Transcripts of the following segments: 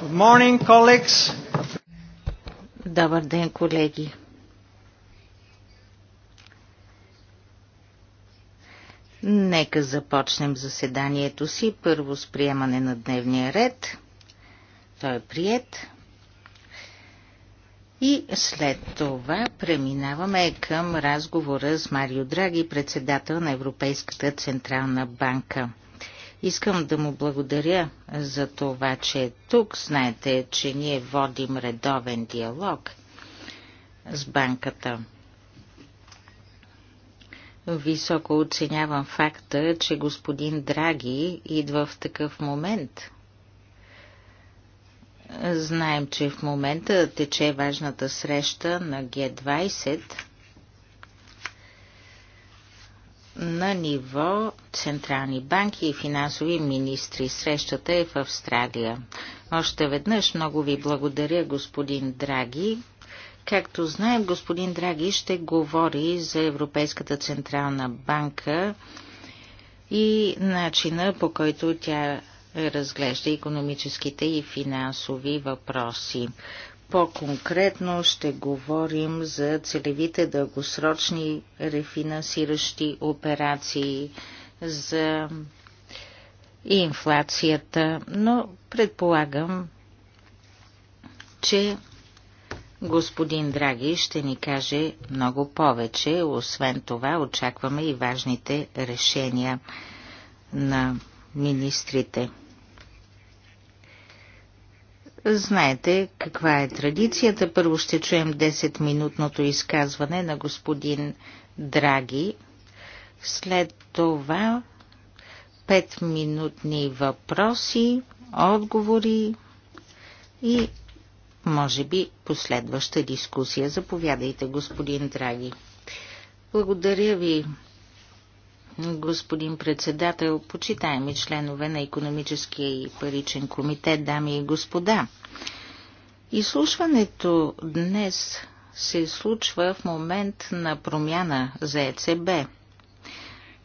Good morning, colleagues. Добър ден, колеги. Нека започнем заседанието си първо с приемане на дневния ред. Той е прият. И след това преминаваме към разговора с Марио Драги, председател на Европейската Централна банка. Искам да му благодаря за това, че е тук. Знаете, че ние водим редовен диалог с банката. Високо оценявам факта, че господин Драги идва в такъв момент – Знаем, че в момента тече важната среща на Г20 на ниво централни банки и финансови министри. Срещата е в Австралия. Още веднъж много ви благодаря, господин Драги. Както знаем, господин Драги ще говори за Европейската централна банка и начина по който тя разглежда економическите и финансови въпроси. По-конкретно ще говорим за целевите дългосрочни рефинансиращи операции, за инфлацията, но предполагам, че господин Драги ще ни каже много повече. Освен това, очакваме и важните решения на министрите. Знаете каква е традицията. Първо ще чуем 10-минутното изказване на господин Драги. След това 5-минутни въпроси, отговори и може би последваща дискусия. Заповядайте, господин Драги. Благодаря ви, господин председател, почитаеми членове на економическия и паричен комитет, дами и господа. Изслушването днес се случва в момент на промяна за ЕЦБ.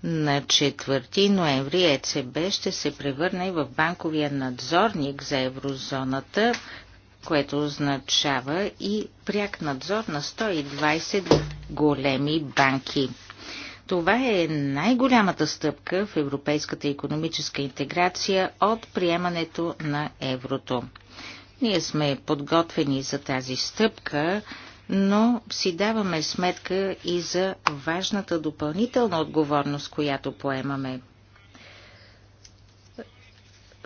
На 4 ноември ЕЦБ ще се превърне в банковия надзорник за еврозоната, което означава и пряк надзор на 120 големи банки. Това е най-голямата стъпка в европейската економическа интеграция от приемането на еврото. Ние сме подготвени за тази стъпка, но си даваме сметка и за важната допълнителна отговорност, която поемаме.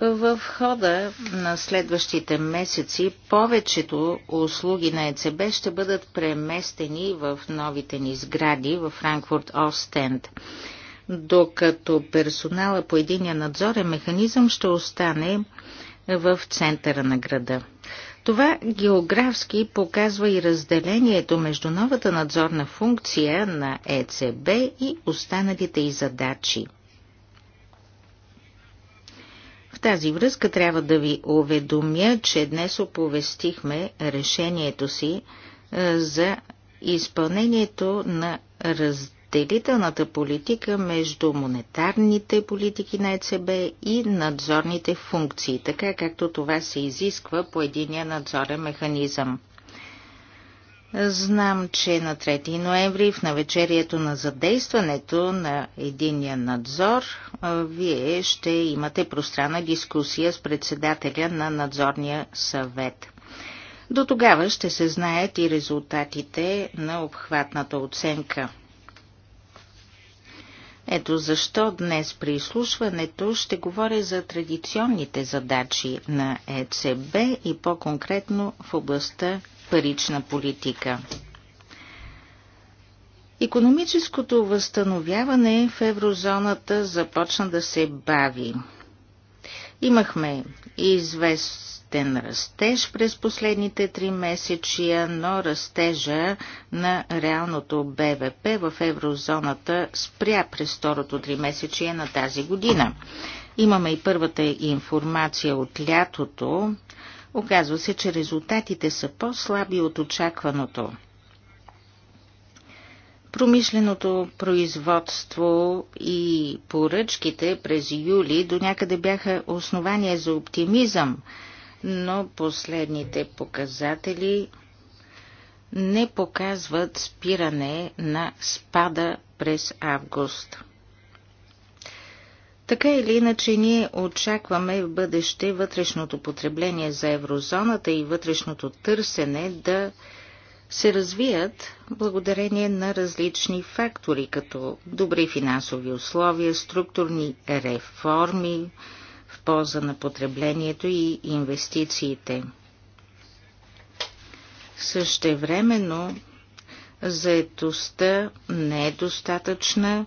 В хода на следващите месеци повечето услуги на ЕЦБ ще бъдат преместени в новите ни сгради в Франкфурт Остенд, докато персонала по единия надзорен механизъм ще остане в центъра на града. Това географски показва и разделението между новата надзорна функция на ЕЦБ и останалите й задачи – тази връзка трябва да ви уведомя, че днес оповестихме решението си е, за изпълнението на разделителната политика между монетарните политики на ЕЦБ и надзорните функции, така както това се изисква по единия надзорен механизъм. Знам, че на 3 ноември в навечерието на задействането на единия надзор вие ще имате пространна дискусия с председателя на надзорния съвет. До тогава ще се знаят и резултатите на обхватната оценка. Ето защо днес при изслушването ще говоря за традиционните задачи на ЕЦБ и по-конкретно в областта парична политика. Економическото възстановяване в еврозоната започна да се бави. Имахме известен растеж през последните три месечия, но растежа на реалното БВП в еврозоната спря през второто три месечия на тази година. Имаме и първата информация от лятото Оказва се, че резултатите са по-слаби от очакваното. Промишленото производство и поръчките през юли до някъде бяха основания за оптимизъм, но последните показатели не показват спиране на спада през август. Така или иначе ние очакваме в бъдеще вътрешното потребление за еврозоната и вътрешното търсене да се развият благодарение на различни фактори, като добри финансови условия, структурни реформи в полза на потреблението и инвестициите. Същевременно заетостта не е достатъчна,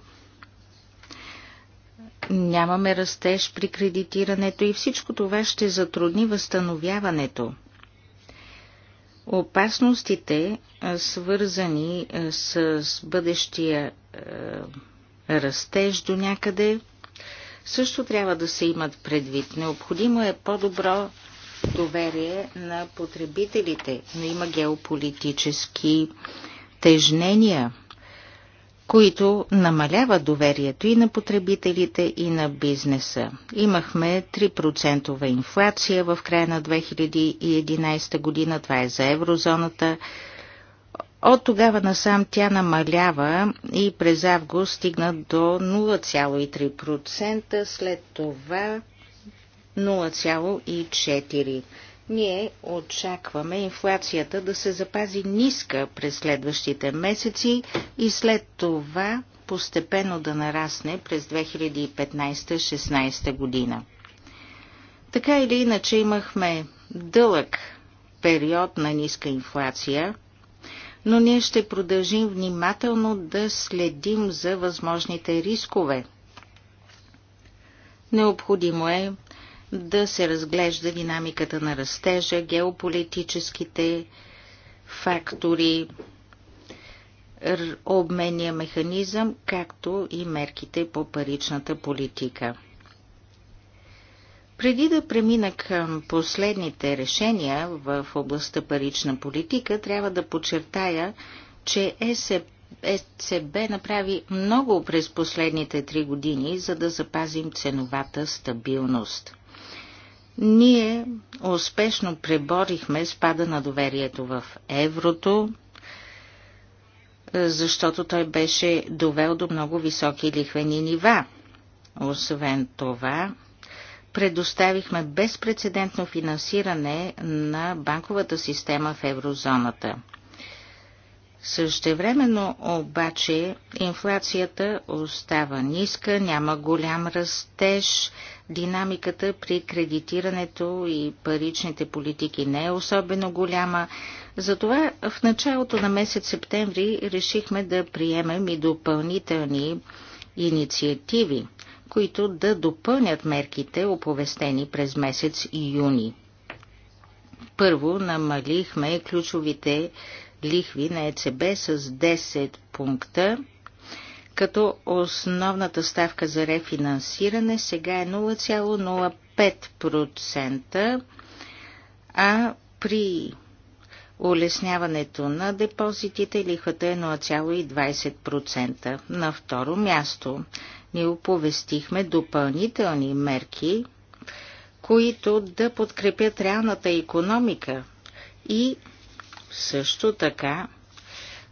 нямаме растеж при кредитирането и всичко това ще затрудни възстановяването. Опасностите, свързани с бъдещия растеж до някъде, също трябва да се имат предвид. Необходимо е по-добро доверие на потребителите, но има геополитически тежнения – които намаляват доверието и на потребителите, и на бизнеса. Имахме 3% инфлация в края на 2011 година, това е за еврозоната. От тогава насам тя намалява и през август стигна до 0,3%, след това 0,4%. Ние очакваме инфлацията да се запази ниска през следващите месеци и след това постепенно да нарасне през 2015-16 година. Така или иначе имахме дълъг период на ниска инфлация, но ние ще продължим внимателно да следим за възможните рискове. Необходимо е да се разглежда динамиката на растежа, геополитическите фактори, обменния механизъм, както и мерките по паричната политика. Преди да премина към последните решения в областта парична политика, трябва да подчертая, че ЕЦБ направи много през последните три години, за да запазим ценовата стабилност. Ние успешно преборихме спада на доверието в еврото, защото той беше довел до много високи лихвени нива. Освен това, предоставихме безпредседентно финансиране на банковата система в еврозоната – Същевременно обаче инфлацията остава ниска, няма голям растеж, динамиката при кредитирането и паричните политики не е особено голяма. Затова в началото на месец септември решихме да приемем и допълнителни инициативи, които да допълнят мерките, оповестени през месец юни. Първо намалихме ключовите лихви на ЕЦБ с 10 пункта, като основната ставка за рефинансиране сега е 0,05%, а при улесняването на депозитите лихвата е 0,20%. На второ място ни оповестихме допълнителни мерки, които да подкрепят реалната економика и също така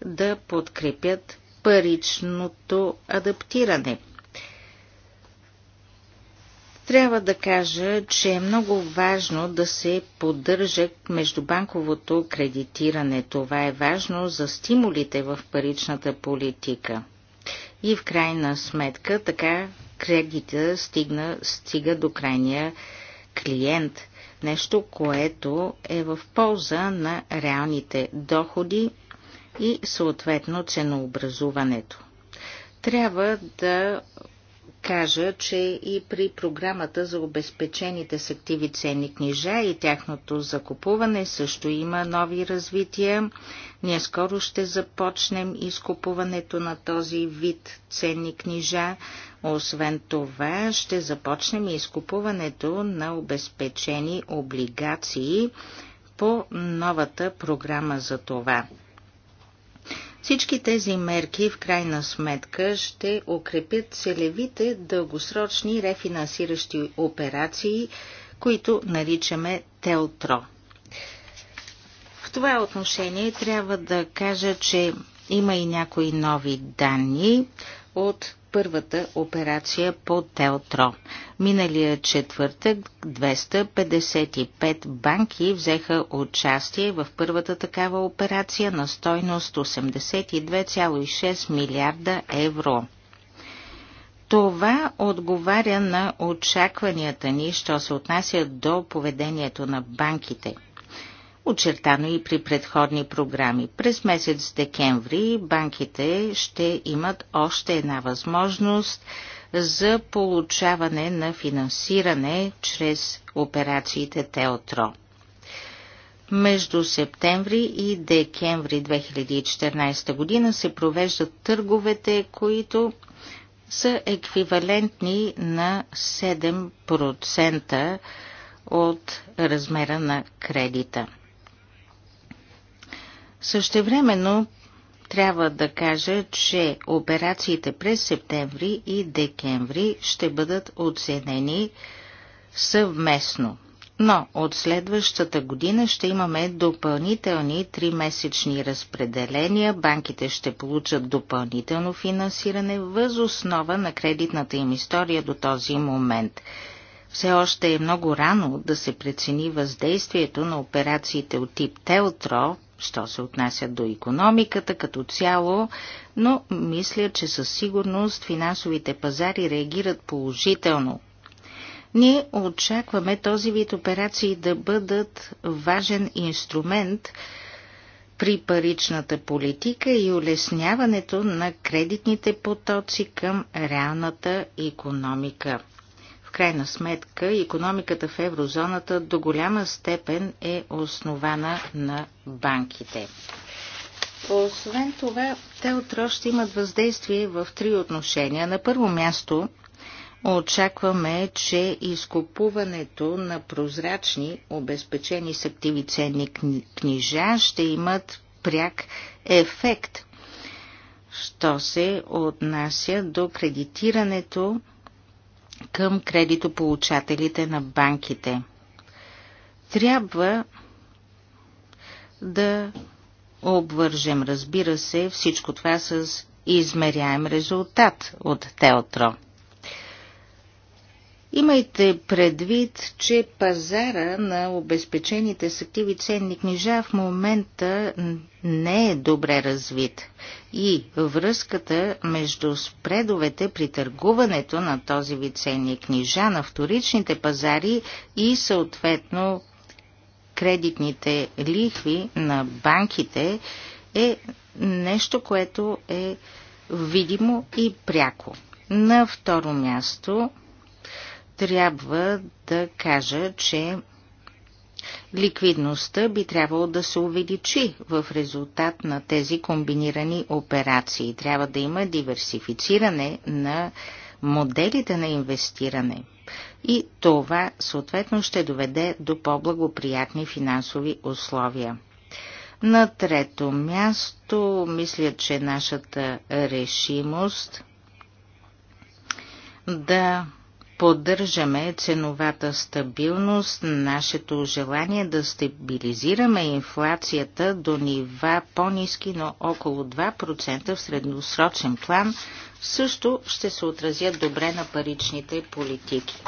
да подкрепят паричното адаптиране. Трябва да кажа, че е много важно да се поддържа междубанковото кредитиране. Това е важно за стимулите в паричната политика. И в крайна сметка така кредита стигна, стига до крайния клиент – нещо, което е в полза на реалните доходи и съответно ценообразуването. Трябва да кажа, че и при програмата за обезпечените с активи ценни книжа и тяхното закупуване също има нови развития. Ние скоро ще започнем изкупуването на този вид ценни книжа. Освен това, ще започнем и изкупуването на обезпечени облигации по новата програма за това. Всички тези мерки в крайна сметка ще укрепят целевите дългосрочни рефинансиращи операции, които наричаме ТЕЛТРО. В това отношение трябва да кажа, че има и някои нови данни от първата операция по Телтро. Миналия четвъртък 255 банки взеха участие в първата такава операция на стойност 82,6 милиарда евро. Това отговаря на очакванията ни, що се отнася до поведението на банките – очертано и при предходни програми. През месец декември банките ще имат още една възможност за получаване на финансиране чрез операциите Теотро. Между септември и декември 2014 година се провеждат търговете, които са еквивалентни на 7% от размера на кредита. Същевременно трябва да кажа, че операциите през септември и декември ще бъдат оценени съвместно. Но от следващата година ще имаме допълнителни месечни разпределения. Банките ще получат допълнително финансиране въз основа на кредитната им история до този момент. Все още е много рано да се прецени въздействието на операциите от тип Телтро що се отнася до економиката като цяло, но мисля, че със сигурност финансовите пазари реагират положително. Ние очакваме този вид операции да бъдат важен инструмент при паричната политика и улесняването на кредитните потоци към реалната економика крайна сметка економиката в еврозоната до голяма степен е основана на банките. Освен това, те отро имат въздействие в три отношения. На първо място очакваме, че изкупуването на прозрачни, обезпечени с активи ценни книжа ще имат пряк ефект, що се отнася до кредитирането към кредитополучателите на банките. Трябва да обвържем, разбира се, всичко това с измеряем резултат от Теотро. Имайте предвид, че пазара на обезпечените с активи ценни книжа в момента не е добре развит и връзката между спредовете при търгуването на този вид ценни книжа на вторичните пазари и съответно кредитните лихви на банките е нещо, което е видимо и пряко. На второ място трябва да кажа, че ликвидността би трябвало да се увеличи в резултат на тези комбинирани операции. Трябва да има диверсифициране на моделите на инвестиране. И това съответно ще доведе до по-благоприятни финансови условия. На трето място, мисля, че нашата решимост да Поддържаме ценовата стабилност, нашето желание да стабилизираме инфлацията до нива по-низки, но около 2% в средносрочен план също ще се отразят добре на паричните политики.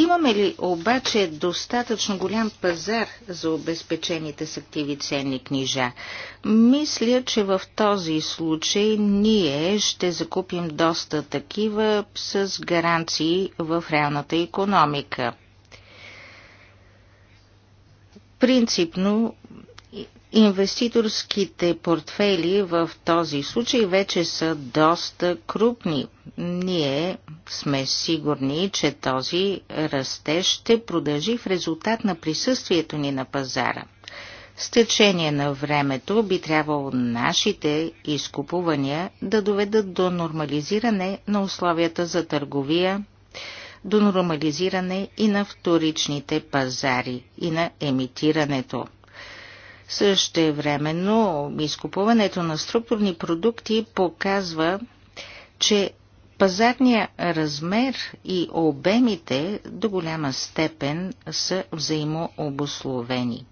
Имаме ли обаче достатъчно голям пазар за обезпечените с активи ценни книжа? Мисля, че в този случай ние ще закупим доста такива с гаранции в реалната економика. Принципно Инвеститорските портфели в този случай вече са доста крупни. Ние сме сигурни, че този растеж ще продължи в резултат на присъствието ни на пазара. С течение на времето би трябвало нашите изкупувания да доведат до нормализиране на условията за търговия, до нормализиране и на вторичните пазари и на емитирането. Същевременно изкупуването на структурни продукти показва, че пазарния размер и обемите до голяма степен са взаимообословени.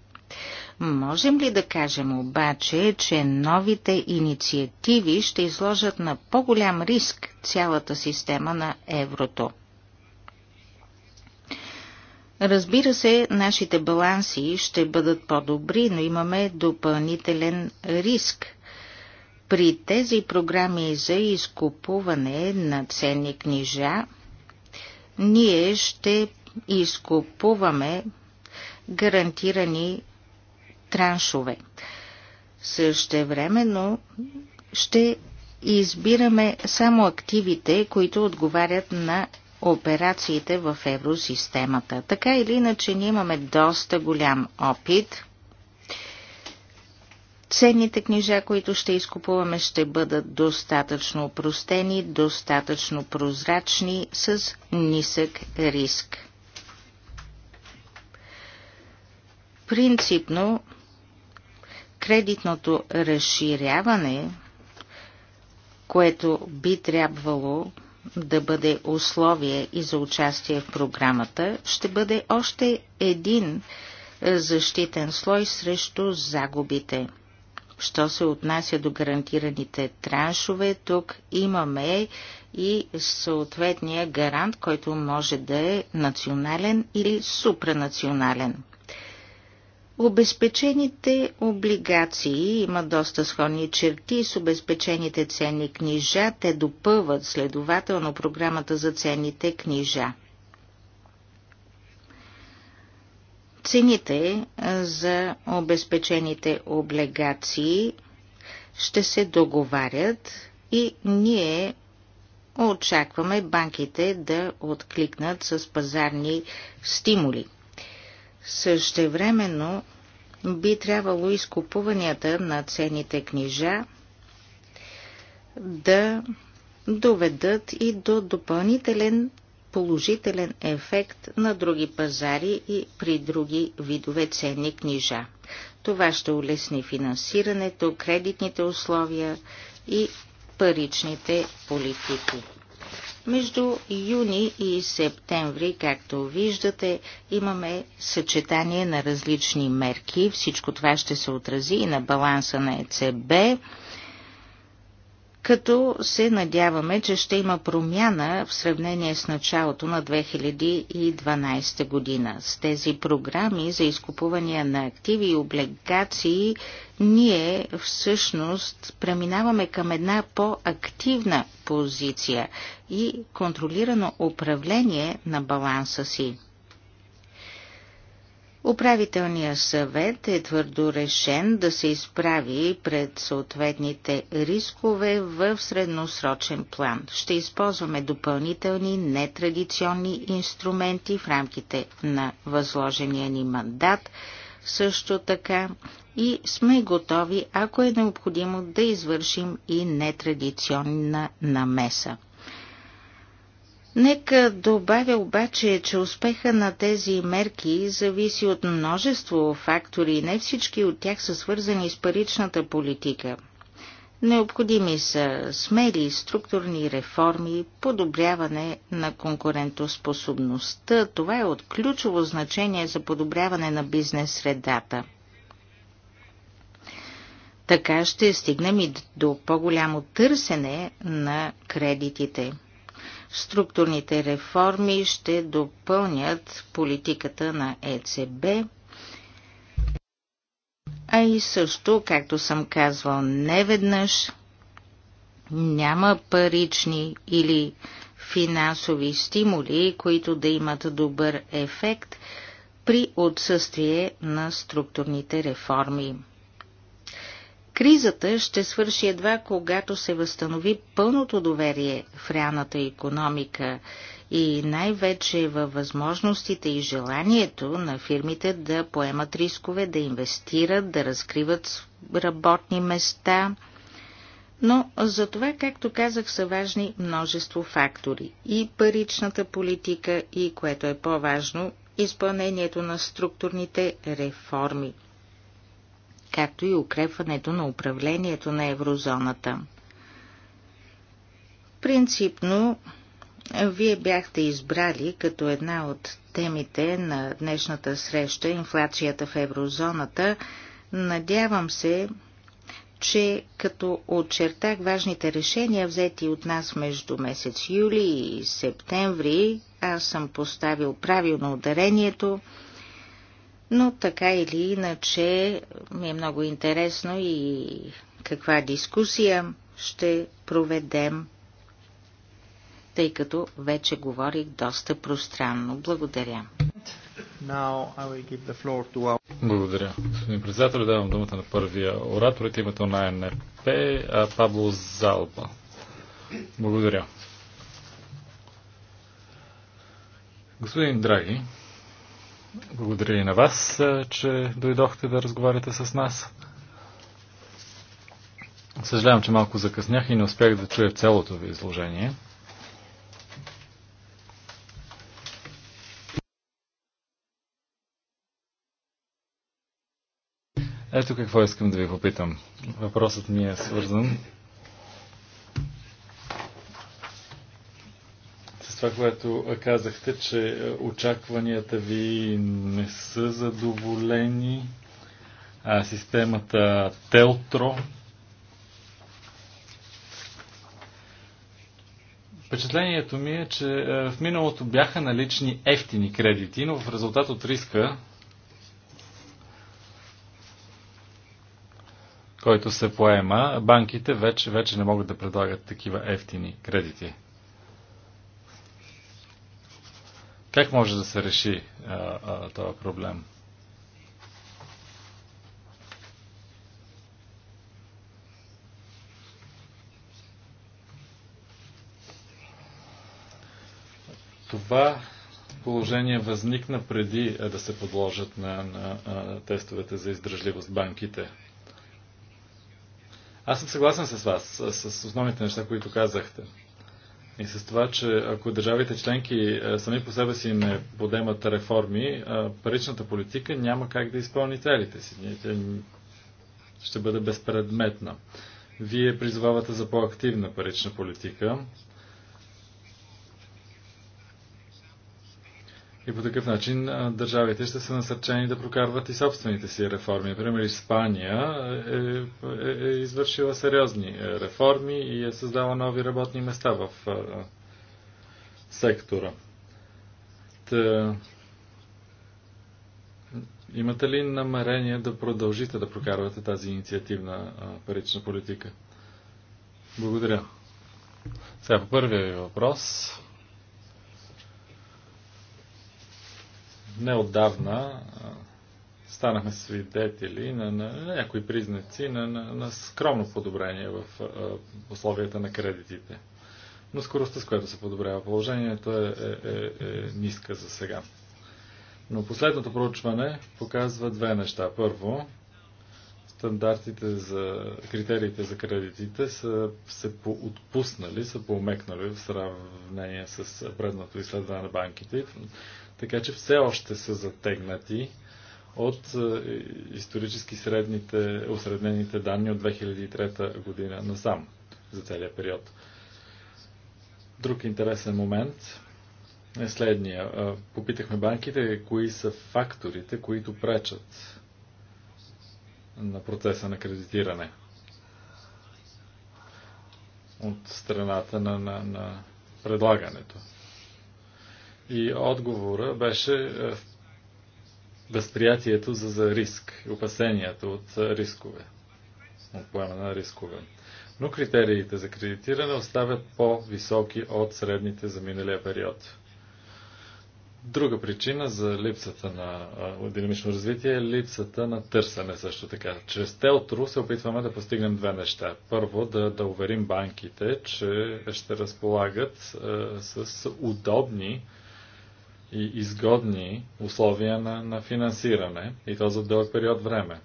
Можем ли да кажем обаче, че новите инициативи ще изложат на по-голям риск цялата система на еврото? Разбира се, нашите баланси ще бъдат по-добри, но имаме допълнителен риск. При тези програми за изкупуване на ценни книжа, ние ще изкупуваме гарантирани траншове. Същевременно ще избираме само активите, които отговарят на операциите в евросистемата. Така или иначе, ние имаме доста голям опит. Ценните книжа, които ще изкупуваме, ще бъдат достатъчно опростени, достатъчно прозрачни, с нисък риск. Принципно, кредитното разширяване, което би трябвало да бъде условие и за участие в програмата, ще бъде още един е, защитен слой срещу загубите. Що се отнася до гарантираните траншове, тук имаме и съответния гарант, който може да е национален или супранационален. Обезпечените облигации имат доста сходни черти с обезпечените ценни книжа. Те допълват следователно програмата за ценните книжа. Цените за обезпечените облигации ще се договарят и ние очакваме банките да откликнат с пазарни стимули. Същевременно би трябвало изкупуванията на ценните книжа да доведат и до допълнителен положителен ефект на други пазари и при други видове ценни книжа. Това ще улесни финансирането, кредитните условия и паричните политики. Между юни и септември, както виждате, имаме съчетание на различни мерки. Всичко това ще се отрази и на баланса на ЕЦБ като се надяваме, че ще има промяна в сравнение с началото на 2012 година. С тези програми за изкупувания на активи и облигации ние всъщност преминаваме към една по-активна позиция и контролирано управление на баланса си. Управителният съвет е твърдо решен да се изправи пред съответните рискове в средносрочен план. Ще използваме допълнителни нетрадиционни инструменти в рамките на възложения ни мандат, също така и сме готови, ако е необходимо, да извършим и нетрадиционна намеса. Нека добавя обаче, че успеха на тези мерки зависи от множество фактори и не всички от тях са свързани с паричната политика. Необходими са смели структурни реформи, подобряване на конкурентоспособността. Това е от ключово значение за подобряване на бизнес средата. Така ще стигнем и до по-голямо търсене на кредитите. Структурните реформи ще допълнят политиката на ЕЦБ, а и също, както съм казвал неведнъж, няма парични или финансови стимули, които да имат добър ефект при отсъствие на структурните реформи. Кризата ще свърши едва когато се възстанови пълното доверие в реалната економика и най-вече във възможностите и желанието на фирмите да поемат рискове, да инвестират, да разкриват работни места. Но за това, както казах, са важни множество фактори. И паричната политика, и което е по-важно, изпълнението на структурните реформи – както и укрепването на управлението на еврозоната. Принципно, вие бяхте избрали като една от темите на днешната среща инфлацията в еврозоната. Надявам се, че като очертах важните решения, взети от нас между месец юли и септември, аз съм поставил правилно ударението но така или иначе ми е много интересно и каква дискусия ще проведем, тъй като вече говорих доста пространно. Благодаря. To... Благодаря. Господин председател, давам думата на първия оратор от името на НРП, Пабло Залба. Благодаря. Господин Драги, благодаря и на вас, е, че дойдохте да разговаряте с нас. Съжалявам, че малко закъснях и не успях да чуя цялото ви изложение. Ето какво искам да ви попитам. Въпросът ми е свързан това, което казахте, че е, очакванията ви не са задоволени. А, системата Телтро. Впечатлението ми е, че е, в миналото бяха налични ефтини кредити, но в резултат от риска, който се поема, банките вече, вече не могат да предлагат такива ефтини кредити. Как може да се реши а, а, този проблем? Това положение възникна преди е, да се подложат на, на, на тестовете за издръжливост банките. Аз съм съгласен с вас, с основните неща, които казахте. И с това, че ако държавите членки е, сами по себе си не подемат реформи, е, паричната политика няма как да изпълни целите си. Тя ще бъде безпредметна. Вие призовавате за по-активна парична политика. И по такъв начин държавите ще са насърчени да прокарват и собствените си реформи. Например, Испания е, е, е извършила сериозни реформи и е създала нови работни места в е, сектора. Та... Имате ли намерение да продължите да прокарвате тази инициативна парична политика? Благодаря. Сега по първия ви въпрос. неодавна станахме свидетели на, на, на някои признаци на, на, на скромно подобрение в а, условията на кредитите. Но скоростта, с която се подобрява положението, е, е, е, е ниска за сега. Но последното проучване показва две неща. Първо, стандартите за критериите за кредитите са се поотпуснали, са поумекнали в сравнение с предното изследване на банките така че все още са затегнати от е, исторически средните, осреднените данни от 2003 година насам за целия период. Друг интересен момент е следния. Е, попитахме банките кои са факторите, които пречат на процеса на кредитиране от страната на, на, на предлагането. И отговора беше е, възприятието за, за риск, опасението от е, рискове, от поемане на рискове. Но критериите за кредитиране оставят по-високи от средните за миналия период. Друга причина за липсата на е, динамично развитие е липсата на търсене също така. Чрез Телтру се опитваме да постигнем две неща. Първо, да, да уверим банките, че ще разполагат е, с удобни и изгодни условия на, на финансиране и то за дълъг период време.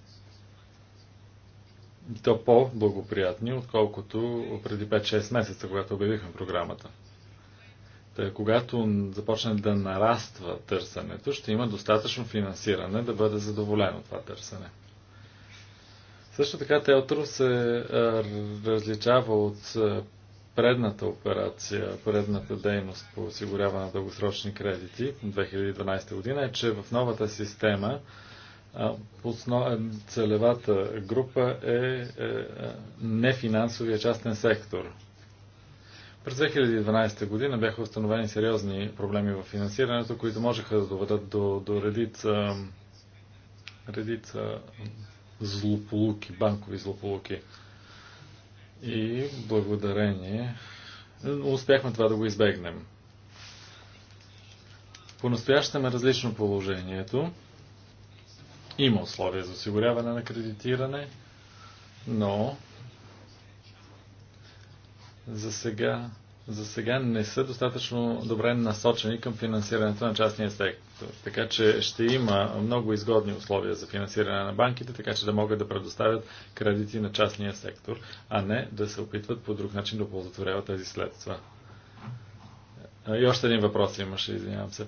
И то по-благоприятни, отколкото преди 5-6 месеца, когато обявихме програмата. Тъй, когато започне да нараства търсенето, ще има достатъчно финансиране да бъде задоволено това търсене. Също така Теотрус се различава от предната операция, предната дейност по осигуряване на дългосрочни кредити 2012 година е, че в новата система е, целевата група е, е, е нефинансовия частен сектор. През 2012 година бяха установени сериозни проблеми в финансирането, които можеха да доведат до, до редица, редица злополуки, банкови злополуки. И благодарение успяхме това да го избегнем. По-настоящем е различно положението. Има условия за осигуряване на кредитиране, но за сега, за сега не са достатъчно добре насочени към финансирането на частния сектор така че ще има много изгодни условия за финансиране на банките, така че да могат да предоставят кредити на частния сектор, а не да се опитват по друг начин да оползотворяват тези следства. И още един въпрос имаше, извинявам се.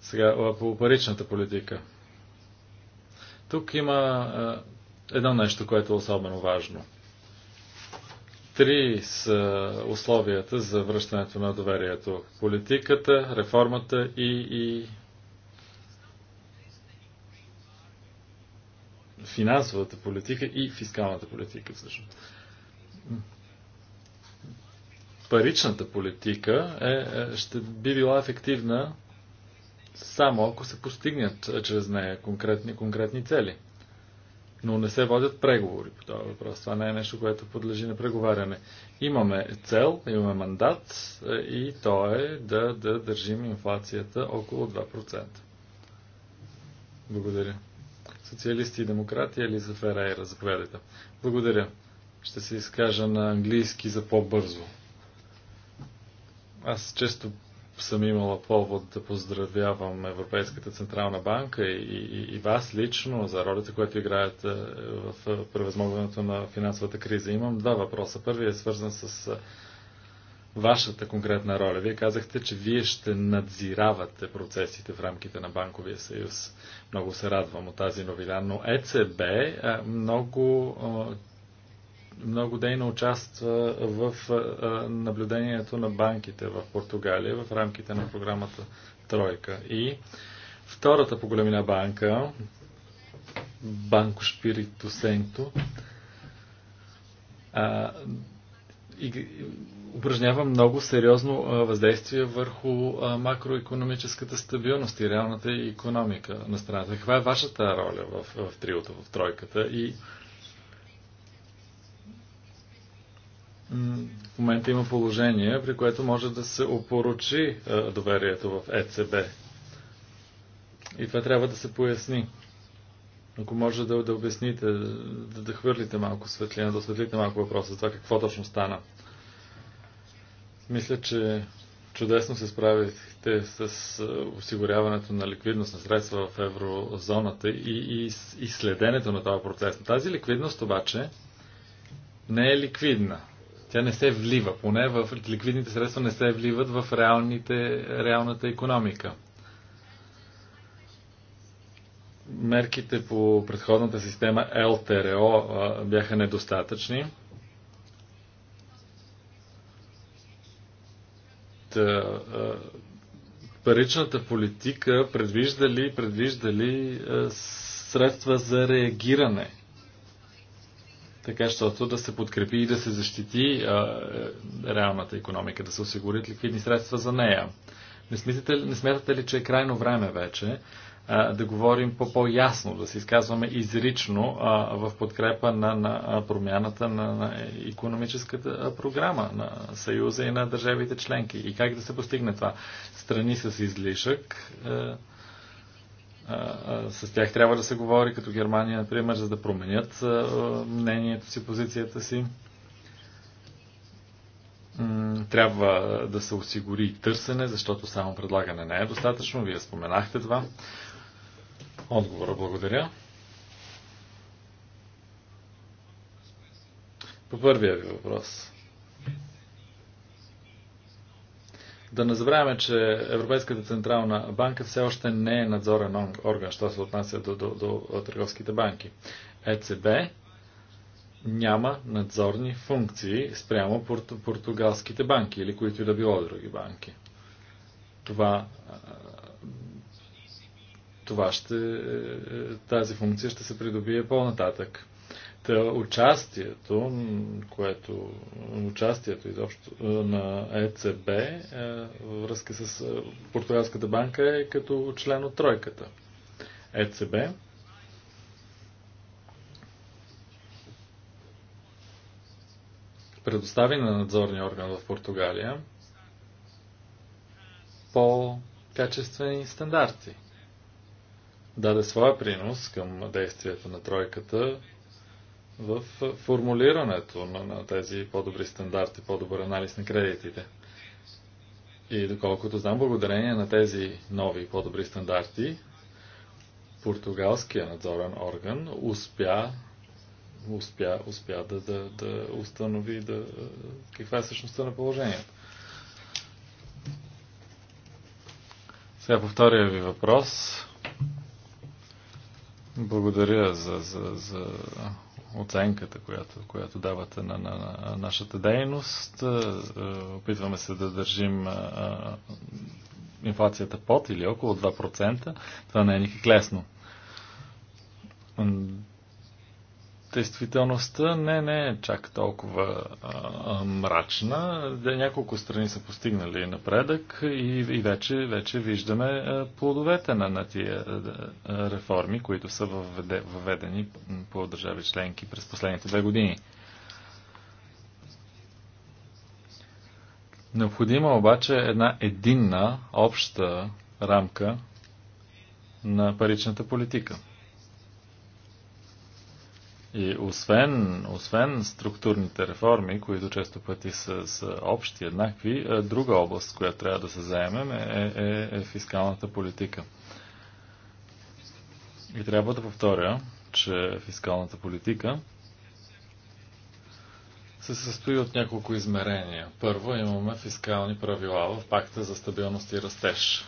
Сега, по паричната политика. Тук има едно нещо, което е особено важно. Три са условията за връщането на доверието. Политиката, реформата и, и финансовата политика и фискалната политика всъщност. Паричната политика е, е, ще би била ефективна само ако се постигнат чрез нея конкретни, конкретни цели. Но не се водят преговори по този въпрос. Това не е нещо, което подлежи на преговаряне. Имаме цел, имаме мандат е, и то е да, да държим инфлацията около 2%. Благодаря социалисти и демократи за Ферейра. Заповядайте. Благодаря. Ще се изкажа на английски за по-бързо. Аз често съм имала повод да поздравявам Европейската Централна банка и, и, и вас лично за ролята, която играят е, в е, превъзмогването на финансовата криза. Имам два въпроса. Първият е свързан с е, вашата конкретна роля? Вие казахте, че вие ще надзиравате процесите в рамките на Банковия съюз. Много се радвам от тази новина, но ЕЦБ много много дейно участва в наблюдението на банките в Португалия в рамките на програмата Тройка. И втората по големина банка, Банко Шпирито Сенто, упражнява много сериозно въздействие върху макроекономическата стабилност и реалната економика на страната. Каква е вашата роля в, в триото, в тройката и в момента има положение, при което може да се опорочи доверието в ЕЦБ. И това трябва да се поясни. Ако може да, да обясните, да, да хвърлите малко светлина, да осветлите малко въпроса за това какво точно стана. Мисля, че чудесно се справихте с осигуряването на ликвидност на средства в еврозоната и, и, и следенето на този процес. Тази ликвидност обаче не е ликвидна. Тя не се влива, поне в ликвидните средства не се вливат в реалните, реалната економика. Мерките по предходната система ЛТРО бяха недостатъчни паричната политика предвижда ли, предвижда ли средства за реагиране? Така, защото да се подкрепи и да се защити а, е, реалната економика, да се осигурят ликвидни средства за нея. Не, смислите, не смятате ли, че е крайно време вече да говорим по по-ясно, да се изказваме изрично в подкрепа на, на промяната на, на економическата програма на Съюза и на държавите членки. И как да се постигне това? Страни с излишък с тях трябва да се говори, като Германия, например, за да променят мнението си, позицията си. Трябва да се осигури търсене, защото само предлагане не е достатъчно. Вие споменахте това отговора. Благодаря. По първия ви въпрос. Да не забравяме, че Европейската централна банка все още не е надзорен орган, що се отнася до, до, до търговските банки. ЕЦБ няма надзорни функции спрямо португалските банки или които и да било други банки. Това това ще, тази функция ще се придобие по-нататък. Та участието, което, участието изобщо е, на ЕЦБ е, във връзка с е, Португалската банка е като член от тройката. ЕЦБ предостави на надзорния орган в Португалия по-качествени стандарти даде своя принос към действието на тройката в формулирането на, на тези по-добри стандарти, по-добър анализ на кредитите. И доколкото знам, благодарение на тези нови по-добри стандарти, португалския надзорен орган успя, успя, успя да, да, да установи да, каква е същността на положението. Сега повторя ви въпрос. Благодаря за, за, за оценката, която, която давате на, на, на нашата дейност. Е, е, опитваме се да държим е, инфлацията под или около 2%. Това не е никак лесно действителността не, не е чак толкова а, а, мрачна. няколко страни са постигнали напредък и, и вече, вече виждаме плодовете на, на тия реформи, които са въведе, въведени по държави членки през последните две години. Необходима обаче една единна, обща рамка на паричната политика. И освен, освен структурните реформи, които често пъти са, са общи, еднакви, е, друга област, която трябва да се заемем е, е, е, е фискалната политика. И трябва да повторя, че фискалната политика се състои от няколко измерения. Първо имаме фискални правила в пакта за стабилност и растеж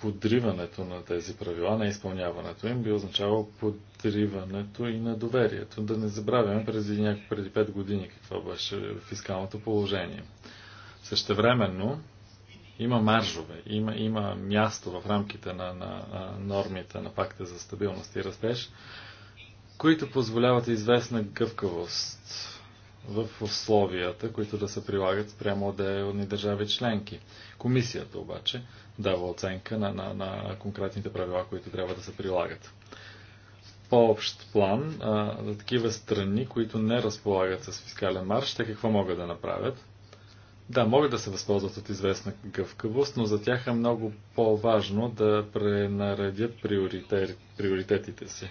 подриването на тези правила, на изпълняването им, би означавало подриването и на доверието. Да не забравяме преди, преди 5 години какво беше фискалното положение. Същевременно има маржове, има, има място в рамките на, на, на нормите на пакта за стабилност и растеж, които позволяват известна гъвкавост в условията, които да се прилагат спрямо отделни държави членки. Комисията обаче дава оценка на, на, на конкретните правила, които трябва да се прилагат. По-общ план, а, за такива страни, които не разполагат с фискален марш, те какво могат да направят? Да, могат да се възползват от известна гъвкавост, но за тях е много по-важно да пренаредят приоритетите си.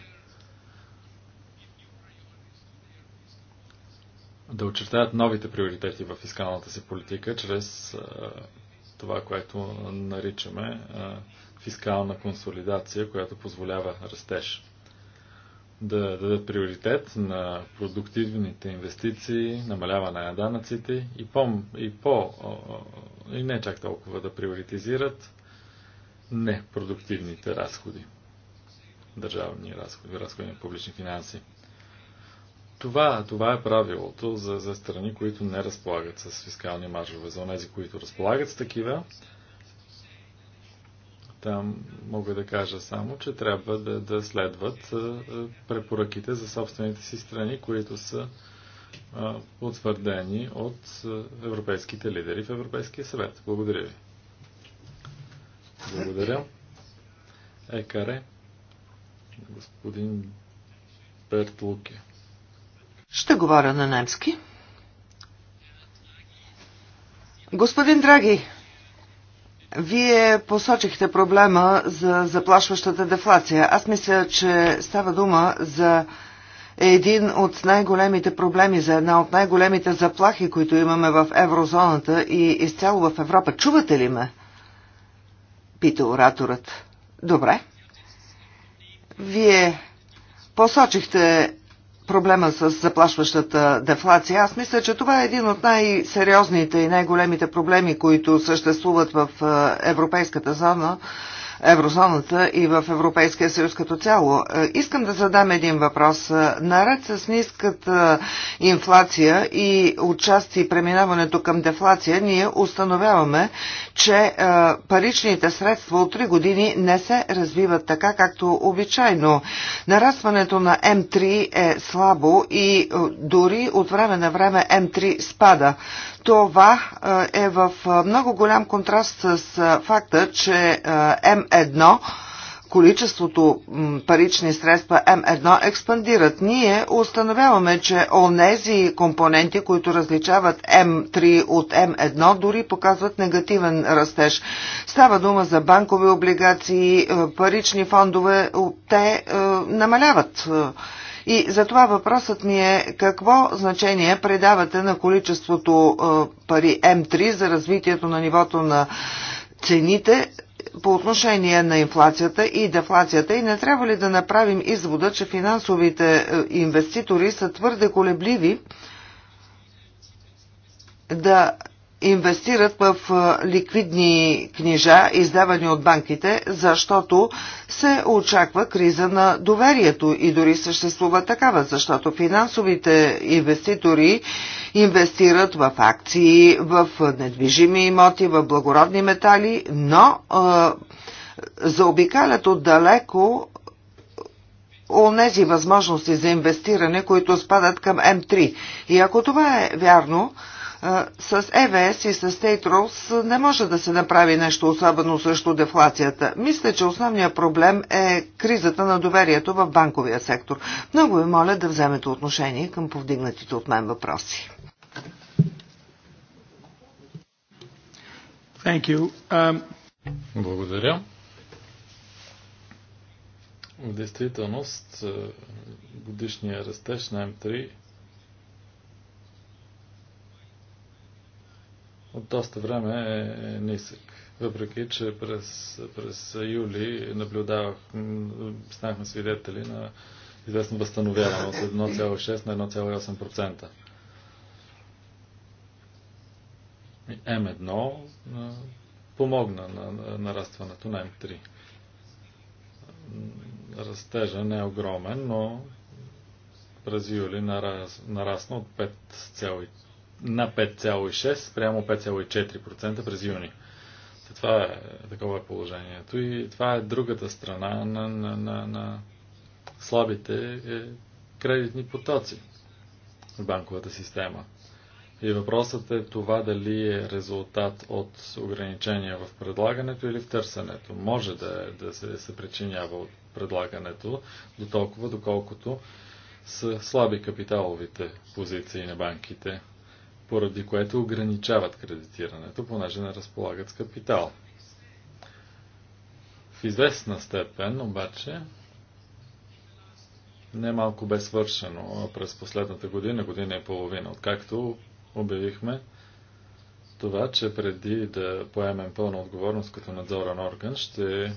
да очертаят новите приоритети в фискалната си политика чрез а, това, което наричаме а, фискална консолидация, която позволява растеж. Да, да дадат приоритет на продуктивните инвестиции, намаляване на данъците и по, и, по, и не чак толкова да приоритизират непродуктивните разходи, държавни разходи, разходи на публични финанси. Това, това е правилото за, за страни, които не разполагат с фискални маржове. За тези, които разполагат с такива, там мога да кажа само, че трябва да, да следват препоръките за собствените си страни, които са потвърдени от европейските лидери в Европейския съвет. Благодаря ви. Благодаря. Екаре. Господин Бертлуке. Ще говоря на немски. Господин Драги, вие посочихте проблема за заплашващата дефлация. Аз мисля, че става дума за един от най-големите проблеми, за една от най-големите заплахи, които имаме в еврозоната и изцяло в Европа. Чувате ли ме? Пита ораторът. Добре. Вие посочихте проблема с заплашващата дефлация. Аз мисля, че това е един от най-сериозните и най-големите проблеми, които съществуват в е, европейската зона еврозоната и в Европейския съюз като цяло. Е, искам да задам един въпрос. Е, наред с ниската инфлация и отчасти преминаването към дефлация, ние установяваме, че е, паричните средства от 3 години не се развиват така, както обичайно. Нарастването на М3 е слабо и дори от време на време М3 спада. Това е в много голям контраст с факта, че М1 количеството парични средства М1 експандират. Ние установяваме, че онези компоненти, които различават М3 от М1, дори показват негативен растеж. Става дума за банкови облигации, парични фондове, те намаляват. И затова въпросът ми е какво значение предавате на количеството е, пари М3 за развитието на нивото на цените по отношение на инфлацията и дефлацията и не трябва ли да направим извода, че финансовите е, инвеститори са твърде колебливи да инвестират в ликвидни книжа, издавани от банките, защото се очаква криза на доверието и дори съществува такава, защото финансовите инвеститори инвестират в акции, в недвижими имоти, в благородни метали, но а, заобикалят отдалеко онези възможности за инвестиране, които спадат към М3. И ако това е вярно, с ЕВС и с State Rules не може да се направи нещо особено срещу дефлацията. Мисля, че основният проблем е кризата на доверието в банковия сектор. Много ви моля да вземете отношение към повдигнатите от мен въпроси. Thank you. Um... Благодаря. В действителност е, годишния растеж на М3 от доста време е, е нисък. Въпреки, че през, през юли наблюдавах, станахме свидетели на известно възстановяване от 1,6 на 1,8%. М1 помогна на нарастването на М3. Растежа не е огромен, но през юли нарасна от 5,3 на 5,6 спрямо 5,4% през юни. Това е, такова е положението. И това е другата страна на, на, на, на слабите е, кредитни потоци в банковата система. И въпросът е това дали е резултат от ограничения в предлагането или в търсенето. Може да, да се, се причинява от предлагането, до толкова, доколкото са слаби капиталовите позиции на банките поради което ограничават кредитирането, понеже не разполагат с капитал. В известна степен, обаче, немалко бе свършено през последната година, година и половина, откакто обявихме това, че преди да поемем пълна отговорност като надзорен орган, ще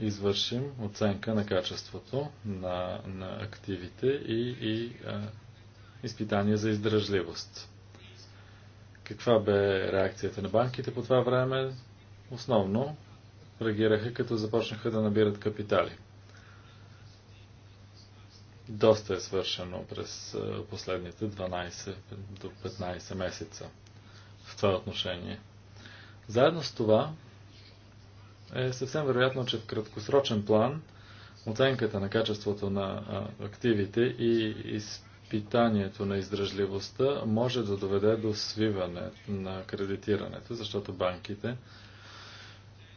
извършим оценка на качеството на, на активите и, и а, изпитания за издръжливост. Каква бе реакцията на банките по това време? Основно реагираха, като започнаха да набират капитали. Доста е свършено през последните 12 до 15 месеца в това отношение. Заедно с това е съвсем вероятно, че в краткосрочен план оценката на качеството на активите и изпълнението изпитанието на издръжливостта може да доведе до свиване на кредитирането, защото банките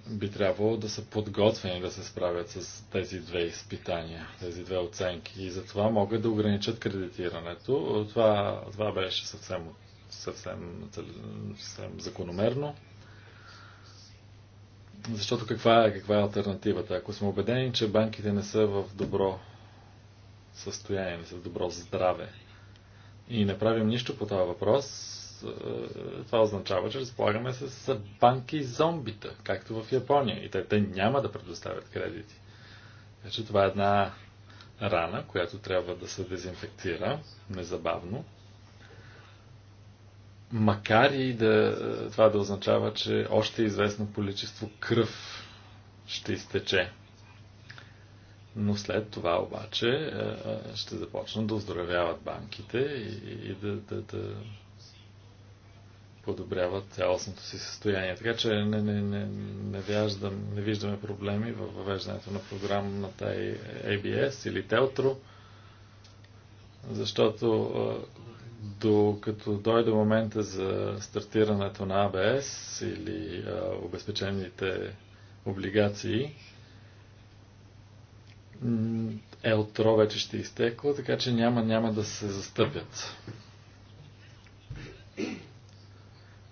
би трябвало да са подготвени да се справят с тези две изпитания, тези две оценки. И затова могат да ограничат кредитирането. Това, това беше съвсем, съвсем, съвсем закономерно. Защото каква е, каква е альтернативата? Ако сме убедени, че банките не са в добро състояние, с добро здраве и не правим нищо по този въпрос, е, това означава, че разполагаме с банки зомбита, както в Япония. И те, те няма да предоставят кредити. Вече значи, това е една рана, която трябва да се дезинфектира незабавно. Макар и да, е, това да означава, че още известно количество кръв ще изтече но след това обаче е, е, ще започнат да оздравяват банките и да, да, да подобряват цялостното си състояние. Така че не, не, не, не, виждам, не виждаме проблеми в въвеждането на програмната ABS или Телтро, защото е, докато дойде момента за стартирането на ABS или обезпечените облигации, Елтро вече ще изтекло, така че няма, няма да се застъпят.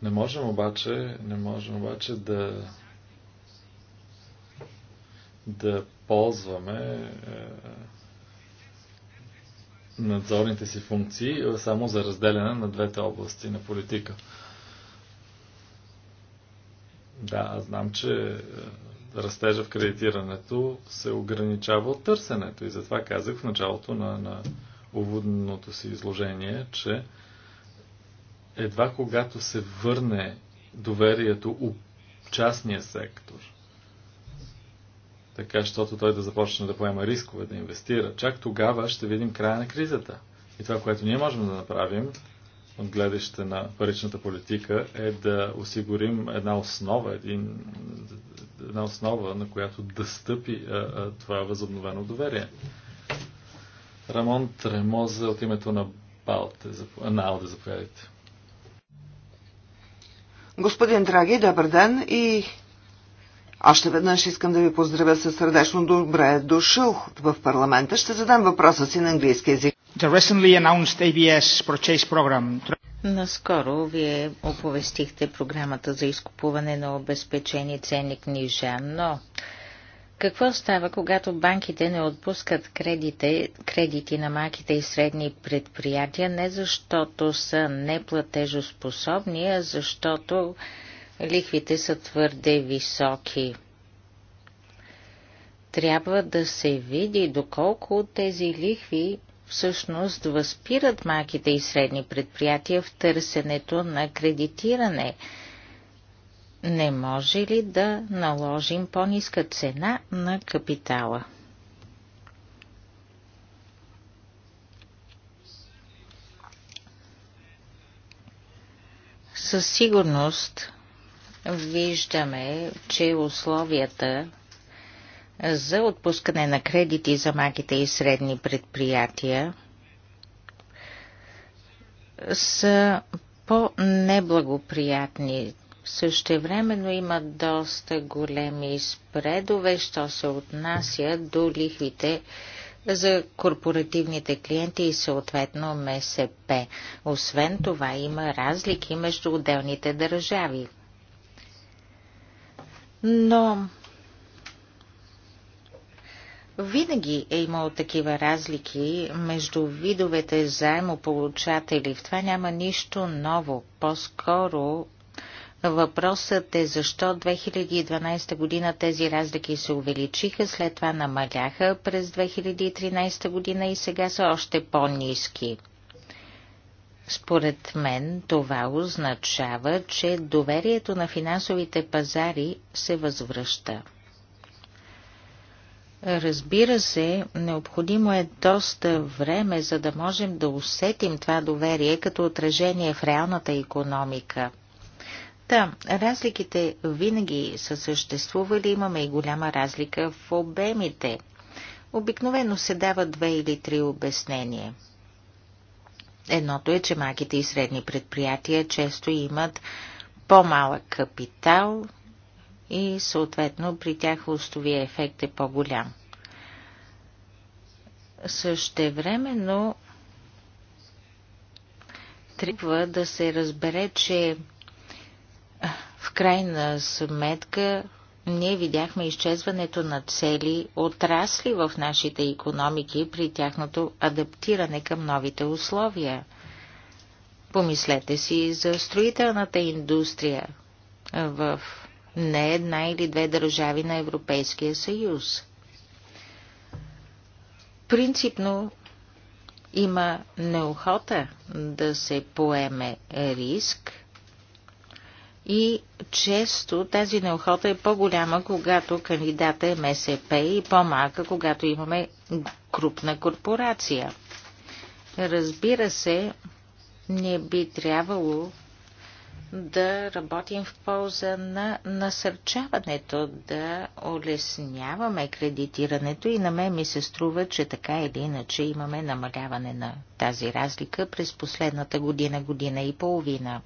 Не можем обаче, не можем обаче да да ползваме е, надзорните си функции е, само за разделяне на двете области на политика. Да, знам, че е, растежа в кредитирането се ограничава от търсенето. И затова казах в началото на, на уводното си изложение, че едва когато се върне доверието у частния сектор, така, защото той да започне да поема рискове, да инвестира, чак тогава ще видим края на кризата. И това, което ние можем да направим от гледаще на паричната политика е да осигурим една основа, един една основа, на която да стъпи а, а, това възобновено доверие. Рамон Тремоза от името на Балте, на Алде, заповядайте. Господин Драги, добър ден и още веднъж искам да ви поздравя със сърдечно добре дошъл в парламента. Ще задам въпроса си на английски язик. The recently announced ABS purchase program Наскоро вие оповестихте програмата за изкупуване на обезпечени ценни книжа, но какво става, когато банките не отпускат кредите, кредити на малките и средни предприятия, не защото са неплатежоспособни, а защото лихвите са твърде високи? Трябва да се види доколко тези лихви всъщност възпират малките и средни предприятия в търсенето на кредитиране. Не може ли да наложим по-ниска цена на капитала? Със сигурност виждаме, че условията за отпускане на кредити за малките и средни предприятия са по-неблагоприятни. но има доста големи спредове, що се отнася до лихвите за корпоративните клиенти и съответно МСП. Освен това има разлики между отделните държави. Но винаги е имало такива разлики между видовете заемополучатели. В това няма нищо ново. По-скоро въпросът е защо 2012 година тези разлики се увеличиха, след това намаляха през 2013 година и сега са още по-низки. Според мен това означава, че доверието на финансовите пазари се възвръща. Разбира се, необходимо е доста време, за да можем да усетим това доверие като отражение в реалната економика. Да, разликите винаги са съществували, имаме и голяма разлика в обемите. Обикновено се дават две или три обяснения. Едното е, че малките и средни предприятия често имат по-малък капитал, и съответно при тях устовия ефект е по-голям. Същевременно трябва да се разбере, че в крайна сметка ние видяхме изчезването на цели отрасли в нашите економики при тяхното адаптиране към новите условия. Помислете си за строителната индустрия в не една или две държави на Европейския съюз. Принципно има неохота да се поеме риск и често тази неохота е по-голяма, когато кандидата е МСП и по-малка, когато имаме крупна корпорация. Разбира се, не би трябвало да работим в полза на насърчаването, да улесняваме кредитирането и на мен ми се струва, че така или иначе имаме намаляване на тази разлика през последната година, година и половина.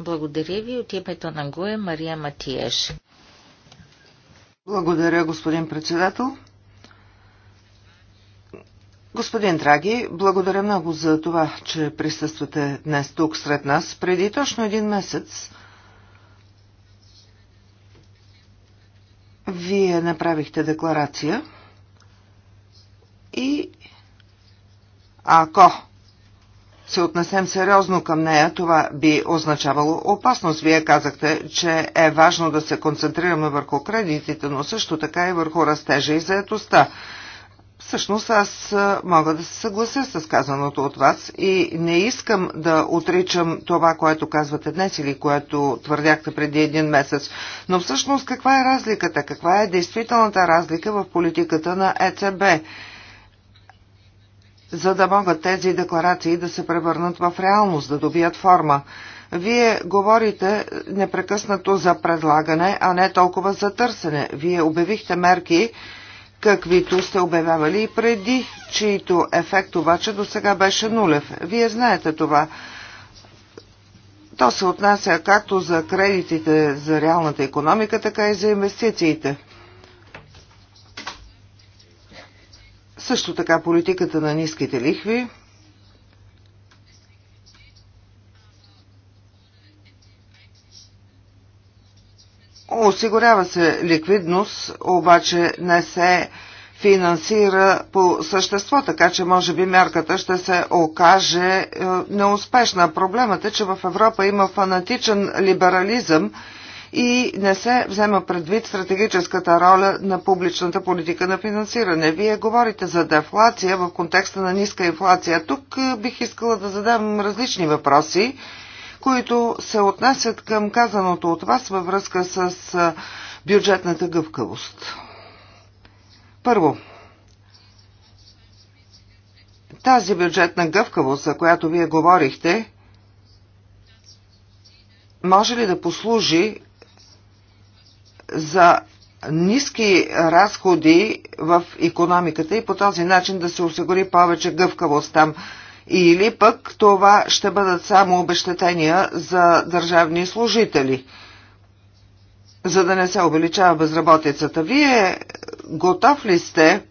Благодаря ви от името на Гуе Мария Матиеш. Благодаря, господин председател. Господин Драги, благодаря много за това, че присъствате днес тук сред нас. Преди точно един месец вие направихте декларация и ако се отнесем сериозно към нея, това би означавало опасност. Вие казахте, че е важно да се концентрираме върху кредитите, но също така и върху растежа и заетостта. Всъщност аз мога да се съглася с казаното от вас и не искам да отричам това, което казвате днес или което твърдяхте преди един месец. Но всъщност каква е разликата? Каква е действителната разлика в политиката на ЕЦБ? За да могат тези декларации да се превърнат в реалност, да добият форма. Вие говорите непрекъснато за предлагане, а не толкова за търсене. Вие обявихте мерки, каквито сте обявявали и преди, чието ефект обаче до сега беше нулев. Вие знаете това. То се отнася както за кредитите за реалната економика, така и за инвестициите. Също така политиката на ниските лихви – Осигурява се ликвидност, обаче не се финансира по същество, така че може би мярката ще се окаже е, неуспешна. Проблемът е, че в Европа има фанатичен либерализъм и не се взема предвид стратегическата роля на публичната политика на финансиране. Вие говорите за дефлация в контекста на ниска инфлация. Тук е, бих искала да задам различни въпроси които се отнасят към казаното от вас във връзка с бюджетната гъвкавост. Първо, тази бюджетна гъвкавост, за която вие говорихте, може ли да послужи за ниски разходи в економиката и по този начин да се осигури повече гъвкавост там? или пък това ще бъдат само обещетения за държавни служители, за да не се увеличава безработицата. Вие готов ли сте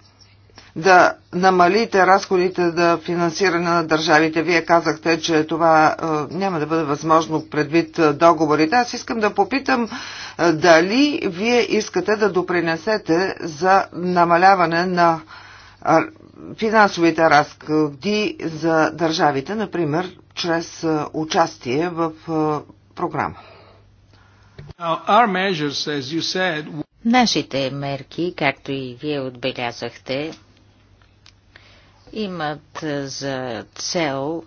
да намалите разходите за да финансиране на държавите. Вие казахте, че това е, няма да бъде възможно предвид е, договорите. Аз искам да попитам е, дали вие искате да допринесете за намаляване на е, финансовите разходи за държавите, например, чрез е, участие в е, програма. Нашите мерки, както и вие отбелязахте, имат е, за цел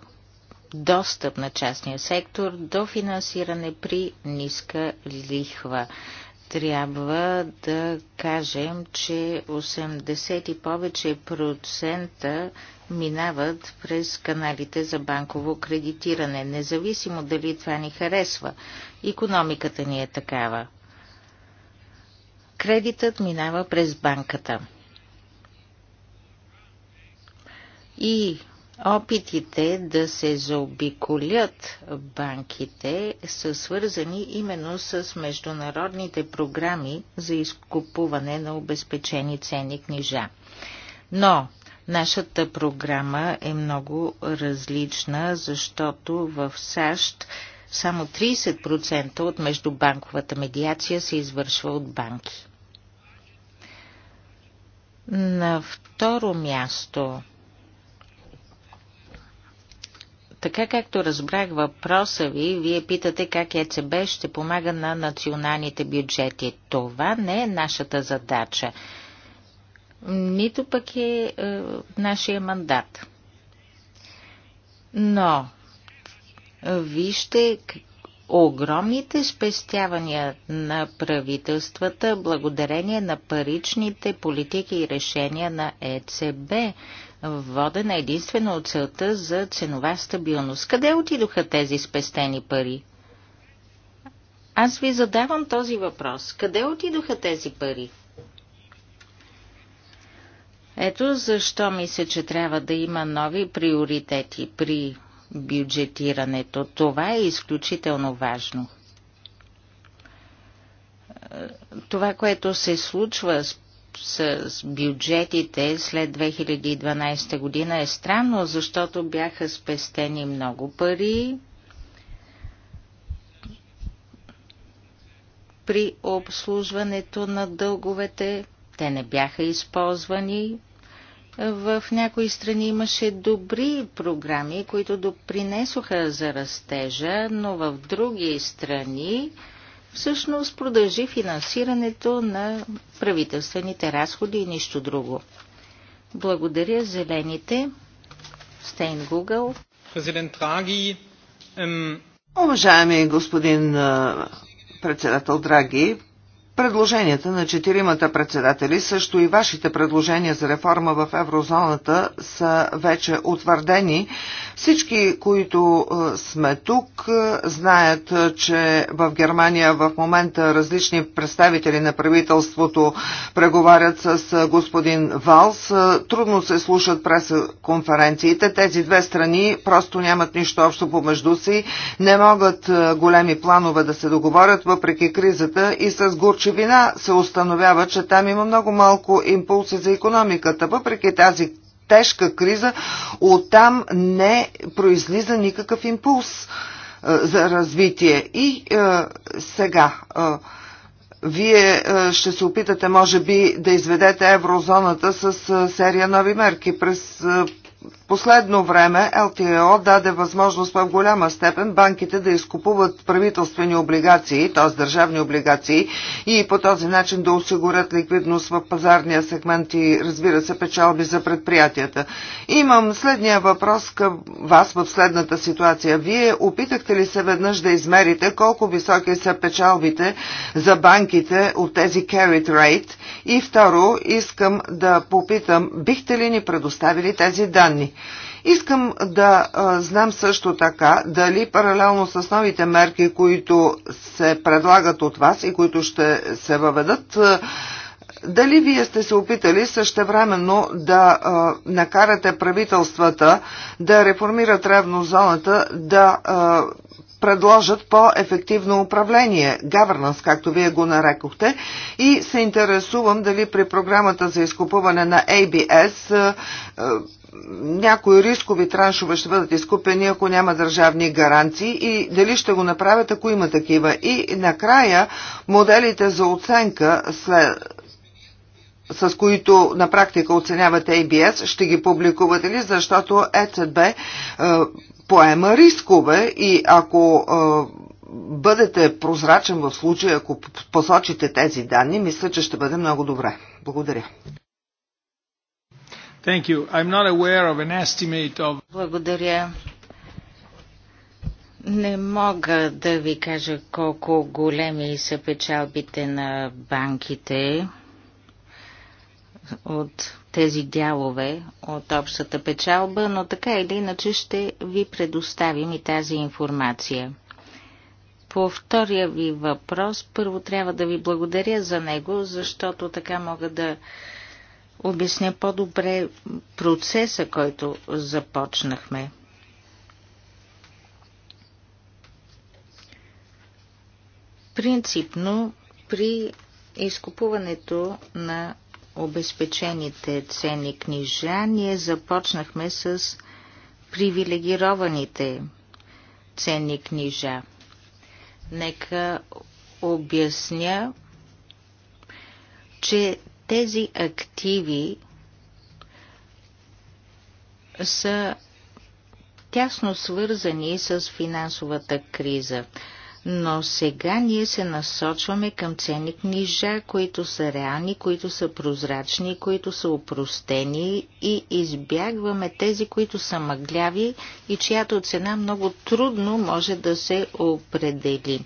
достъп на частния сектор до финансиране при ниска лихва трябва да кажем, че 80 и повече процента минават през каналите за банково кредитиране, независимо дали това ни харесва. Економиката ни е такава. Кредитът минава през банката. И Опитите да се заобиколят банките са свързани именно с международните програми за изкупуване на обезпечени ценни книжа. Но нашата програма е много различна, защото в САЩ само 30% от междубанковата медиация се извършва от банки. На второ място – Така както разбрах въпроса ви, вие питате как ЕЦБ ще помага на националните бюджети. Това не е нашата задача, нито пък е, е нашия мандат. Но, вижте огромните спестявания на правителствата благодарение на паричните политики и решения на ЕЦБ – водена единствено от целта за ценова стабилност. Къде отидоха тези спестени пари? Аз ви задавам този въпрос. Къде отидоха тези пари? Ето защо мисля, че трябва да има нови приоритети при бюджетирането. Това е изключително важно. Е, това, което се случва с с бюджетите след 2012 година е странно, защото бяха спестени много пари при обслужването на дълговете. Те не бяха използвани. В някои страни имаше добри програми, които допринесоха за растежа, но в други страни всъщност продължи финансирането на правителствените разходи и нищо друго. Благодаря зелените. Стейн Гугъл. Президент Драги. Уважаеми господин председател Драги, Предложенията на четиримата председатели, също и вашите предложения за реформа в еврозоната са вече утвърдени. Всички, които е, сме тук, е, знаят, е, че в Германия в момента различни представители на правителството преговарят с господин Валс. Трудно се слушат през конференциите. Тези две страни просто нямат нищо общо помежду си. Не могат големи планове да се договорят въпреки кризата и с Гурч сърчовина се установява, че там има много малко импулси за економиката. Въпреки тази тежка криза, оттам не произлиза никакъв импулс е, за развитие. И е, сега. Е, вие е, ще се опитате, може би, да изведете еврозоната с е, серия нови мерки. През последно време ЛТО даде възможност в голяма степен банките да изкупуват правителствени облигации, т.е. държавни облигации и по този начин да осигурят ликвидност в пазарния сегмент и разбира се печалби за предприятията. Имам следния въпрос към вас в следната ситуация. Вие опитахте ли се веднъж да измерите колко високи са печалбите за банките от тези carried rate? И второ, искам да попитам, бихте ли ни предоставили тези данни? Искам да а, знам също така дали паралелно с новите мерки, които се предлагат от вас и които ще се въведат, дали вие сте се опитали същевременно да а, накарате правителствата да реформират ревнозоната, да а, предложат по-ефективно управление, governance, както вие го нарекохте, и се интересувам дали при програмата за изкупуване на ABS е, е, някои рискови траншове ще бъдат изкупени, ако няма държавни гаранции и дали ще го направят, ако има такива. И накрая моделите за оценка след с които на практика оценяват ABS, ще ги публикувате ли, защото ЕЦБ е, поема рискове и ако бъдете прозрачен в случая, ако посочите тези данни, мисля, че ще бъде много добре. Благодаря. Thank you. I'm not aware of an estimate of... Благодаря. Не мога да ви кажа колко големи са печалбите на банките от тези дялове от общата печалба, но така или иначе ще ви предоставим и тази информация. По втория ви въпрос, първо трябва да ви благодаря за него, защото така мога да обясня по-добре процеса, който започнахме. Принципно при изкупуването на обезпечените ценни книжа, ние започнахме с привилегированите ценни книжа. Нека обясня, че тези активи са тясно свързани с финансовата криза но сега ние се насочваме към ценни книжа, които са реални, които са прозрачни, които са упростени и избягваме тези, които са мъгляви и чиято цена много трудно може да се определи.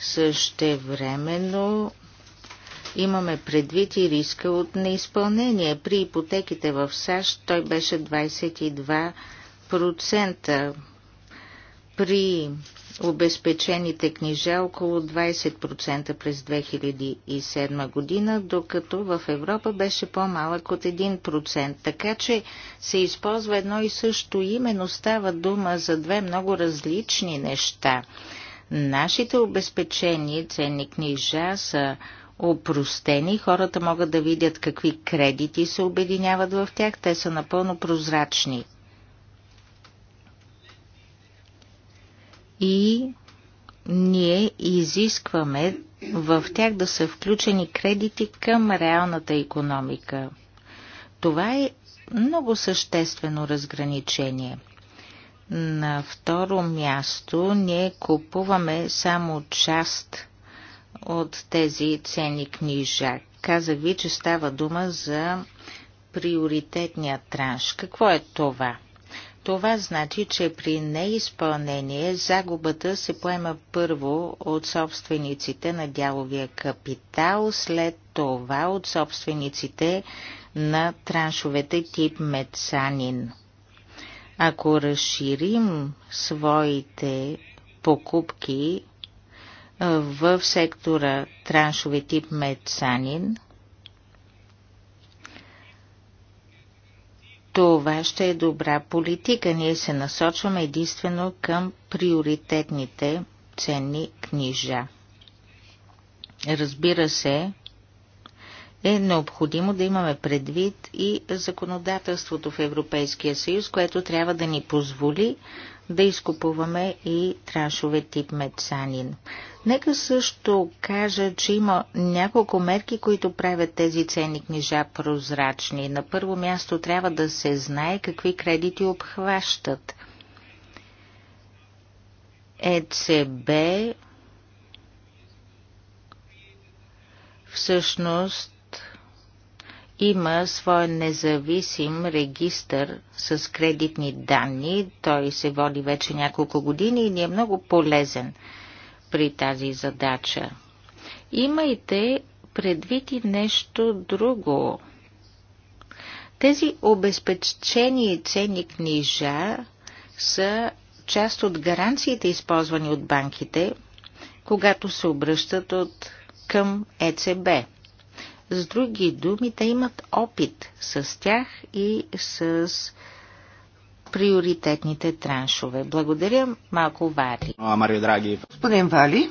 Същевременно имаме предвид и риска от неизпълнение. При ипотеките в САЩ той беше 22%. При обезпечените книжа около 20% през 2007 година, докато в Европа беше по-малък от 1%. Така че се използва едно и също име, но става дума за две много различни неща. Нашите обезпечени ценни книжа са опростени, хората могат да видят какви кредити се обединяват в тях, те са напълно прозрачни. и ние изискваме в тях да са включени кредити към реалната економика. Това е много съществено разграничение. На второ място ние купуваме само част от тези ценни книжа. Каза ви, че става дума за приоритетния транш. Какво е това? Това значи, че при неизпълнение загубата се поема първо от собствениците на дяловия капитал, след това от собствениците на траншовете тип Мецанин. Ако разширим своите покупки в сектора траншове тип Мецанин – Това ще е добра политика. Ние се насочваме единствено към приоритетните ценни книжа. Разбира се, е необходимо да имаме предвид и законодателството в Европейския съюз, което трябва да ни позволи да изкупуваме и трашове тип мецанин. Нека също кажа, че има няколко мерки, които правят тези ценни книжа прозрачни. На първо място трябва да се знае какви кредити обхващат. ЕЦБ всъщност има своя независим регистър с кредитни данни. Той се води вече няколко години и ни е много полезен при тази задача. Имайте предвид и нещо друго. Тези обезпечени ценни книжа са част от гаранциите, използвани от банките, когато се обръщат от към ЕЦБ. С други думи, те имат опит с тях и с приоритетните траншове. Благодаря, Малко Вали. Марио Драги. Господин Вали.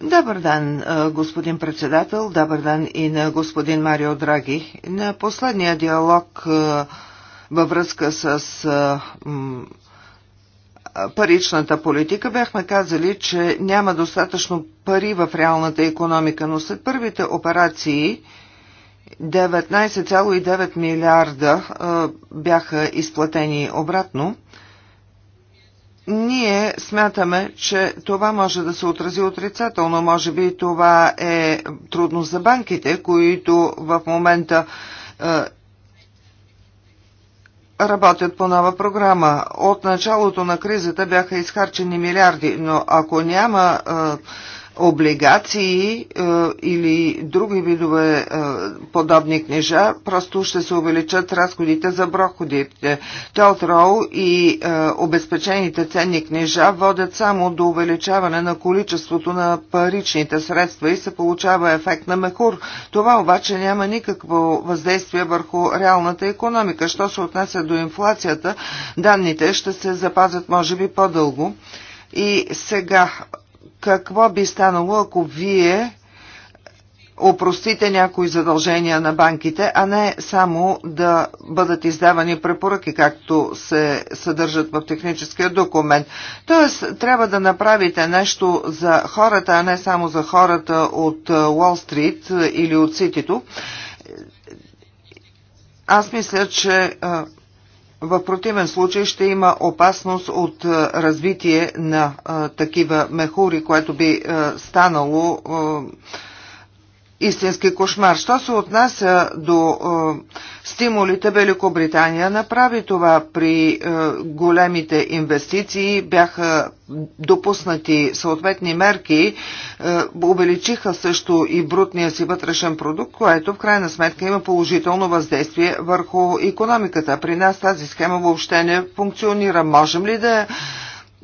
Добър ден, господин председател, добър ден и на господин Марио Драги. На последния диалог във връзка с паричната политика бяхме казали, че няма достатъчно пари в реалната економика, но след първите операции 19,9 милиарда бяха изплатени обратно. Ние смятаме, че това може да се отрази отрицателно. Може би това е трудно за банките, които в момента работят по нова програма. От началото на кризата бяха изхарчени милиарди, но ако няма е, облигации е, или други видове е, подобни книжа, просто ще се увеличат разходите за проходите. Телтроу и е, обезпечените ценни книжа водят само до увеличаване на количеството на паричните средства и се получава ефект на мехур. Това обаче няма никакво въздействие върху реалната економика. Що се отнася до инфлацията, данните ще се запазят може би по-дълго. И сега какво би станало, ако вие опростите някои задължения на банките, а не само да бъдат издавани препоръки, както се съдържат в техническия документ. Тоест, трябва да направите нещо за хората, а не само за хората от Уолл Стрит или от Ситито. Аз мисля, че в противен случай ще има опасност от развитие на такива мехури, което би станало истински кошмар. Що се отнася до е, стимулите, Великобритания направи това при е, големите инвестиции, бяха допуснати съответни мерки, е, увеличиха също и брутния си вътрешен продукт, което в крайна сметка има положително въздействие върху економиката. При нас тази схема въобще не функционира. Можем ли да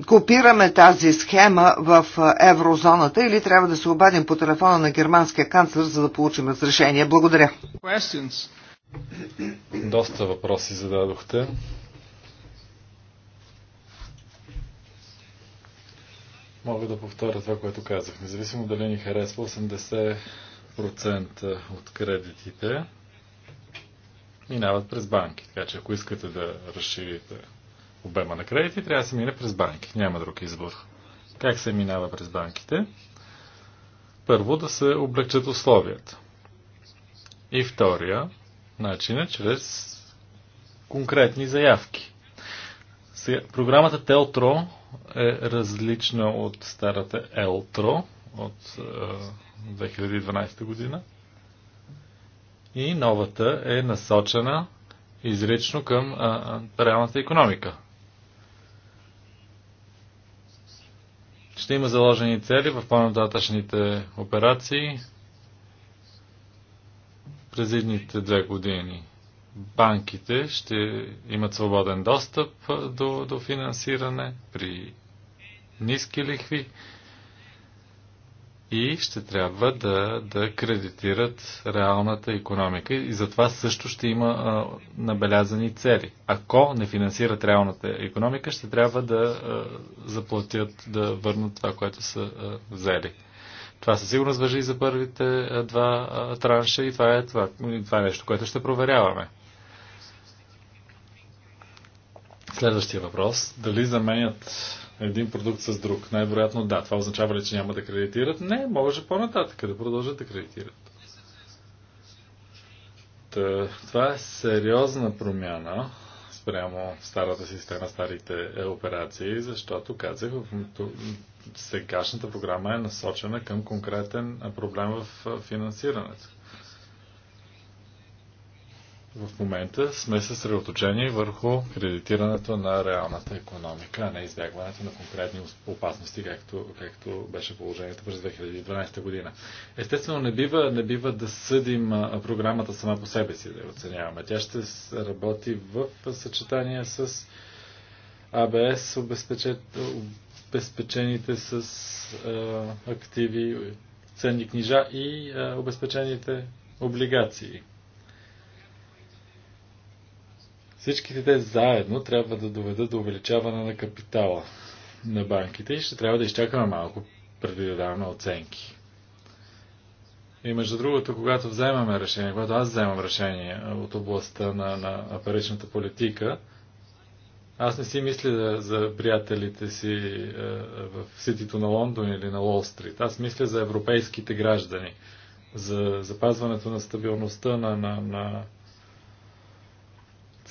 копираме тази схема в еврозоната или трябва да се обадим по телефона на германския канцлер, за да получим разрешение. Благодаря. Доста въпроси зададохте. Мога да повторя това, което казах. Независимо дали ни харесва 80% от кредитите минават през банки. Така че ако искате да разширите обема на кредити, трябва да се мине през банки. Няма друг избор. Как се минава през банките? Първо да се облегчат условията. И втория начин е чрез конкретни заявки. Сега, програмата Телтро е различна от старата Елтро от е, 2012 година. И новата е насочена изрично към а, реалната економика. Ще има заложени цели в по-нататъчните операции през едните две години. Банките ще имат свободен достъп до, до финансиране при ниски лихви и ще трябва да, да кредитират реалната економика и затова също ще има а, набелязани цели. Ако не финансират реалната економика, ще трябва да а, заплатят, да върнат това, което са а, взели. Това със сигурност въжи и за първите два а, транша и това е, това, това е нещо, което ще проверяваме. Следващия въпрос. Дали заменят един продукт с друг. Най-вероятно да. Това означава ли, че няма да кредитират? Не, може по-нататък да продължат да кредитират. Та, това е сериозна промяна спрямо старата система, старите е, операции, защото казах, сегашната програма е насочена към конкретен проблем в финансирането в момента сме съсредоточени върху кредитирането на реалната економика, а не избягването на конкретни опасности, както, както беше положението през 2012 година. Естествено, не бива, не бива да съдим програмата сама по себе си, да я оценяваме. Тя ще работи в съчетание с АБС, обезпечените с активи, ценни книжа и обезпечените облигации – Всичките те заедно трябва да доведат до увеличаване на капитала на банките и ще трябва да изчакаме малко преди да даваме оценки. И между другото, когато вземаме решение, когато аз вземам решение от областта на, на паричната политика, аз не си мисля за приятелите си е, в ситито на Лондон или на Лол Стрит. Аз мисля за европейските граждани, за запазването на стабилността на, на, на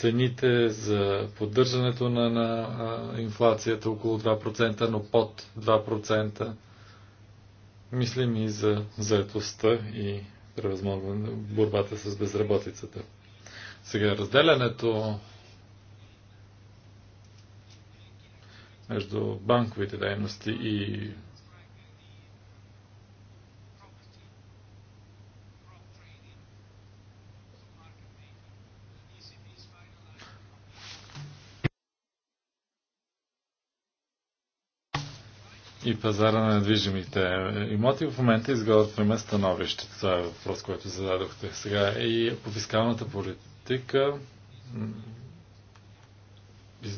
цените, за поддържането на, на а, инфлацията около 2%, но под 2%. Мислим и за заетостта и борбата с безработицата. Сега разделянето между банковите дейности и и пазара на недвижимите имоти. В момента изготвяме становище. Това е въпрос, който зададохте сега. И по фискалната политика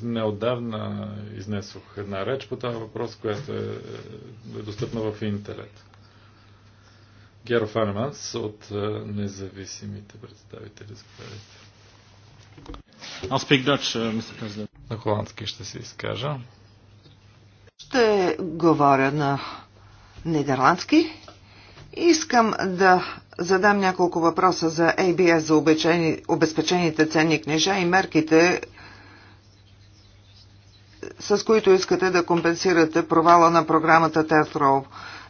неодавна изнесох една реч по този въпрос, която е, е достъпна в интернет. Геро Фанеманс от е, независимите представители. Заповядайте. Аз пик дач, е, мисля, На холандски ще се изкажа. Ще говоря на нидерландски. Искам да задам няколко въпроса за ABS, за обечени, обезпечените ценни книжа и мерките, с които искате да компенсирате провала на програмата Тетров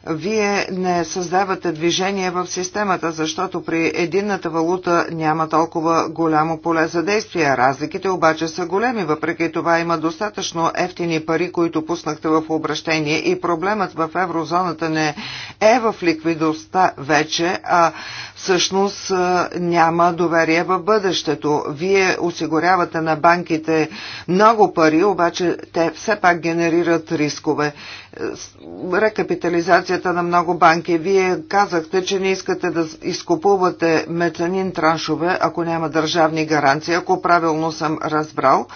вие не създавате движение в системата, защото при единната валута няма толкова голямо поле за действие. Разликите обаче са големи, въпреки това има достатъчно ефтини пари, които пуснахте в обращение и проблемът в еврозоната не е в ликвидността вече, а всъщност няма доверие в бъдещето. Вие осигурявате на банките много пари, обаче те все пак генерират рискове рекапитализацията на много банки. Вие казахте, че не искате да изкупувате мецанин траншове, ако няма държавни гаранции, ако правилно съм разбрал.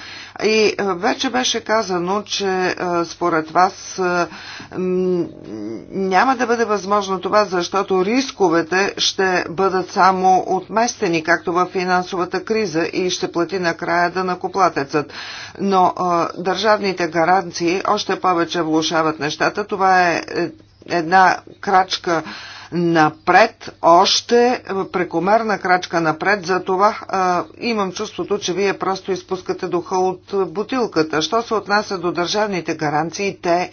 И вече беше казано, че според вас няма да бъде възможно това, защото рисковете ще бъдат само отместени, както в финансовата криза и ще плати накрая да накоплатецът. Но държавните гаранции още повече влушават нещата. Това е, е една крачка напред, още прекомерна крачка напред. За това а, имам чувството, че вие просто изпускате духа от бутилката. Що се отнася до държавните гаранции, те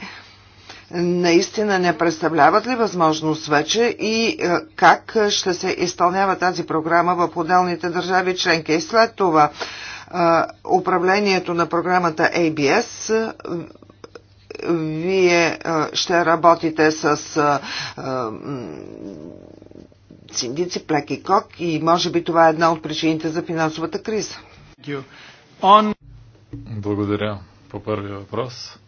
наистина не представляват ли възможност вече и как ще се изпълнява тази програма в отделните държави членки. И след това управлението на програмата ABS вие ще работите с синдици Плек и Кок и може би това е една от причините за финансовата криза. Благодаря по първия въпрос.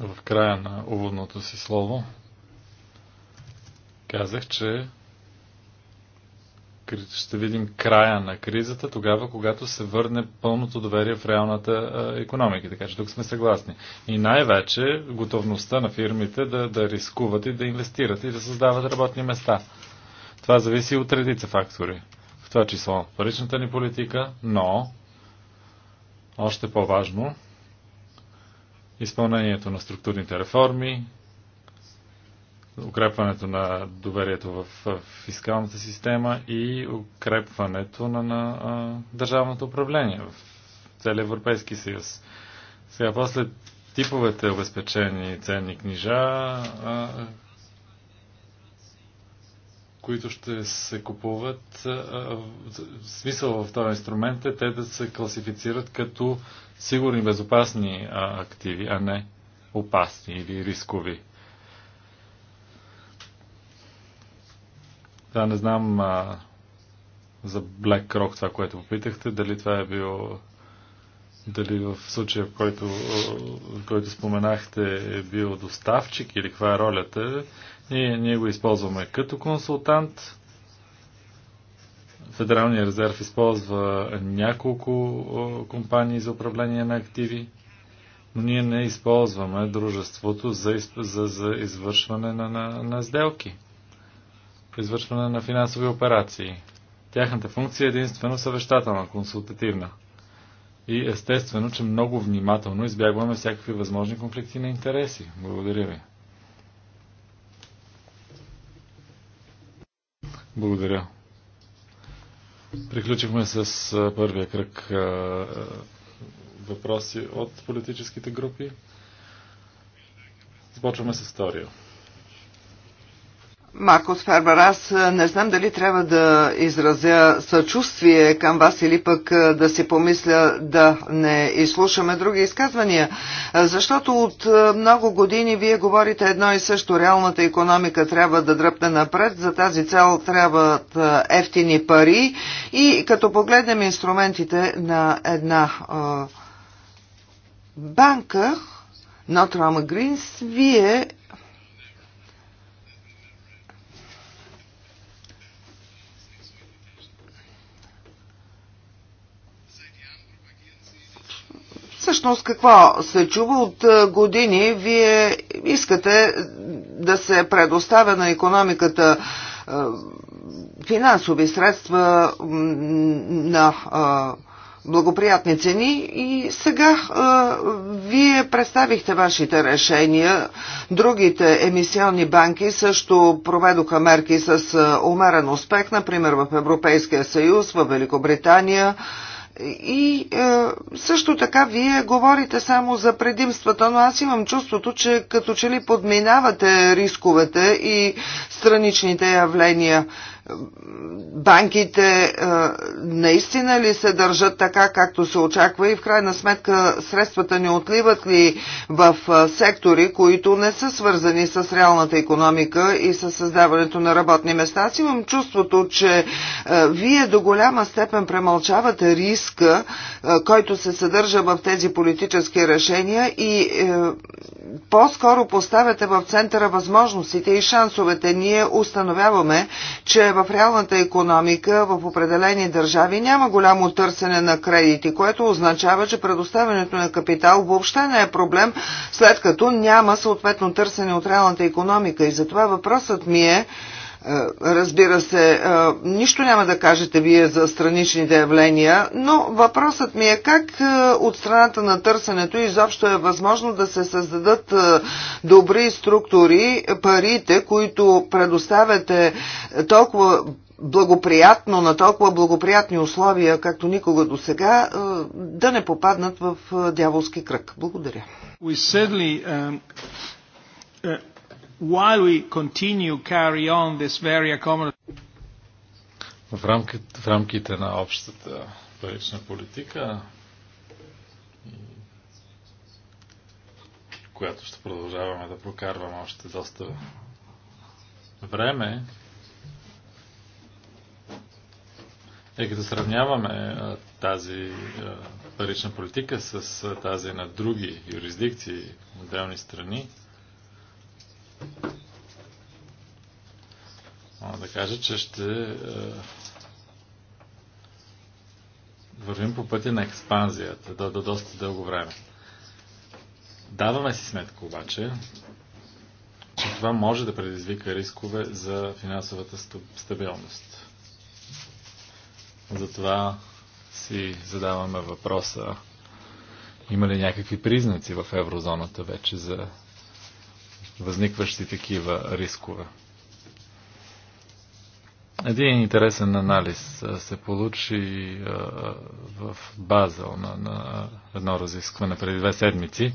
В края на уводното си слово казах, че ще видим края на кризата, тогава, когато се върне пълното доверие в реалната економика. Така че тук сме съгласни. И най-вече готовността на фирмите да, да рискуват и да инвестират и да създават работни места. Това зависи от редица фактори. В това число паричната ни политика, но още по-важно изпълнението на структурните реформи, укрепването на доверието в фискалната система и укрепването на, на а, държавното управление в целия Европейски съюз. Сега, после типовете обезпечени ценни книжа, а, които ще се купуват, а, смисъл в този инструмент е те да се класифицират като сигурни, безопасни а, активи, а не опасни или рискови Да, не знам а, за Rock това, което попитахте, дали това е било дали в случая, в който, в който споменахте, е бил доставчик или каква е ролята. Ние, ние го използваме като консултант. Федералния резерв използва няколко компании за управление на активи, но ние не използваме дружеството за, за, за извършване на, на, на сделки по извършване на финансови операции. Тяхната функция е единствено съвещателна, консултативна. И естествено, че много внимателно избягваме всякакви възможни конфликти на интереси. Благодаря ви. Благодаря. Приключихме с първия кръг въпроси от политическите групи. Започваме с втория. Маркос Фербер, аз не знам дали трябва да изразя съчувствие към вас или пък да си помисля да не изслушаме други изказвания, защото от много години вие говорите едно и също. Реалната економика трябва да дръпне напред, за тази цел трябват ефтини пари и като погледнем инструментите на една банка, Нотрама Гринс, вие Всъщност какво се чува от е, години? Вие искате да се предоставя на економиката е, финансови средства на е, благоприятни цени и сега а, вие представихте вашите решения. Другите емисионни банки също проведоха мерки с а, умерен успех, например в Европейския съюз, в Великобритания. И е, също така вие говорите само за предимствата, но аз имам чувството, че като че ли подминавате рисковете и страничните явления. Е, банките е, наистина ли се държат така, както се очаква и в крайна сметка средствата не отливат ли в е, сектори, които не са свързани с реалната економика и с създаването на работни места. Аз имам чувството, че е, вие до голяма степен премълчавате риска, който се съдържа в тези политически решения и по-скоро поставяте в центъра възможностите и шансовете. Ние установяваме, че в реалната економика в определени държави няма голямо търсене на кредити, което означава, че предоставянето на капитал въобще не е проблем, след като няма съответно търсене от реалната економика. И затова въпросът ми е, е, разбира се, е, нищо няма да кажете вие за страничните явления, но въпросът ми е как е, от страната на търсенето изобщо е възможно да се създадат добри структури, парите, които предоставяте толкова благоприятно, на толкова благоприятни условия, както никога до сега, да не попаднат в дяволски кръг. Благодаря while we continue carry on this very accommodative. в рамките, в рамките на общата парична политика, която ще продължаваме да прокарваме още доста време, е като сравняваме тази парична политика с тази на други юрисдикции, отделни страни, Мога да кажа, че ще е, вървим по пътя на експанзията до, до доста дълго време. Даваме си сметка обаче, че това може да предизвика рискове за финансовата стабилност. Затова си задаваме въпроса има ли някакви признаци в еврозоната вече за възникващи такива рискове. Един интересен анализ се получи в Базел на, на едно разискване преди две седмици.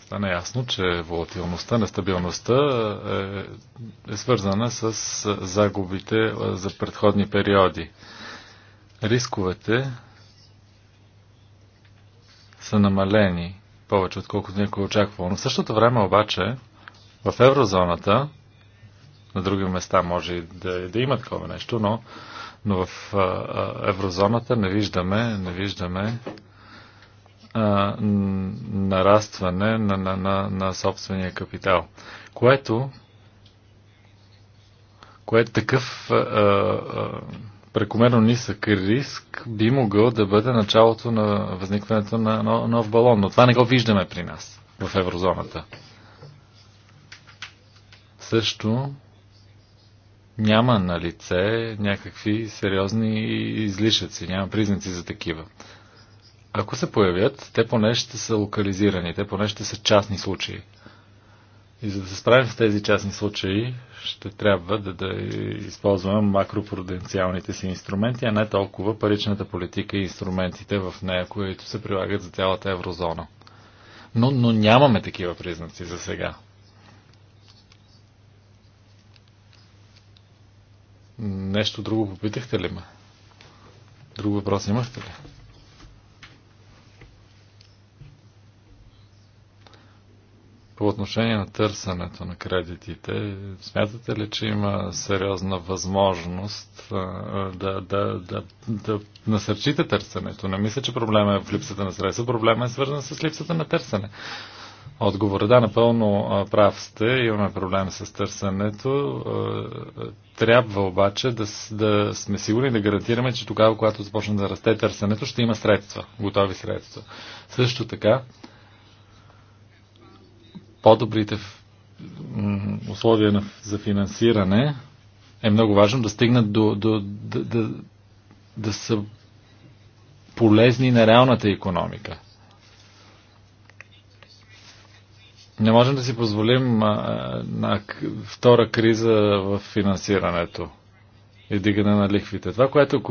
Стана ясно, че волатилността, нестабилността е, е свързана с загубите за предходни периоди. Рисковете са намалени повече, отколкото някой очаква. Но в същото време обаче в еврозоната, на други места може да, да има такова нещо, но, но в а, еврозоната не виждаме, не виждаме а, нарастване на, на, на, на собствения капитал, което, което такъв а, а, прекомерно нисък риск би могъл да бъде началото на възникването на нов балон. Но това не го виждаме при нас в еврозоната. Също няма на лице някакви сериозни излишъци, няма признаци за такива. Ако се появят, те поне ще са локализирани, те поне ще са частни случаи. И за да се справим с тези частни случаи, ще трябва да, да използваме макропруденциалните си инструменти, а не толкова паричната политика и инструментите в нея, които се прилагат за цялата еврозона. Но, но нямаме такива признаци за сега. Нещо друго попитахте ли ме? Друг въпрос имахте ли? По отношение на търсенето на кредитите, смятате ли, че има сериозна възможност да, да, да, да насърчите търсенето? Не мисля, че проблема е в липсата на средства, проблема е свързан с липсата на търсене. Отговор да, напълно прав сте, имаме проблем с търсенето. Трябва обаче да, да сме сигурни да гарантираме, че тогава, когато започне да расте търсенето, ще има средства, готови средства. Също така, по-добрите условия на, за финансиране е много важно да стигнат до, до да, да, да са полезни на реалната економика. Не можем да си позволим а, на втора криза в финансирането и дигане на лихвите. Това, което,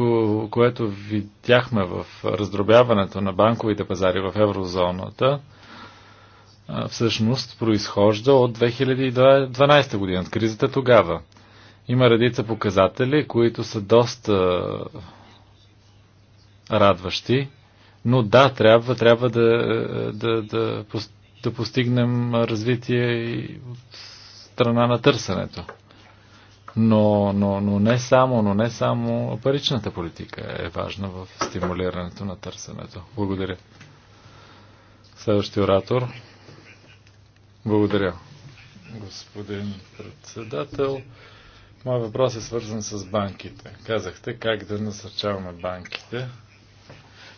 което видяхме в раздробяването на банковите пазари в еврозоната, всъщност произхожда от 2012 година, от кризата тогава. Има редица показатели, които са доста радващи, но да, трябва, трябва да, да, да, да постигнем развитие и от страна на търсенето. Но, но, но, не само, но не само паричната политика е важна в стимулирането на търсенето. Благодаря. Следващия оратор. Благодаря, господин председател. Моят въпрос е свързан с банките. Казахте как да насърчаваме банките.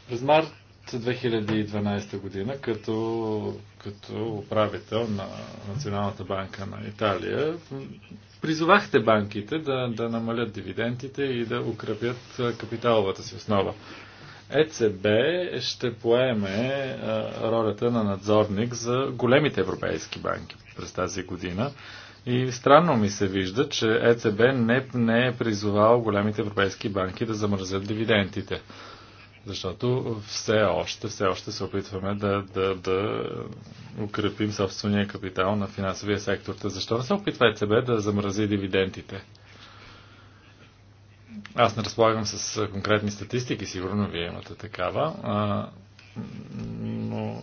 През март 2012 година, като, като управител на Националната банка на Италия, призовахте банките да, да намалят дивидендите и да укрепят капиталовата си основа. ЕЦБ ще поеме ролята на надзорник за големите европейски банки през тази година. И странно ми се вижда, че ЕЦБ не, не е призовал големите европейски банки да замръзят дивидендите. Защото все още, все още се опитваме да, да, да укрепим собствения капитал на финансовия сектор. Защо не се опитва ЕЦБ да замрази дивидендите? Аз не разполагам с конкретни статистики, сигурно вие имате такава, а, но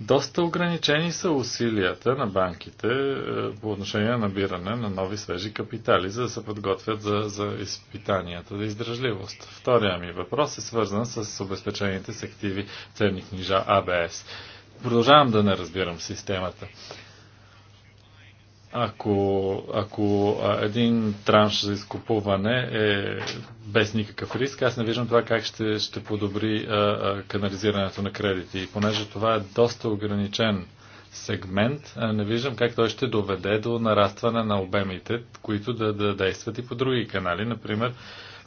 доста ограничени са усилията на банките по отношение на набиране на нови свежи капитали, за да се подготвят за, за изпитанията за издръжливост. Втория ми въпрос е свързан с обезпечените с активи ценни книжа АБС. Продължавам да не разбирам системата ако, ако един транш за изкупуване е без никакъв риск, аз не виждам това как ще, ще подобри а, а, канализирането на кредити. И понеже това е доста ограничен сегмент, а не виждам как той ще доведе до нарастване на обемите, които да, да действат и по други канали, например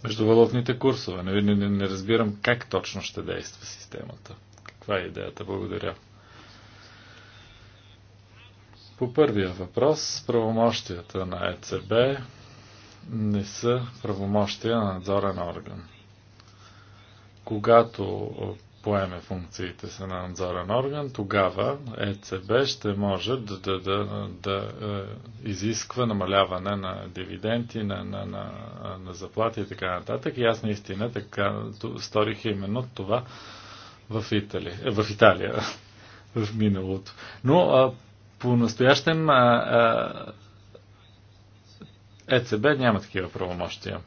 междувалутните курсове. Не, не, не разбирам как точно ще действа системата. Каква е идеята? Благодаря. По първия въпрос, правомощията на ЕЦБ не са правомощия на надзорен орган. Когато поеме функциите си на надзорен орган, тогава ЕЦБ ще може да, да, да, да е, изисква намаляване на дивиденти, на, на, на, на заплати и така нататък. И аз наистина така сторих именно това в Италия, в, Италия, в миналото. Но а, по-настоящем ЕЦБ няма такива правомощия.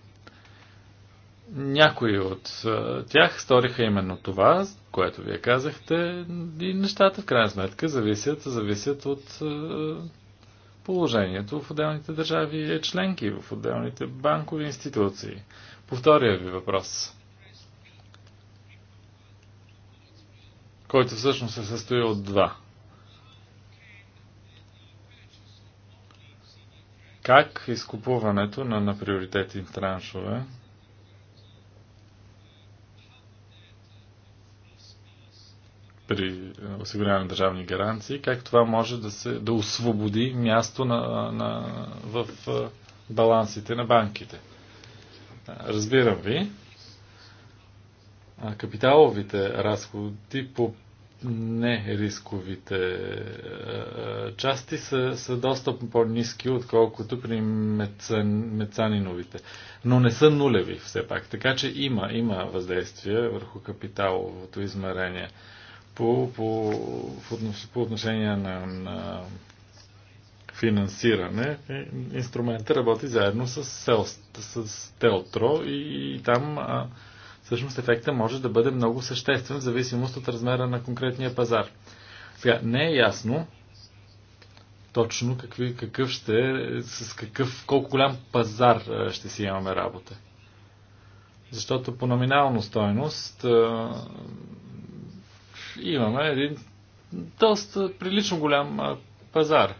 Някои от тях сториха именно това, което вие казахте, и нещата в крайна сметка зависят, зависят от положението в отделните държави и членки, в отделните банкови институции. По втория ви въпрос, който всъщност се състои от два. Как изкупуването на, на приоритети траншове при е, осигуряване на държавни гаранции, как това може да, се, да освободи място на, на, в е, балансите на банките. Е, разбирам ви. Капиталовите разходи по не рисковите е, е, части са, са доста по-низки, отколкото при мецан, мецаниновите. Но не са нулеви все пак. Така че има, има въздействие върху капиталовото измерение по, по, по отношение на, на финансиране. Е, Инструментът работи заедно с, Сел, с Телтро и, и там. А, всъщност ефекта може да бъде много съществен в зависимост от размера на конкретния пазар. Сега, не е ясно точно какви, какъв ще с какъв, колко голям пазар е, ще си имаме работа. Защото по номинална стойност е, имаме един доста прилично голям е, пазар.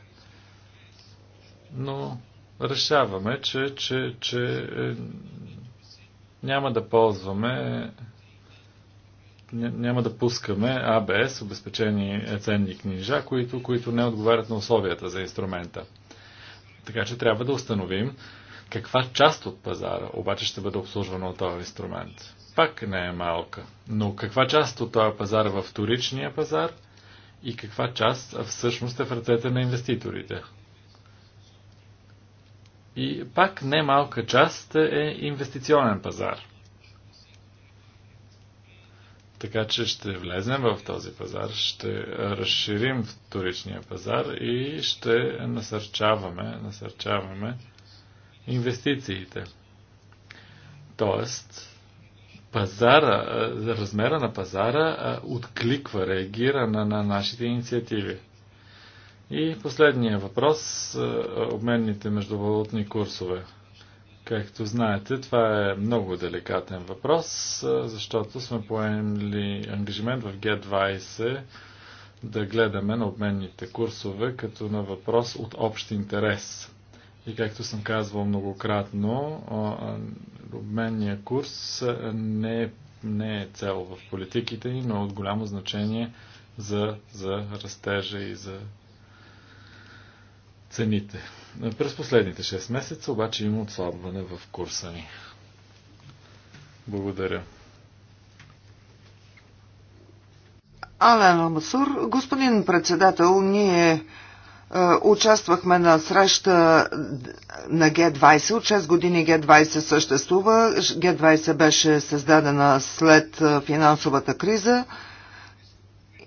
Но решаваме, че, че, че няма да ползваме, няма да пускаме АБС, обезпечени е ценни книжа, които, които не отговарят на условията за инструмента. Така че трябва да установим каква част от пазара обаче ще бъде обслужвана от този инструмент. Пак не е малка, но каква част от този пазар е във вторичния пазар и каква част всъщност е в ръцете на инвеститорите. И пак немалка част е инвестиционен пазар. Така че ще влезем в този пазар, ще разширим вторичния пазар и ще насърчаваме, насърчаваме инвестициите. Тоест, пазара, размера на пазара откликва, реагира на, на нашите инициативи. И последния въпрос е, обменните междувалутни курсове. Както знаете, това е много деликатен въпрос, е, защото сме поемли ангажимент в G20 да гледаме на обменните курсове като на въпрос от общ интерес. И както съм казвал многократно, е, обменния курс не е, не е цел в политиките ни, но е от голямо значение за, за растежа и за цените. През последните 6 месеца обаче има отслабване в курса ни. Благодаря. Ален Ламасур, господин председател, ние е, участвахме на среща на Г-20. От 6 години Г-20 съществува. Г-20 беше създадена след е, финансовата криза.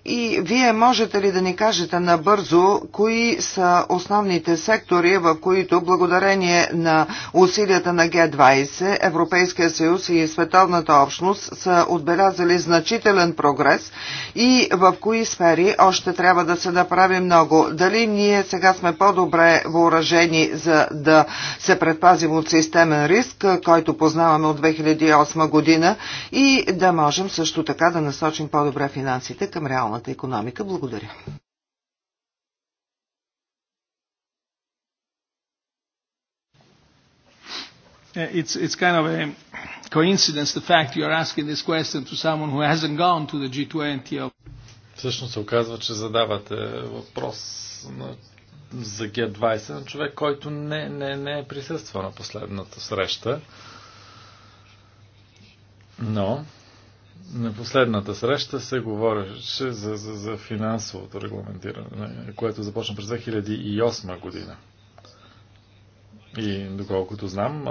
И вие можете ли да ни кажете набързо, кои са основните сектори, в които благодарение на усилията на Г-20, Европейския съюз и Световната общност са отбелязали значителен прогрес и в кои сфери още трябва да се направи много? Дали ние сега сме по-добре въоръжени за да се предпазим от системен риск, който познаваме от 2008 година и да можем също така да насочим по-добре финансите към реално реалната економика. Благодаря. It's, it's kind of a coincidence the fact you are asking this question to someone who hasn't gone to the G20. Всъщност се оказва, че задавате въпрос на, за G20 на човек, който не, не, не е присъствал на последната среща. Но на последната среща се говореше за, за, за финансовото регламентиране, което започна през 2008 година. И доколкото знам,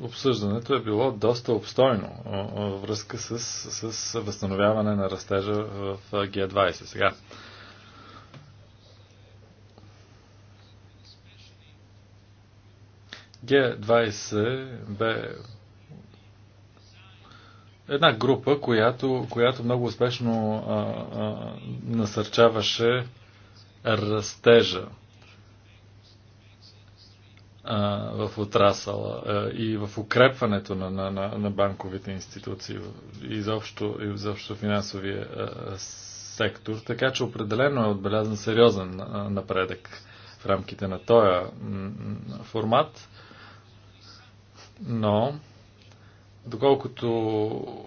обсъждането е било доста обстойно във връзка с, с възстановяване на растежа в Г20 сега. Г20 бе една група, която, която много успешно а, а, насърчаваше растежа в отрасъла и в укрепването на, на, на, банковите институции и изобщо, заобщо финансовия сектор. Така че определено е отбелязан сериозен напредък в рамките на този формат. Но Доколкото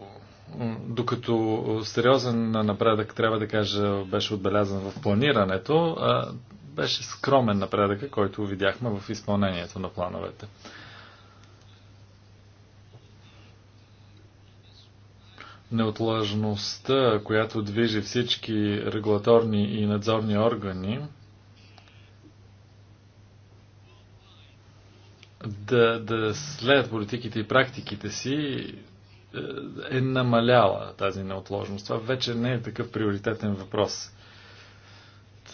докато сериозен напредък, трябва да кажа, беше отбелязан в планирането, беше скромен напредък, който видяхме в изпълнението на плановете. Неотложността, която движи всички регулаторни и надзорни органи, да, да следят политиките и практиките си е, е намаляла тази неотложност. Това вече не е такъв приоритетен въпрос.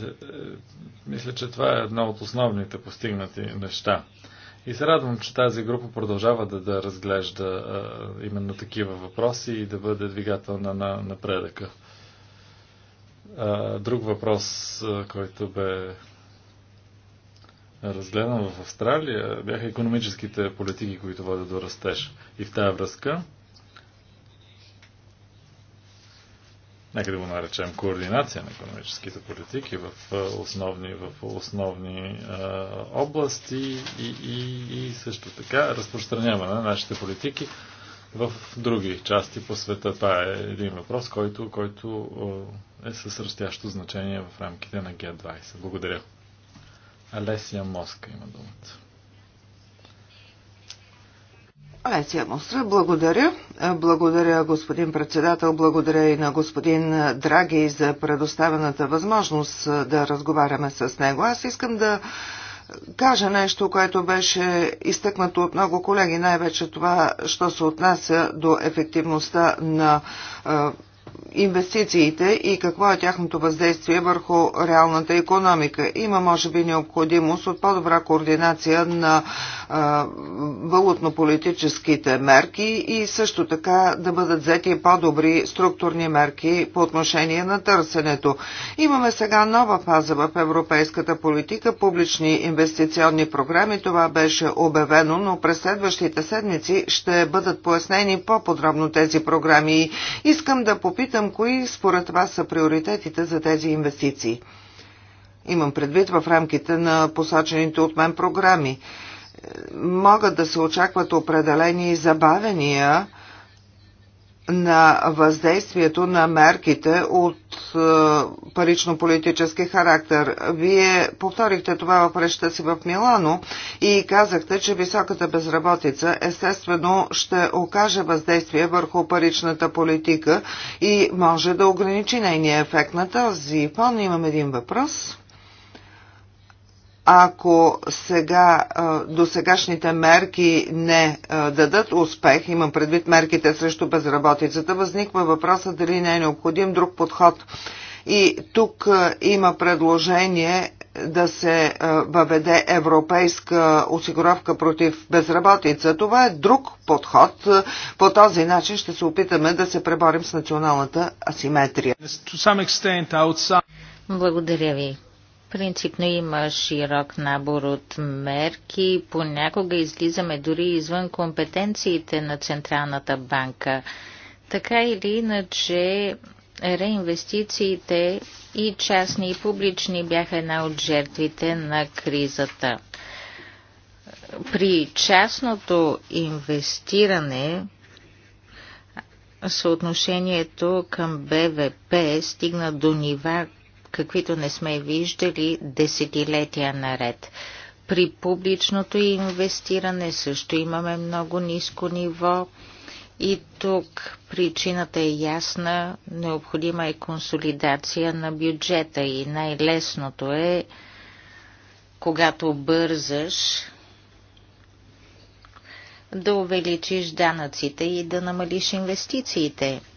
Е, мисля, че това е една от основните постигнати неща. И се радвам, че тази група продължава да, да разглежда а, именно такива въпроси и да бъде двигателна на напредъка. А, друг въпрос, а, който бе разгледан в Австралия, бяха економическите политики, които водят до растеж. И в тази връзка, нека да го наречем координация на економическите политики в основни, в основни е, области и, и, и също така разпространяване на нашите политики в други части по света. Това е един въпрос, който, който е с растящо значение в рамките на Г20. Благодаря. Алесия Моска има думата. Алесия Моска, благодаря. Благодаря, господин председател, благодаря и на господин Драги за предоставената възможност да разговаряме с него. Аз искам да кажа нещо, което беше изтъкнато от много колеги, най-вече това, що се отнася до ефективността на е, инвестициите и какво е тяхното въздействие върху реалната економика. Има, може би, необходимост от по-добра координация на валутно-политическите мерки и също така да бъдат взети по-добри структурни мерки по отношение на търсенето. Имаме сега нова фаза в европейската политика, публични инвестиционни програми. Това беше обявено, но през следващите седмици ще бъдат пояснени по-подробно тези програми. Искам да попитам питам, кои според вас са приоритетите за тези инвестиции? Имам предвид в рамките на посочените от мен програми. Е, могат да се очакват определени забавения, на въздействието на мерките от е, парично-политически характер. Вие повторихте това в речта си в Милано и казахте, че високата безработица естествено ще окаже въздействие върху паричната политика и може да ограничи нейния ефект на този фон. Имам един въпрос ако сега до сегашните мерки не дадат успех, имам предвид мерките срещу безработицата, възниква въпроса дали не е необходим друг подход. И тук има предложение да се въведе европейска осигуровка против безработица. Това е друг подход. По този начин ще се опитаме да се преборим с националната асиметрия. Благодаря ви. Принципно има широк набор от мерки. Понякога излизаме дори извън компетенциите на Централната банка. Така или иначе, реинвестициите и частни и публични бяха една от жертвите на кризата. При частното инвестиране съотношението към БВП стигна до нива, каквито не сме виждали десетилетия наред. При публичното инвестиране също имаме много ниско ниво и тук причината е ясна, необходима е консолидация на бюджета и най-лесното е, когато бързаш, да увеличиш данъците и да намалиш инвестициите –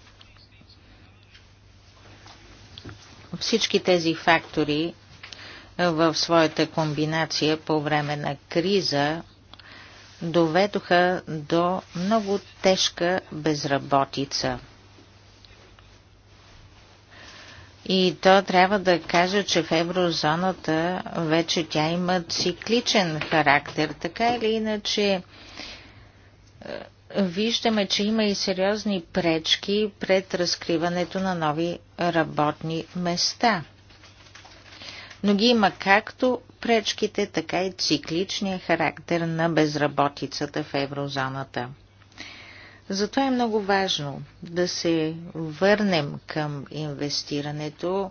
Всички тези фактори в своята комбинация по време на криза доведоха до много тежка безработица. И то трябва да кажа, че в еврозоната вече тя има цикличен характер. Така или иначе, виждаме, че има и сериозни пречки пред разкриването на нови работни места. Но ги има както пречките, така и цикличния характер на безработицата в еврозоната. Затова е много важно да се върнем към инвестирането,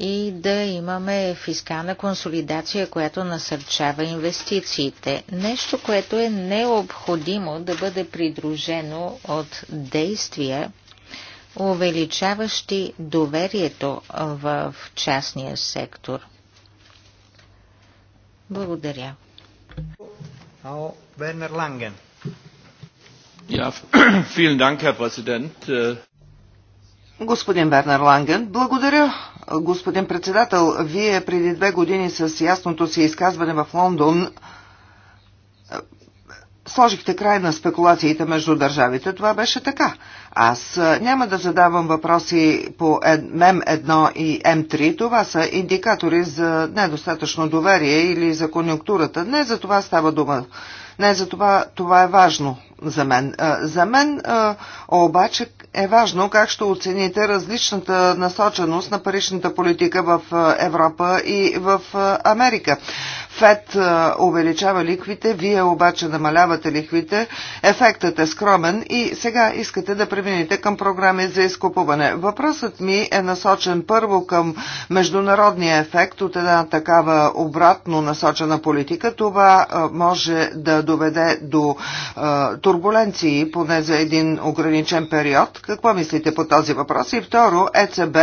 и да имаме фискална консолидация, която насърчава инвестициите. Нещо, което е необходимо да бъде придружено от действия, увеличаващи доверието в частния сектор. Благодаря. Бернер Ланген. Ja, vielen Dank, Herr Präsident. Äh, Господин Бернар Ланген, благодаря. Господин председател, вие преди две години с ясното си изказване в Лондон е, сложихте край на спекулациите между държавите. Това беше така. Аз е, няма да задавам въпроси по М 1 и М3. Това са индикатори за недостатъчно доверие или за конюнктурата. Не за това става дума. Не, за това, това е важно за мен. За мен обаче е важно как ще оцените различната насоченост на паричната политика в Европа и в Америка. ФЕД увеличава ликвите, вие обаче намалявате ликвите, ефектът е скромен и сега искате да преминете към програми за изкупуване. Въпросът ми е насочен първо към международния ефект от една такава обратно насочена политика. Това може да доведе до турбуленции, поне за един ограничен период. Какво мислите по този въпрос? И второ, ЕЦБ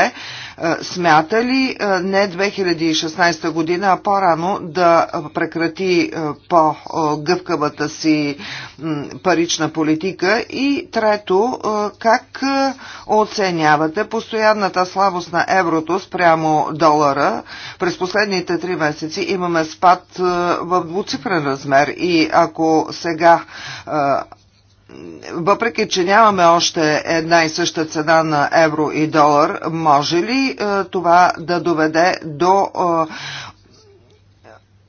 е, смята ли е, не 2016 година, а по-рано да прекрати е, по-гъвкавата си парична политика? И трето, как оценявате постоянната слабост на еврото спрямо долара? През последните три месеци имаме спад в двуцифрен размер и ако сега въпреки че нямаме още една и съща цена на евро и долар, може ли е, това да доведе до е,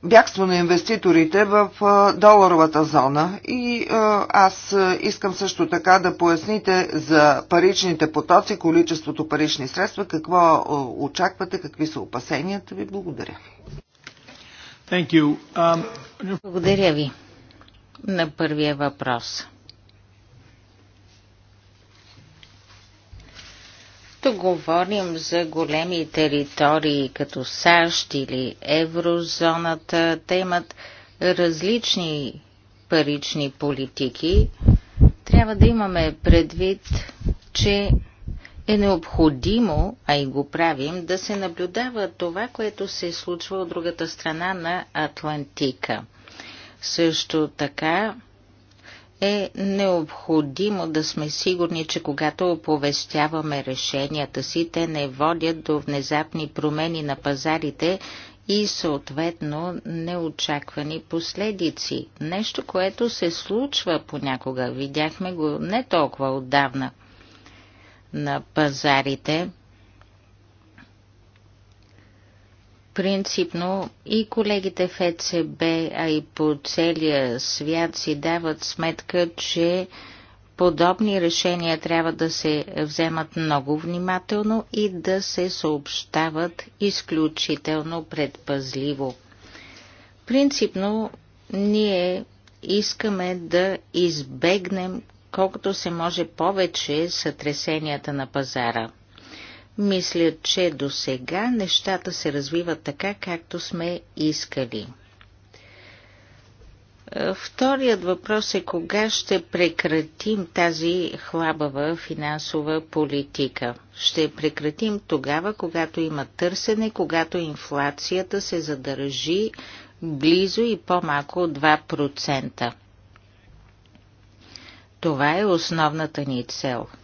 бягство на инвеститорите в е, доларовата зона и аз искам също така да поясните за паричните потоци, количеството парични средства, какво очаквате, какви са опасенията ви. Благодаря. Um, Благодаря ви на първия въпрос. Като говорим за големи територии, като САЩ или еврозоната. Те имат различни парични политики. Трябва да имаме предвид, че е необходимо, а и го правим, да се наблюдава това, което се случва от другата страна на Атлантика. Също така е необходимо да сме сигурни, че когато оповестяваме решенията си, те не водят до внезапни промени на пазарите и съответно неочаквани последици. Нещо, което се случва понякога, видяхме го не толкова отдавна на пазарите. принципно и колегите в ЕЦБ, а и по целия свят си дават сметка, че подобни решения трябва да се вземат много внимателно и да се съобщават изключително предпазливо. Принципно ние искаме да избегнем колкото се може повече сътресенията на пазара – мисля, че до сега нещата се развиват така, както сме искали. Е, вторият въпрос е кога ще прекратим тази хлабава финансова политика. Ще прекратим тогава, когато има търсене, когато инфлацията се задържи близо и по-малко от 2%. Това е основната ни цел –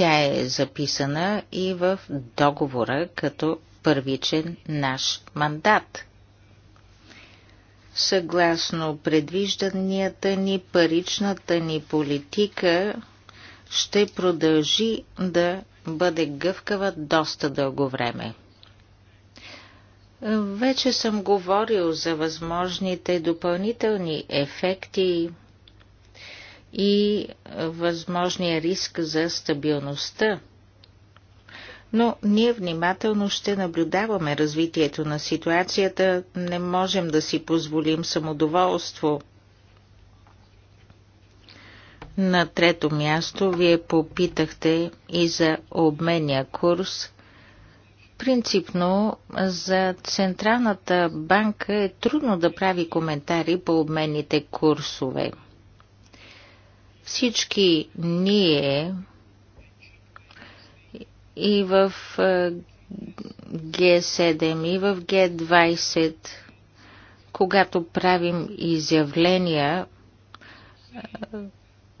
тя е записана и в договора като първичен наш мандат. Съгласно предвижданията ни, паричната ни политика ще продължи да бъде гъвкава доста дълго време. Вече съм говорил за възможните допълнителни ефекти и е, възможния риск за стабилността. Но ние внимателно ще наблюдаваме развитието на ситуацията, не можем да си позволим самодоволство. На трето място вие попитахте и за обменния курс. Принципно за Централната банка е трудно да прави коментари по обменните курсове – всички ние и в Г7, и в Г20, когато правим изявления,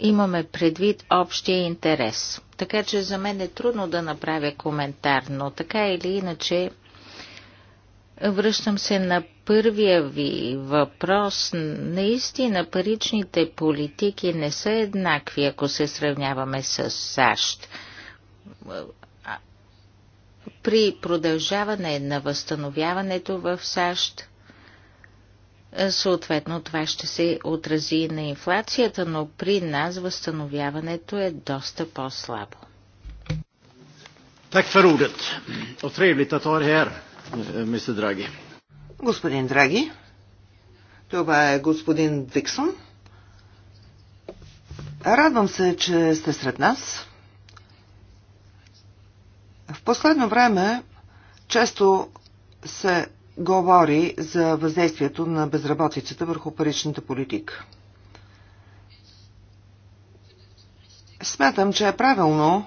имаме предвид общия интерес. Така че за мен е трудно да направя коментар, но така или иначе Връщам се на първия ви въпрос. Наистина паричните политики не са еднакви, ако се сравняваме с САЩ. При продължаване на възстановяването в САЩ, съответно това ще се отрази на инфлацията, но при нас възстановяването е доста по-слабо. Tack för ordet er е, мистер Драги. Господин Драги. Това е господин Диксон. Радвам се, че сте сред нас. В последно време често се говори за въздействието на безработицата върху паричната политика. Смятам, че е правилно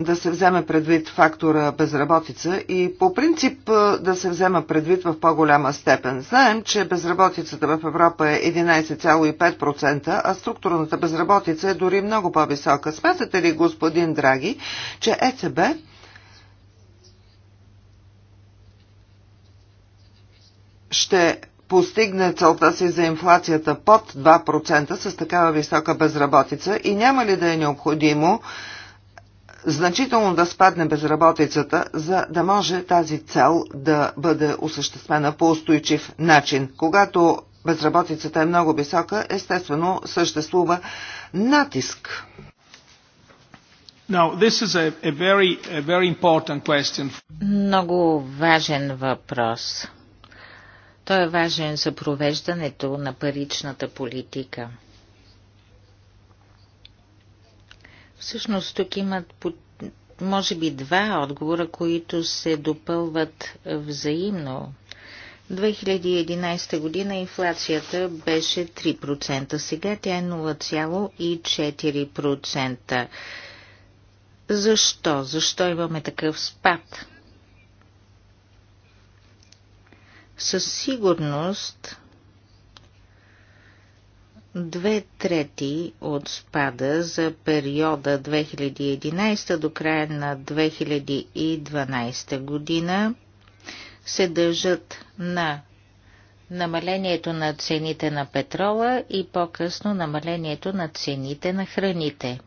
да се вземе предвид фактора безработица и по принцип е, да се взема предвид в по-голяма степен. Знаем, че безработицата в Европа е 11,5%, а структурната безработица е дори много по-висока. Смятате ли, господин Драги, че ЕЦБ ще постигне целта си за инфлацията под 2% с такава висока безработица и няма ли да е необходимо значително да спадне безработицата, за да може тази цел да бъде осъществена по устойчив начин. Когато безработицата е много висока, естествено съществува натиск. Now, this is a, a very, a very important question. Много важен въпрос. Той е важен за провеждането на паричната политика. Всъщност тук имат може би два отговора, които се допълват взаимно. 2011 година инфлацията беше 3%, сега тя е 0,4%. Защо? Защо имаме такъв спад? Със сигурност Две трети от спада за периода 2011 до края на 2012 година се дължат на намалението на цените на петрола и по-късно намалението на цените на храните.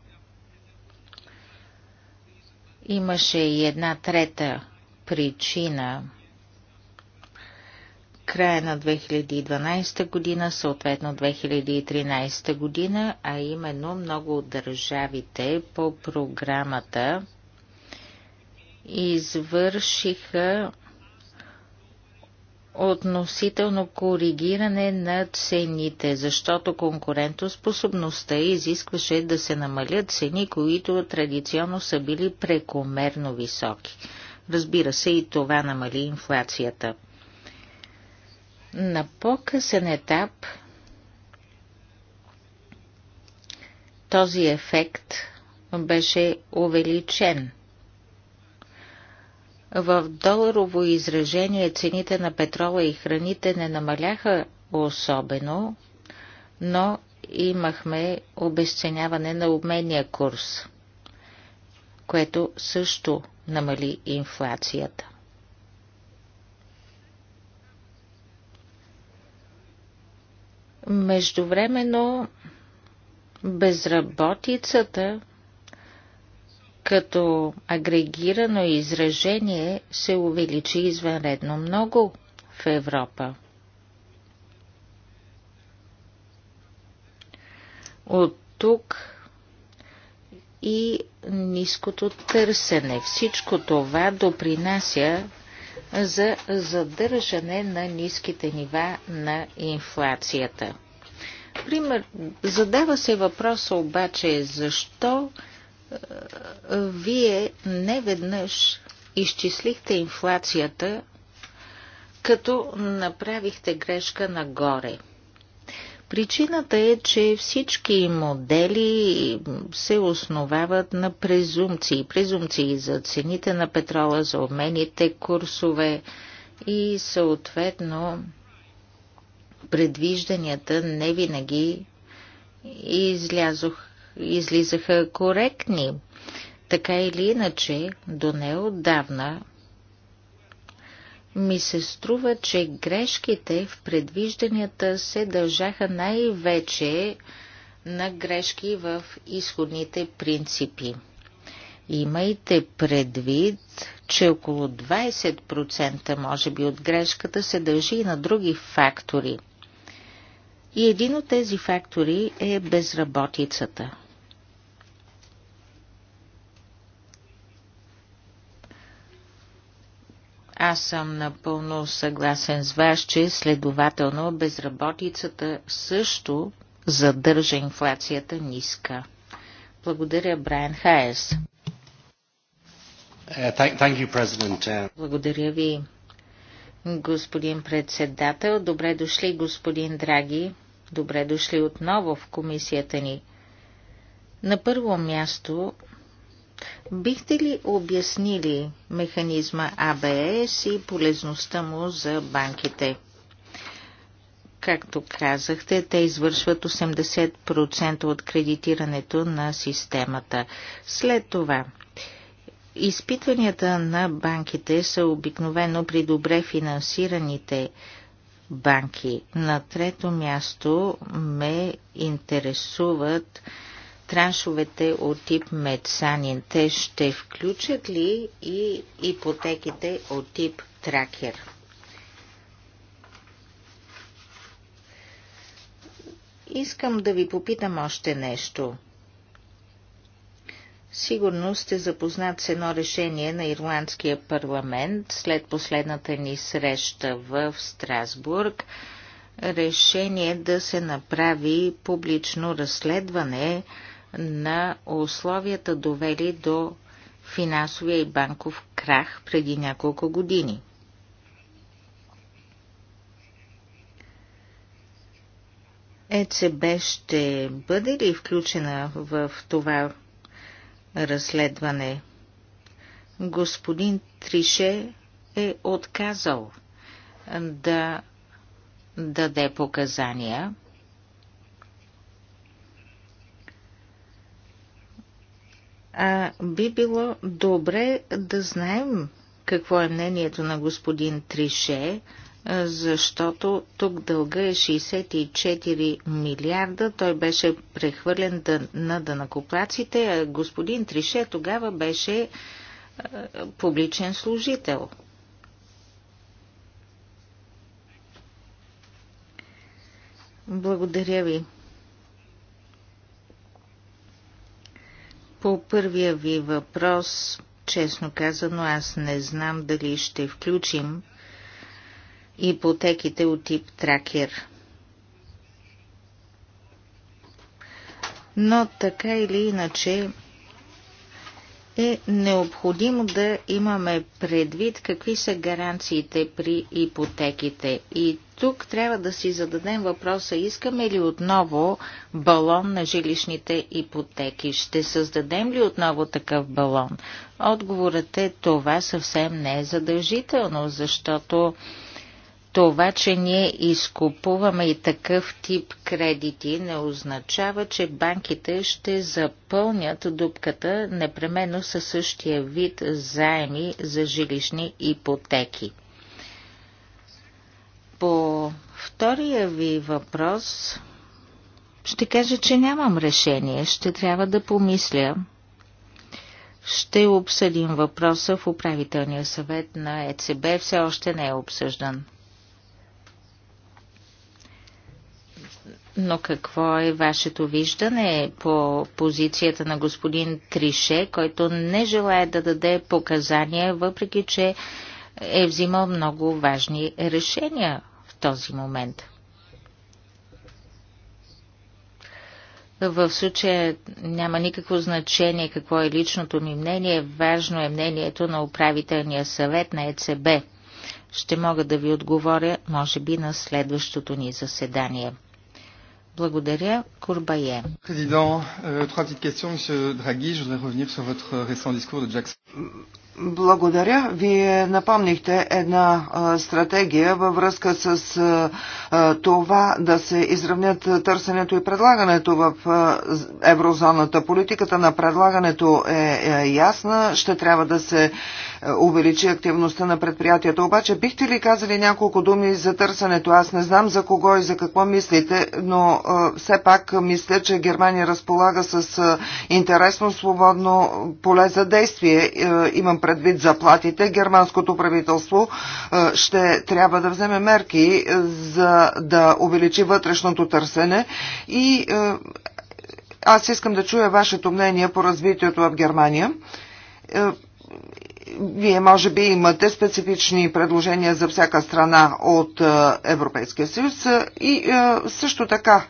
Имаше и една трета причина края на 2012 година, съответно 2013 година, а именно много от държавите по програмата извършиха относително коригиране на цените, защото конкурентоспособността изискваше да се намалят цени, които традиционно са били прекомерно високи. Разбира се, и това намали инфлацията. На по-късен етап този ефект беше увеличен. В доларово изражение цените на петрола и храните не намаляха особено, но имахме обесценяване на обменния курс, което също намали инфлацията. Междувременно безработицата като агрегирано изражение се увеличи извънредно много в Европа. От тук и ниското търсене. Всичко това допринася за задържане на ниските нива на инфлацията. Пример, задава се въпроса обаче защо вие не веднъж изчислихте инфлацията, като направихте грешка нагоре – Причината е, че всички модели се основават на презумпции. Презумпции за цените на петрола, за обмените курсове и съответно предвижданията не винаги излязох, излизаха коректни. Така или иначе, до неотдавна ми се струва, че грешките в предвижданията се дължаха най-вече на грешки в изходните принципи. Имайте предвид, че около 20% може би от грешката се дължи и на други фактори. И един от тези фактори е безработицата. Аз съм напълно съгласен с вас, че следователно безработицата също задържа инфлацията ниска. Благодаря, Брайан Хайес. Е, е, Благодаря ви, господин председател. Добре дошли, господин Драги. Добре дошли отново в комисията ни. На първо място Бихте ли обяснили механизма АБС и полезността му за банките? Както казахте, те извършват 80% от кредитирането на системата. След това, изпитванията на банките са обикновено при добре финансираните банки. На трето място ме интересуват траншовете от тип Медсанин, те ще включат ли и ипотеките от тип Тракер? Искам да ви попитам още нещо. Сигурно сте запознат с едно решение на Ирландския парламент след последната ни среща в Страсбург. Решение да се направи публично разследване на условията довели до финансовия и банков крах преди няколко години. ЕЦБ ще бъде ли включена в това разследване? Господин Трише е отказал да даде показания А, би било добре да знаем какво е мнението на господин Трише, защото тук дълга е 64 милиарда. Той беше прехвърлен на дънакоплаците, а господин Трише тогава беше публичен служител. Благодаря ви. По първия ви въпрос, честно казано, аз не знам дали ще включим ипотеките от тип тракер. Но така или иначе, е необходимо да имаме предвид какви са гаранциите при ипотеките. И тук трябва да си зададем въпроса, искаме ли отново балон на жилищните ипотеки? Ще създадем ли отново такъв балон? Отговорът е това съвсем не е задължително, защото това, че ние изкупуваме и такъв тип кредити, не означава, че банките ще запълнят дупката непременно със същия вид заеми за жилищни ипотеки. По втория ви въпрос ще кажа, че нямам решение. Ще трябва да помисля. Ще обсъдим въпроса в управителния съвет на ЕЦБ. Все още не е обсъждан. Но какво е вашето виждане по позицията на господин Трише, който не желая да даде показания, въпреки че е взимал много важни решения в този момент? В случая няма никакво значение какво е личното ми мнение, важно е мнението на управителния съвет на ЕЦБ. Ще мога да ви отговоря, може би, на следващото ни заседание. Благодаря. Курбае. Президент, euh, trois petites questions, monsieur Draghi. Je voudrais revenir sur votre récent discours de Jackson. Благодаря. Вие напомнихте една а, стратегия във връзка с а, това да се изравнят търсенето и предлагането в а, еврозоната. Политиката на предлагането е, е ясна. Ще трябва да се увеличи активността на предприятията. Обаче бихте ли казали няколко думи за търсенето? Аз не знам за кого и за какво мислите, но все пак мисля, че Германия разполага с интересно свободно поле за действие. Имам предвид заплатите. Германското правителство ще трябва да вземе мерки за да увеличи вътрешното търсене и аз искам да чуя вашето мнение по развитието в Германия вие може би имате специфични предложения за всяка страна от е, Европейския съюз е, и е, също така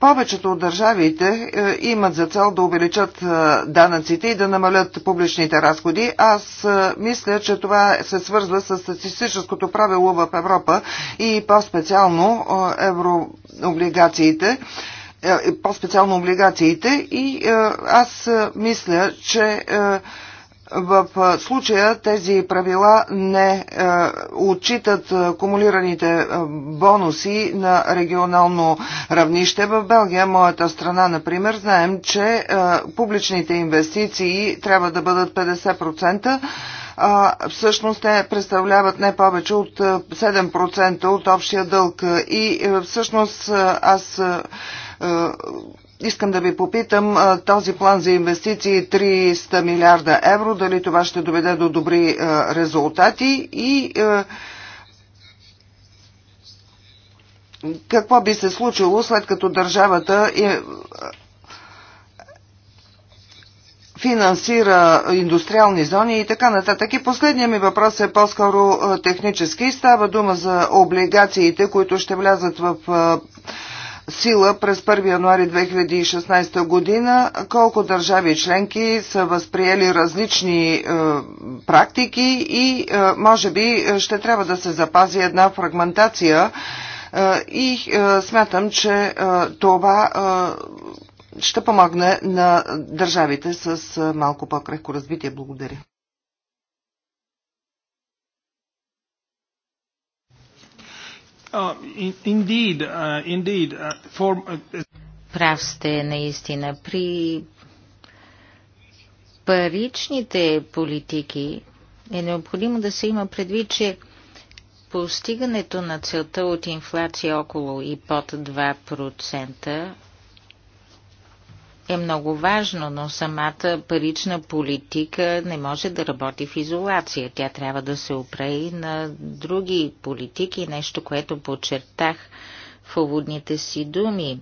повечето от държавите имат за цел да увеличат данъците и да намалят публичните разходи. Аз мисля, че това се свързва с статистическото правило в Европа и по-специално еврооблигациите по-специално облигациите и аз мисля, че в случая тези правила не е, отчитат кумулираните бонуси на регионално равнище. В Белгия, моята страна, например, знаем, че е, публичните инвестиции трябва да бъдат 50%. А, всъщност те представляват не повече от 7% от общия дълг. И всъщност аз Искам да ви попитам този план за инвестиции 300 е милиарда евро, дали това ще доведе до добри резултати и какво би се случило след като държавата е, финансира индустриални зони и така нататък. И последният ми въпрос е по-скоро технически. Става дума за облигациите, които ще влязат в сила през 1 януари 2016 година, колко държави членки са възприели различни е, практики и е, може би ще трябва да се запази една фрагментация е, и е, смятам, че е, това е, ще помогне на държавите с е, малко по-крехко развитие. Благодаря. Oh, uh, uh, uh, Прав сте наистина. При паричните политики е необходимо да се има предвид, че постигането на целта от инфлация около и под 2% е много важно, но самата парична политика не може да работи в изолация. Тя трябва да се опре и на други политики, нещо, което подчертах в уводните си думи.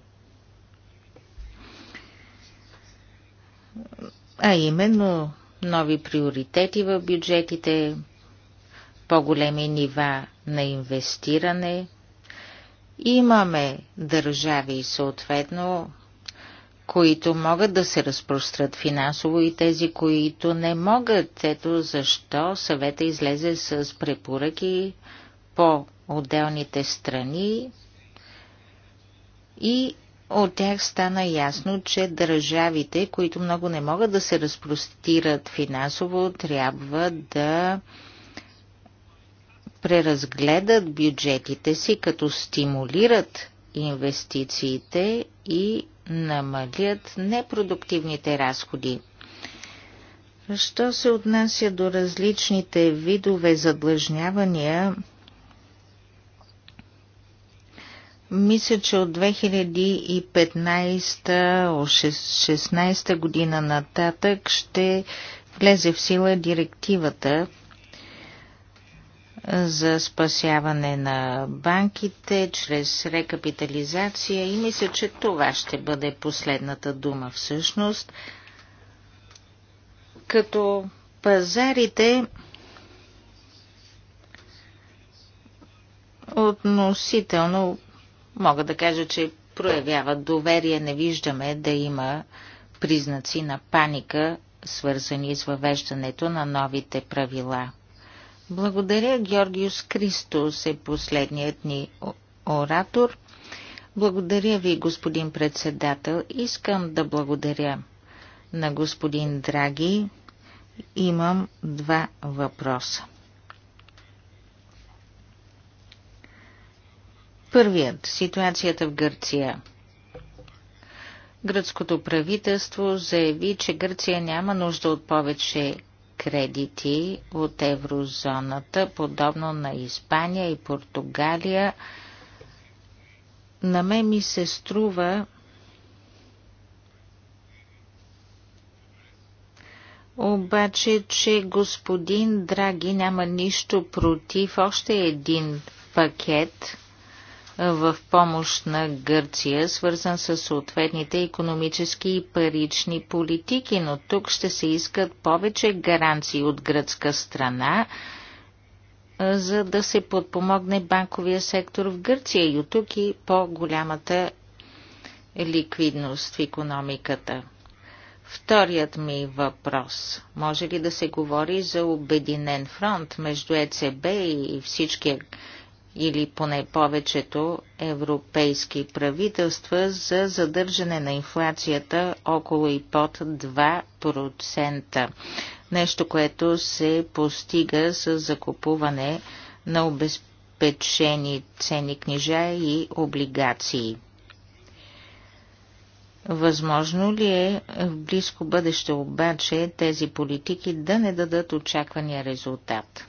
А именно нови приоритети в бюджетите, по-големи нива на инвестиране. Имаме държави, съответно, които могат да се разпрострат финансово и тези, които не могат. Ето защо съвета излезе с препоръки по отделните страни и от тях стана ясно, че държавите, които много не могат да се разпростират финансово, трябва да преразгледат бюджетите си, като стимулират инвестициите и намалят непродуктивните разходи. Що се отнася до различните видове задлъжнявания, мисля, че от 2015-16 година нататък ще влезе в сила директивата за спасяване на банките чрез рекапитализация и мисля, че това ще бъде последната дума всъщност. Като пазарите относително мога да кажа, че проявяват доверие, не виждаме да има признаци на паника, свързани с въвеждането на новите правила. Благодаря. Георгиус Кристос е последният ни оратор. Благодаря ви, господин председател. Искам да благодаря на господин Драги. Имам два въпроса. Първият – ситуацията в Гърция. Гръцкото правителство заяви, че Гърция няма нужда от повече кредити от еврозоната, подобно на Испания и Португалия. На мен ми се струва обаче, че господин Драги няма нищо против още един пакет – в помощ на Гърция, свързан с съответните економически и парични политики, но тук ще се искат повече гаранции от гръцка страна, за да се подпомогне банковия сектор в Гърция и от тук и по-голямата ликвидност в економиката. Вторият ми въпрос. Може ли да се говори за обединен фронт между ЕЦБ и всички или поне повечето европейски правителства за задържане на инфлацията около и под 2%. Нещо, което се постига с закупуване на обезпечени ценни книжа и облигации. Възможно ли е в близко бъдеще обаче тези политики да не дадат очаквания резултат?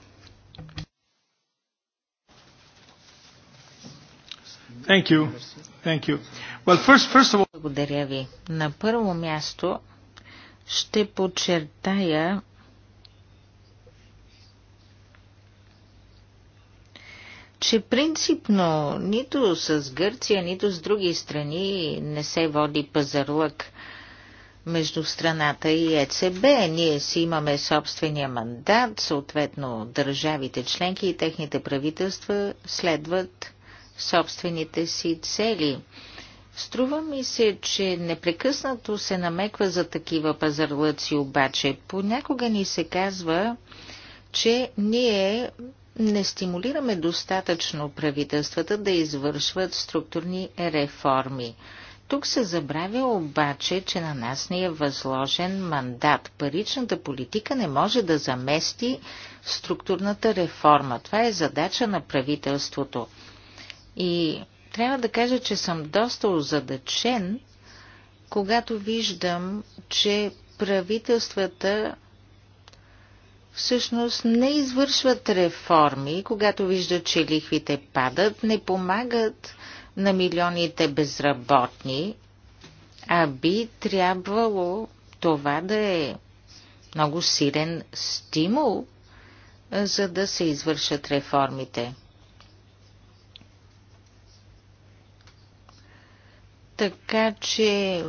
Thank you. Thank you. Well, first, first of all... Благодаря ви. На първо място ще подчертая че принципно нито с Гърция, нито с други страни не се води пазарлък между страната и ЕЦБ. Ние си имаме собствения мандат, съответно държавите членки и техните правителства следват собствените си цели. Струва ми се, че непрекъснато се намеква за такива пазарлъци, обаче понякога ни се казва, че ние не стимулираме достатъчно правителствата да извършват структурни реформи. Тук се забравя обаче, че на нас ни е възложен мандат. Паричната политика не може да замести структурната реформа. Това е задача на правителството. И трябва да кажа, че съм доста озадачен, когато виждам, че правителствата всъщност не извършват реформи, когато виждат, че лихвите падат, не помагат на милионите безработни, а би трябвало това да е много силен стимул, за да се извършат реформите. Така че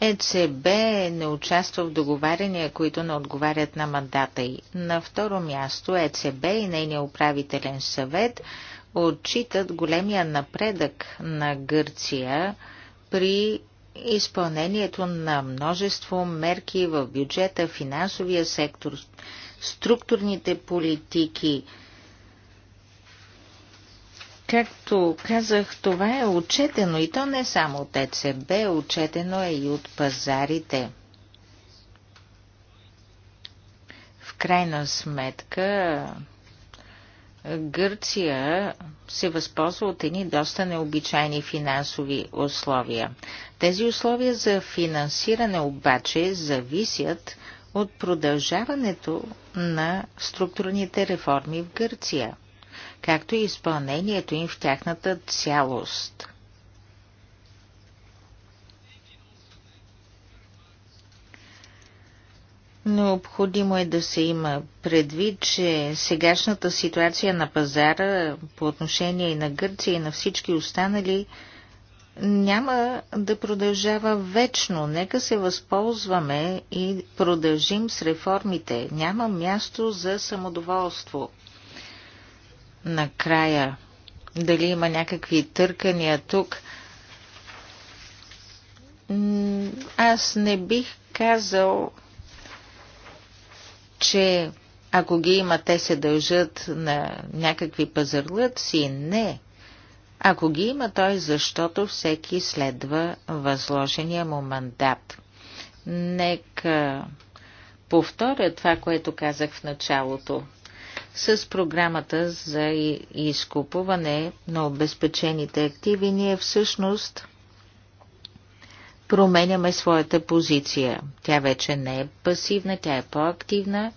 ЕЦБ не участва в договаряния, които не отговарят на мандата й. На второ място ЕЦБ и нейния управителен съвет отчитат големия напредък на Гърция при изпълнението на множество мерки в бюджета, финансовия сектор, структурните политики – Както казах, това е отчетено и то не само от ЕЦБ, отчетено е и от пазарите. В крайна сметка, Гърция се възползва от едни доста необичайни финансови условия. Тези условия за финансиране обаче зависят от продължаването на структурните реформи в Гърция както и изпълнението им в тяхната цялост. Необходимо е да се има предвид, че сегашната ситуация на пазара по отношение и на Гърция и на всички останали няма да продължава вечно. Нека се възползваме и продължим с реформите. Няма място за самодоволство накрая. Дали има някакви търкания тук? Аз не бих казал, че ако ги има, те се дължат на някакви пазарлъци. Не. Ако ги има, той е защото всеки следва възложения му мандат. Нека повторя това, което казах в началото. С програмата за изкупуване на обезпечените активи ние всъщност променяме своята позиция. Тя вече не е пасивна, тя е по-активна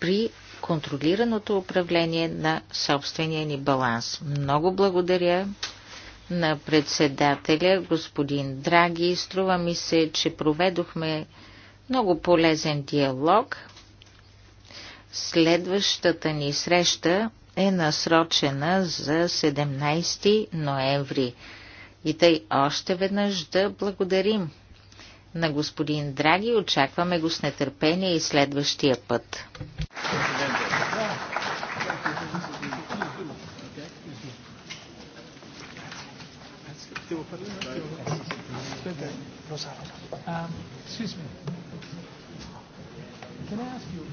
при контролираното управление на собствения ни баланс. Много благодаря на председателя, господин Драги. Струва ми се, че проведохме много полезен диалог. Следващата ни среща е насрочена за 17 ноември. И тъй още веднъж да благодарим на господин Драги. Очакваме го с нетърпение и следващия път. Um, excuse me. Can I ask you?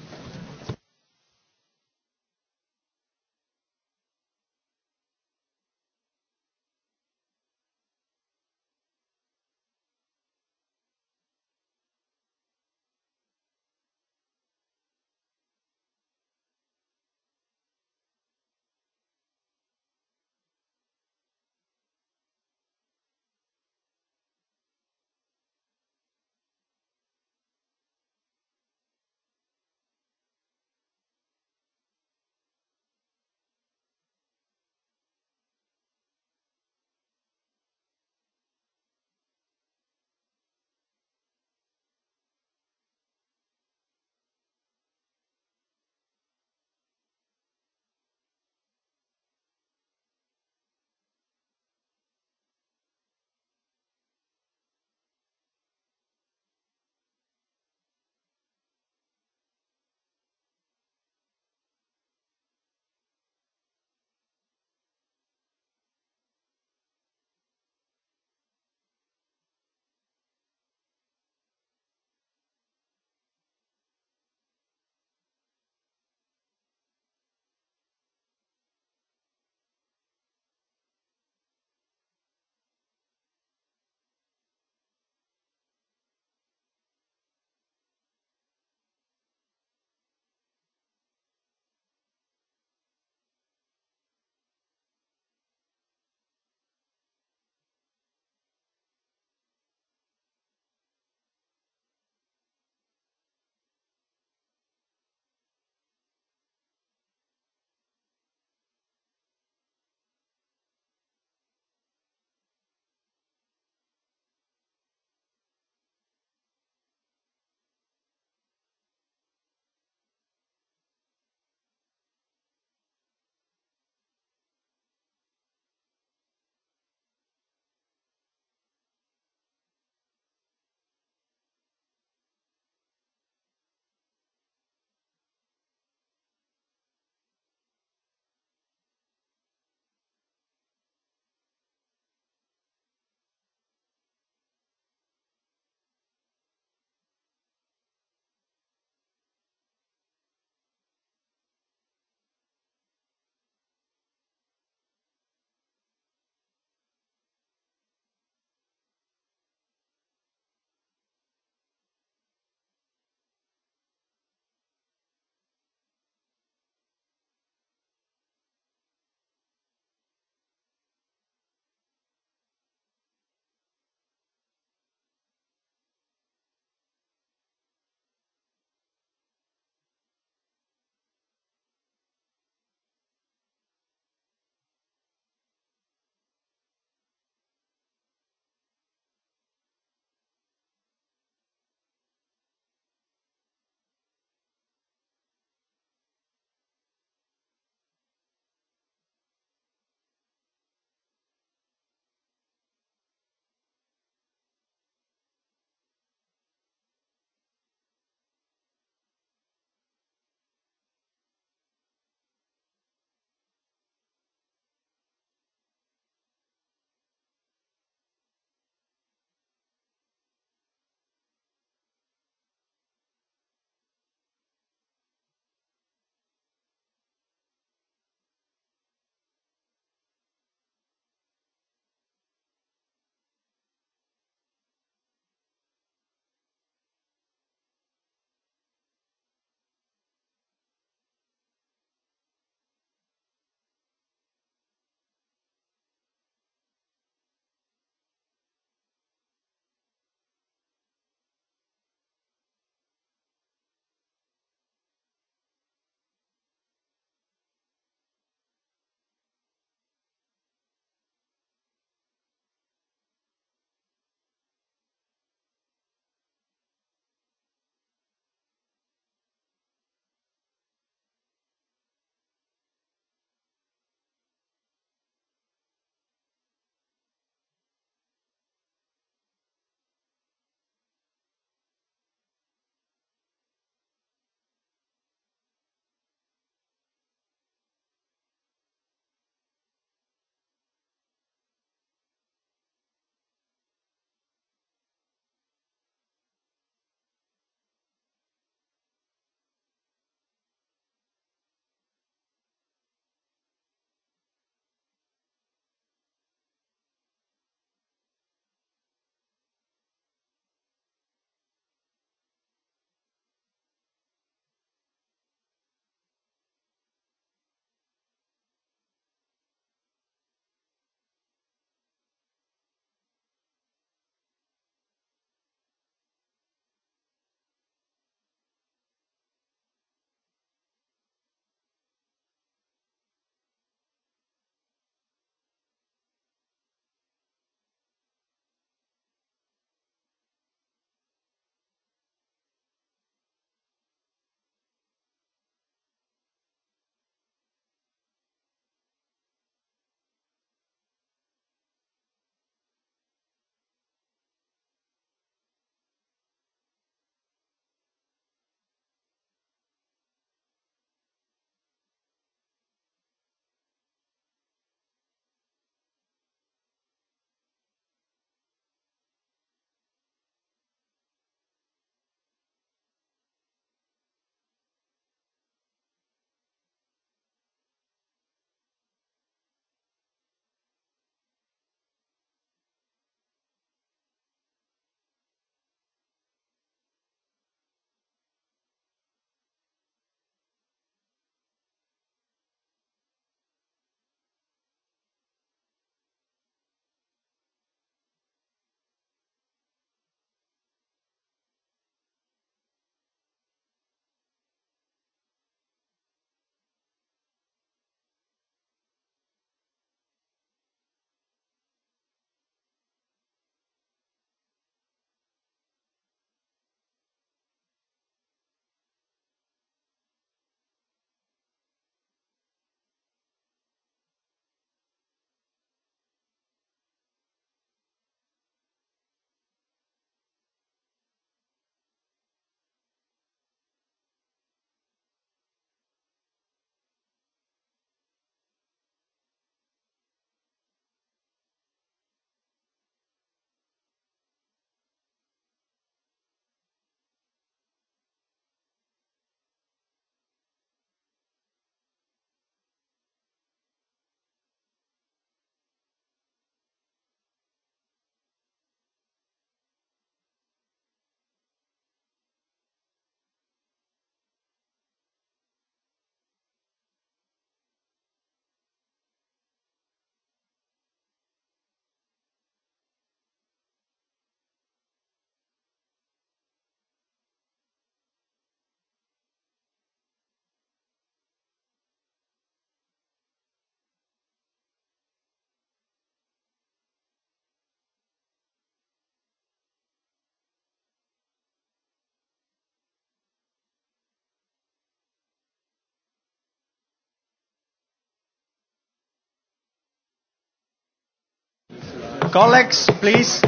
Colleagues, please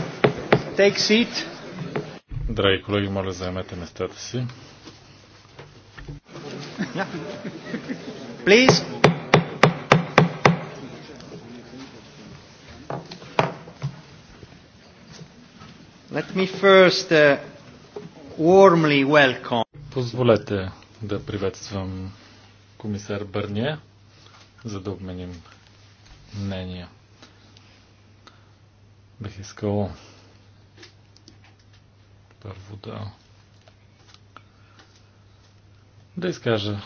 take seat. Драги колеги, моля заемете местата си. Please. Let me first uh, warmly welcome. Позволете да приветствам комисар Бърния, за да обменим мнения. Бих искал първо да да изкажа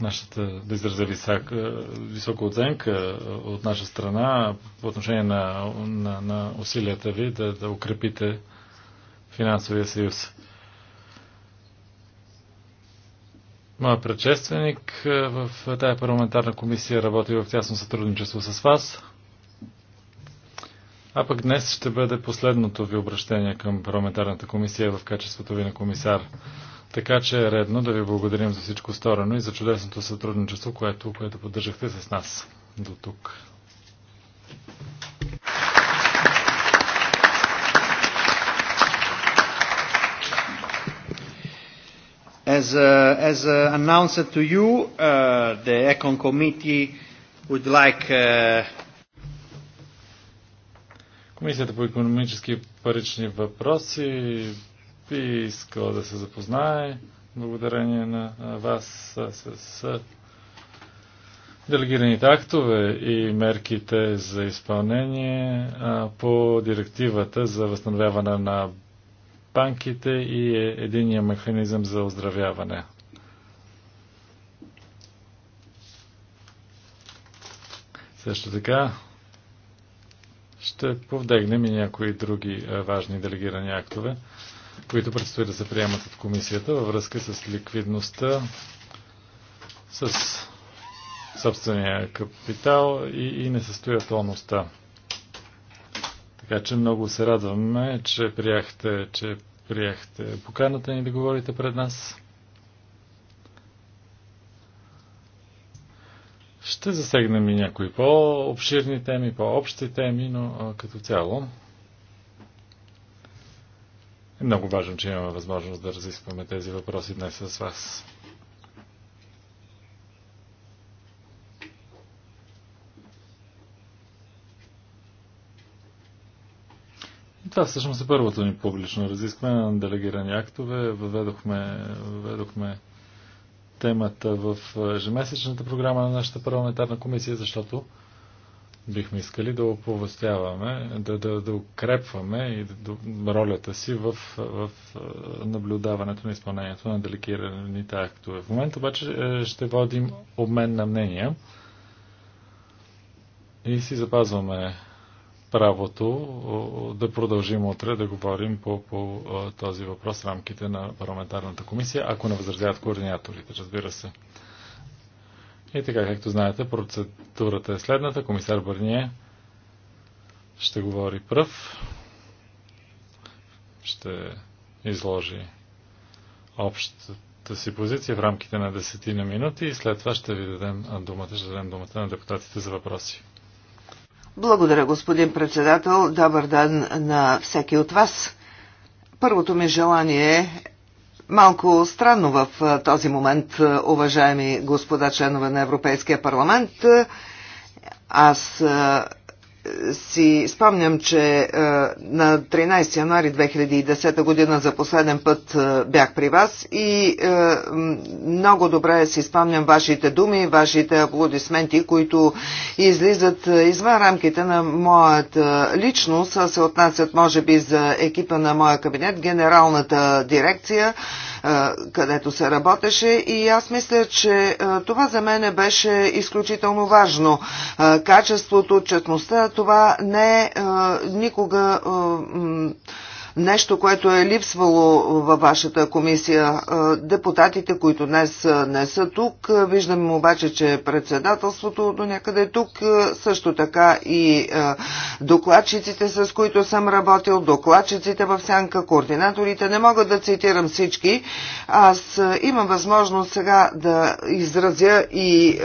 нашата, да изразя висока, е, висока оценка от наша страна по отношение на, на, на усилията ви да, да укрепите финансовия съюз. Моя предшественик е, в тази парламентарна комисия работи в тясно сътрудничество с вас. А пък днес ще бъде последното ви обращение към парламентарната комисия в качеството ви на комисар. Така че е редно да ви благодарим за всичко сторено и за чудесното сътрудничество, което, което поддържахте с нас до тук. As, uh, as uh, announced to you, uh, the ECON committee would like uh, Комисията по економически и парични въпроси би искала да се запознае благодарение на вас с делегираните актове и мерките за изпълнение по директивата за възстановяване на банките и е единия механизъм за оздравяване. Също така ще повдегнем и някои други е, важни делегирани актове, които предстои да се приемат от комисията във връзка с ликвидността, с собствения капитал и, и несъстоятелността. Така че много се радваме, че приехте, че приехте поканата ни да говорите пред нас. Ще засегнем и някои по-обширни теми, по-общи теми, но като цяло е много важно, че имаме възможност да разискваме тези въпроси днес с вас. Това всъщност е първото ни публично разискване на делегирани актове. Въведохме, въведохме темата в е, ежемесечната програма на нашата парламентарна комисия, защото бихме искали да оповестяваме, да, да, да укрепваме и да, да, ролята си в, в е, наблюдаването на изпълнението на деликираните актове. В момента обаче е, ще водим обмен на мнения и си запазваме правото да продължим утре да говорим по, по този въпрос в рамките на парламентарната комисия, ако не възразяват координаторите, разбира се. И така, както знаете, процедурата е следната. Комисар Бърние ще говори пръв, ще изложи общата си позиция в рамките на десетина минути и след това ще ви дадем думата, ще дадем думата на депутатите за въпроси. Благодаря, господин председател. Добър ден на всеки от вас. Първото ми желание е малко странно в този момент, уважаеми господа членове на Европейския парламент. Аз си спомням, че е, на 13 януари 2010 година за последен път е, бях при вас и е, много добре си спомням вашите думи, вашите аплодисменти, които излизат извън рамките на моята личност, а се отнасят може би за екипа на моя кабинет, генералната дирекция, където се работеше и аз мисля, че това за мен беше изключително важно. Качеството, честността, това не е никога нещо, което е липсвало във вашата комисия. Депутатите, които днес не са тук, виждаме обаче, че председателството до някъде е тук, също така и докладчиците, с които съм работил, докладчиците в сянка, координаторите, не мога да цитирам всички. Аз имам възможност сега да изразя и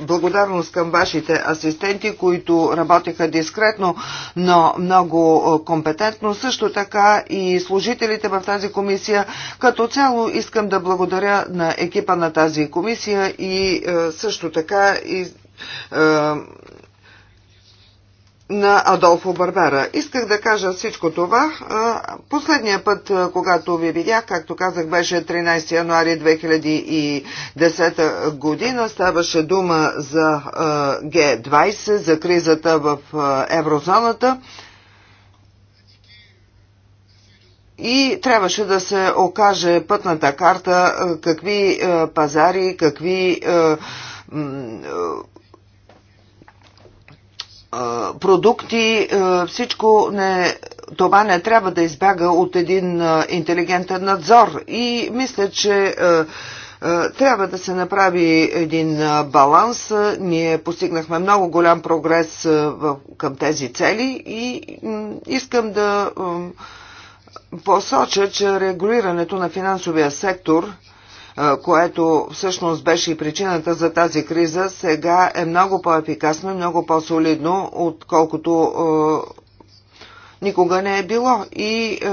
благодарност към вашите асистенти, които работеха дискретно, но много компетентно. Също така и служителите в тази комисия. Като цяло искам да благодаря на екипа на тази комисия и е, също така и е, на Адолфо Барбера. Исках да кажа всичко това. Е, последния път, когато ви видях, както казах, беше 13 януари 2010 година. Ставаше дума за Г20, за кризата в еврозоната. и трябваше да се окаже пътната карта е, какви е, пазари, какви е, продукти, всичко не, това не трябва да избяга от един интелигентен надзор. И мисля, че трябва да се направи един баланс. Ние постигнахме много голям прогрес към тези цели и искам да посоча, че регулирането на финансовия сектор което всъщност беше и причината за тази криза, сега е много по-ефикасно и много по-солидно, отколкото никога не е било. И е,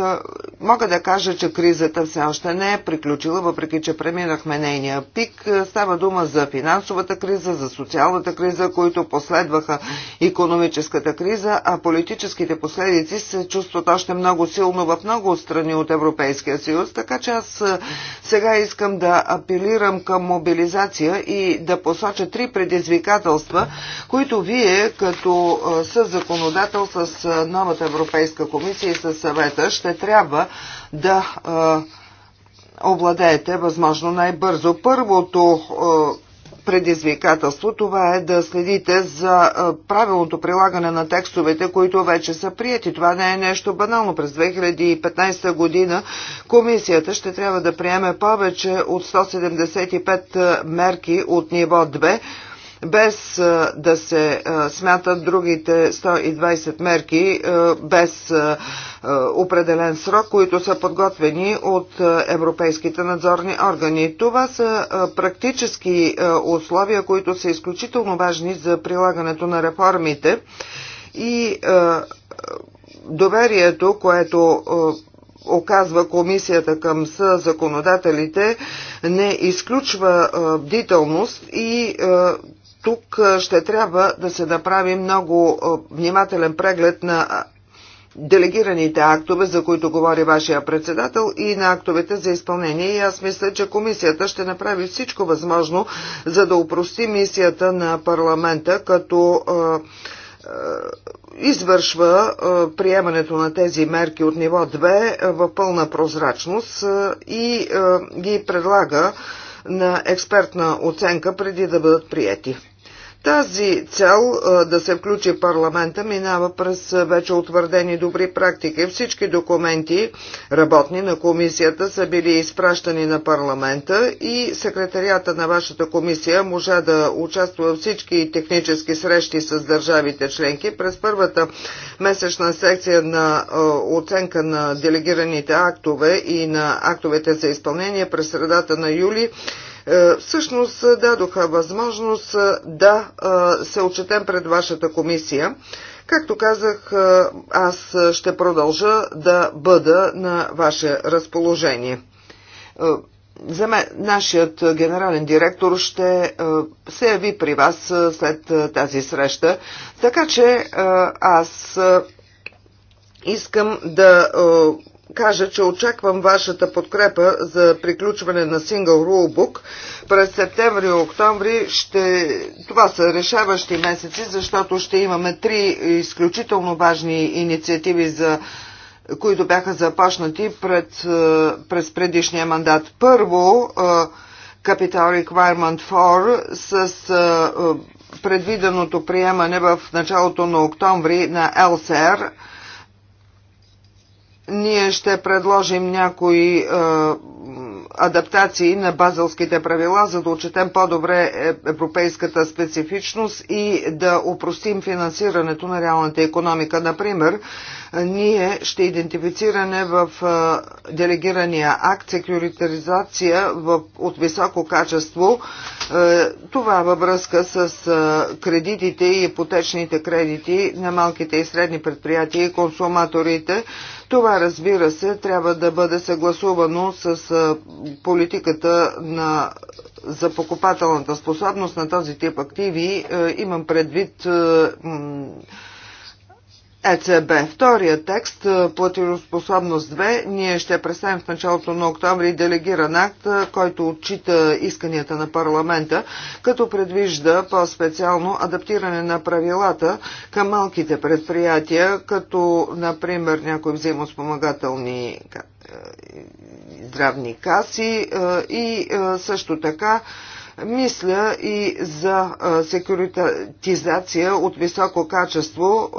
мога да кажа, че кризата все още не е приключила, въпреки че преминахме нейния пик. Е, става дума за финансовата криза, за социалната криза, които последваха економическата криза, а политическите последици се чувстват още много силно в много страни от Европейския съюз. Така че аз е, сега искам да апелирам към мобилизация и да посоча три предизвикателства, които вие като е, със законодател с новата европейска Европейска комисия и със съвета ще трябва да обладеете възможно най-бързо. Първото предизвикателство, това е да следите за правилното прилагане на текстовете, които вече са прияти. Това не е нещо банално. През 2015 година комисията ще трябва да приеме повече от 175 мерки от ниво 2, без да се смятат другите 120 мерки без определен срок, които са подготвени от европейските надзорни органи. Това са практически условия, които са изключително важни за прилагането на реформите и доверието, което оказва комисията към законодателите, не изключва бдителност и тук ще трябва да се направи много внимателен преглед на делегираните актове, за които говори вашия председател, и на актовете за изпълнение. И аз мисля, че комисията ще направи всичко възможно, за да упрости мисията на парламента, като извършва приемането на тези мерки от ниво 2 в пълна прозрачност и ги предлага на експертна оценка преди да бъдат приети. Тази цел да се включи парламента минава през вече утвърдени добри практики. Всички документи работни на комисията са били изпращани на парламента и секретарията на вашата комисия може да участва в всички технически срещи с държавите членки. През първата месечна секция на оценка на делегираните актове и на актовете за изпълнение през средата на юли е, всъщност е, дадоха възможност е, да се отчетем пред вашата комисия. Както казах, аз ще продължа да бъда на ваше разположение. За мен, нашият генерален директор ще се яви при вас след тази среща, така че аз искам да кажа, че очаквам вашата подкрепа за приключване на Single Rulebook. През септември и октомври ще... това са решаващи месеци, защото ще имаме три изключително важни инициативи за които бяха започнати пред, е, през предишния мандат. Първо, е, Capital Requirement 4 с е, предвиденото приемане в началото на октомври на ЛСР – ние ще предложим някои е, адаптации на базълските правила, за да отчетем по-добре е, европейската специфичност и да упростим финансирането на реалната економика. Например, ние ще идентифицираме в е, делегирания акт секюритаризация от високо качество. Е, това във връзка с кредитите и ипотечните кредити на малките и средни предприятия и консуматорите. Това, разбира се, трябва да бъде съгласувано с политиката на, за покупателната способност на този тип активи. Е, имам предвид е, ЕЦБ. Втория текст, е, платежоспособност 2, ние ще представим в началото на октомври делегиран акт, е, който отчита исканията на парламента, като предвижда по-специално адаптиране на правилата към малките предприятия, като например някои взаимоспомагателни е, здравни каси и също така мисля и за секюритизация от високо качество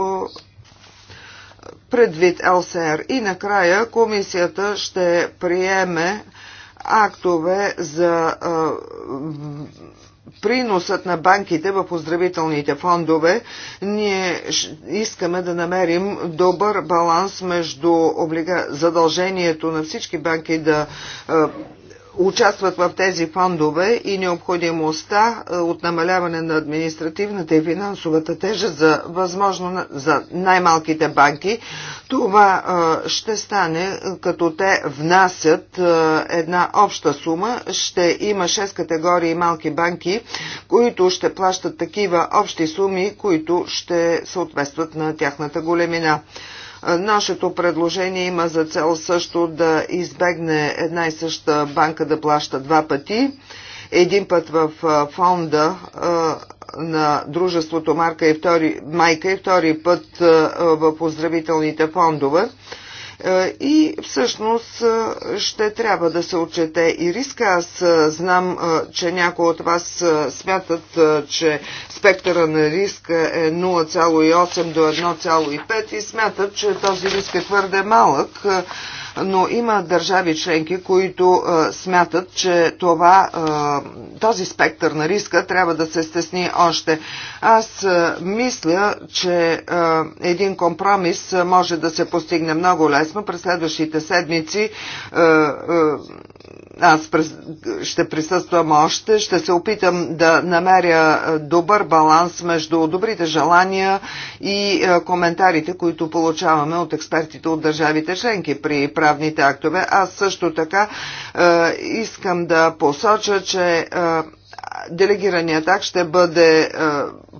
предвид ЛСР. И накрая комисията ще приеме актове за а, приносът на банките в оздравителните фондове, ние искаме да намерим добър баланс между облига... задължението на всички банки да участват в тези фондове и необходимостта е, от намаляване на административната и финансовата тежест за възможно за най-малките банки. Това е, ще стане е, като те внасят една обща сума. Ще има 6 категории малки банки, които ще плащат такива общи суми, които ще съответстват на тяхната големина. Нашето предложение има за цел също да избегне една и съща банка да плаща два пъти. Един път в фонда на дружеството Марка и втори, Майка и втори път в оздравителните фондове. Е, и всъщност е, ще трябва да се отчете и риска. Аз е, знам, че някои от вас смятат, че спектъра на риска е 0,8 до 1,5 и смятат, че този риск е твърде малък но има държави членки, които а, смятат, че това, а, този спектър на риска трябва да се стесни още. Аз а, мисля, че а, един компромис може да се постигне много лесно естествено през следващите седмици е, е, аз ще присъствам още, ще се опитам да намеря добър баланс между добрите желания и е, коментарите, които получаваме от експертите от държавите членки при правните актове. Аз също така искам да посоча, че Делегираният акт ще бъде е,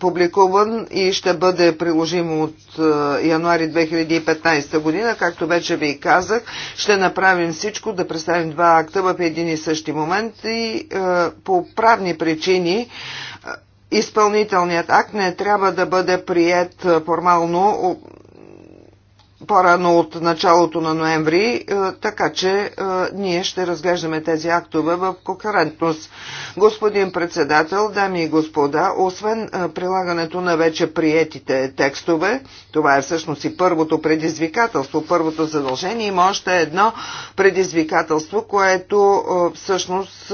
публикуван и ще бъде приложим от е, януари 2015 година. Както вече ви казах, ще направим всичко да представим два акта в един и същи момент и е, по правни причини изпълнителният акт не трябва да бъде прият формално по-рано от началото на ноември, е, така че е, ние ще разглеждаме тези актове в конкурентност. Господин председател, дами и господа, освен е, прилагането на вече приетите текстове, това е всъщност и първото предизвикателство, първото задължение, има още едно предизвикателство, което всъщност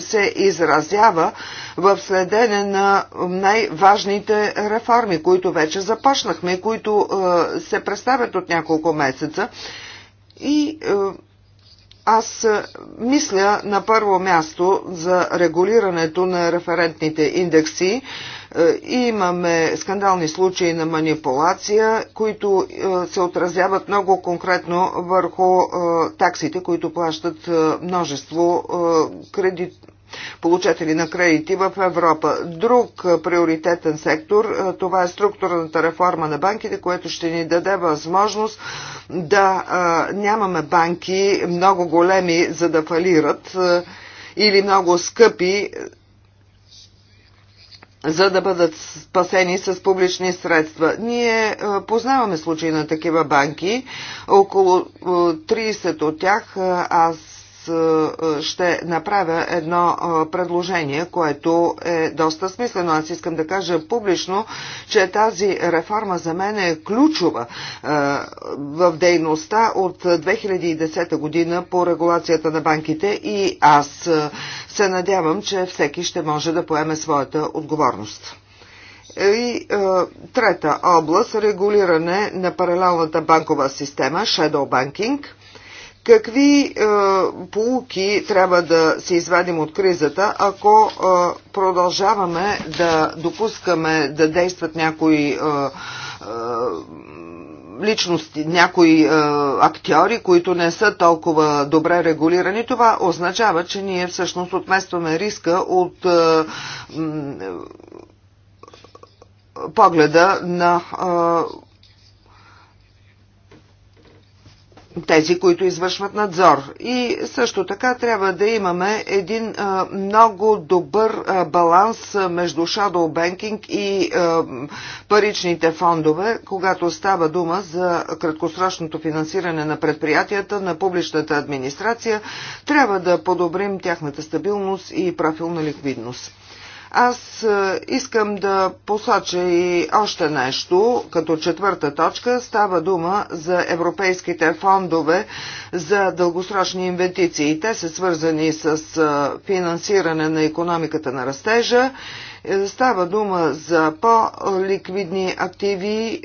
се изразява в следене на най-важните реформи, които вече започнахме, които се представят от няколко месеца. И е, аз е, мисля на първо място за регулирането на референтните индекси. Е, имаме скандални случаи на манипулация, които се отразяват много конкретно върху таксите, които плащат множество кредит, получатели на кредити в Европа. Друг приоритетен сектор, това е структурната реформа на банките, което ще ни даде възможност да нямаме банки много големи, за да фалират или много скъпи, за да бъдат спасени с публични средства. Ние познаваме случаи на такива банки, около 30 от тях аз аз ще направя едно предложение, което е доста смислено. Аз искам да кажа публично, че тази реформа за мен е ключова в дейността от 2010 година по регулацията на банките и аз се надявам, че всеки ще може да поеме своята отговорност. И е, трета област – регулиране на паралелната банкова система – Shadow Banking – Какви е, полуки трябва да се извадим от кризата, ако е, продължаваме да допускаме да действат някои е, е, личности, някои е, актьори, които не са толкова добре регулирани, това означава, че ние всъщност отместваме риска от е, е погледа на е, тези, които извършват надзор. И също така трябва да имаме един а, много добър а, баланс между shadow banking и а, паричните фондове, когато става дума за краткосрочното финансиране на предприятията, на публичната администрация, трябва да подобрим тяхната стабилност и на ликвидност. Аз е, искам да посоча и още нещо, като четвърта точка става дума за европейските фондове за дългосрочни инвестиции. Те са свързани с е, финансиране на економиката на растежа. Е, става дума за по-ликвидни активи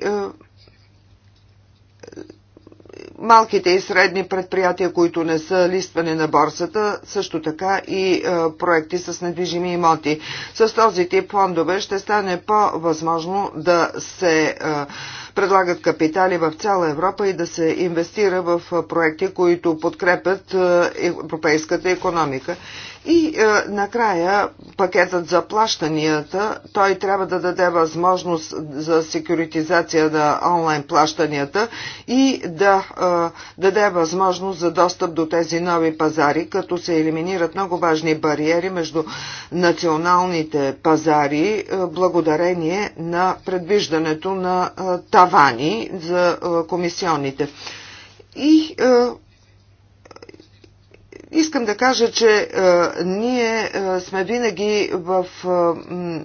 малките и средни предприятия, които не са листване на борсата, също така и е, проекти с недвижими имоти. С този тип фондове ще стане по-възможно да се е, предлагат капитали в цяла Европа и да се инвестира в е, проекти, които подкрепят европейската економика. И е, накрая пакетът за плащанията, той трябва да даде възможност за секюритизация на онлайн плащанията и да е, даде възможност за достъп до тези нови пазари, като се елиминират много важни бариери между националните пазари, е, благодарение на предвиждането на е, тавани за е, комисионните. И е, Искам да кажа, че а, е, ние а, е, сме винаги в. А, е, м,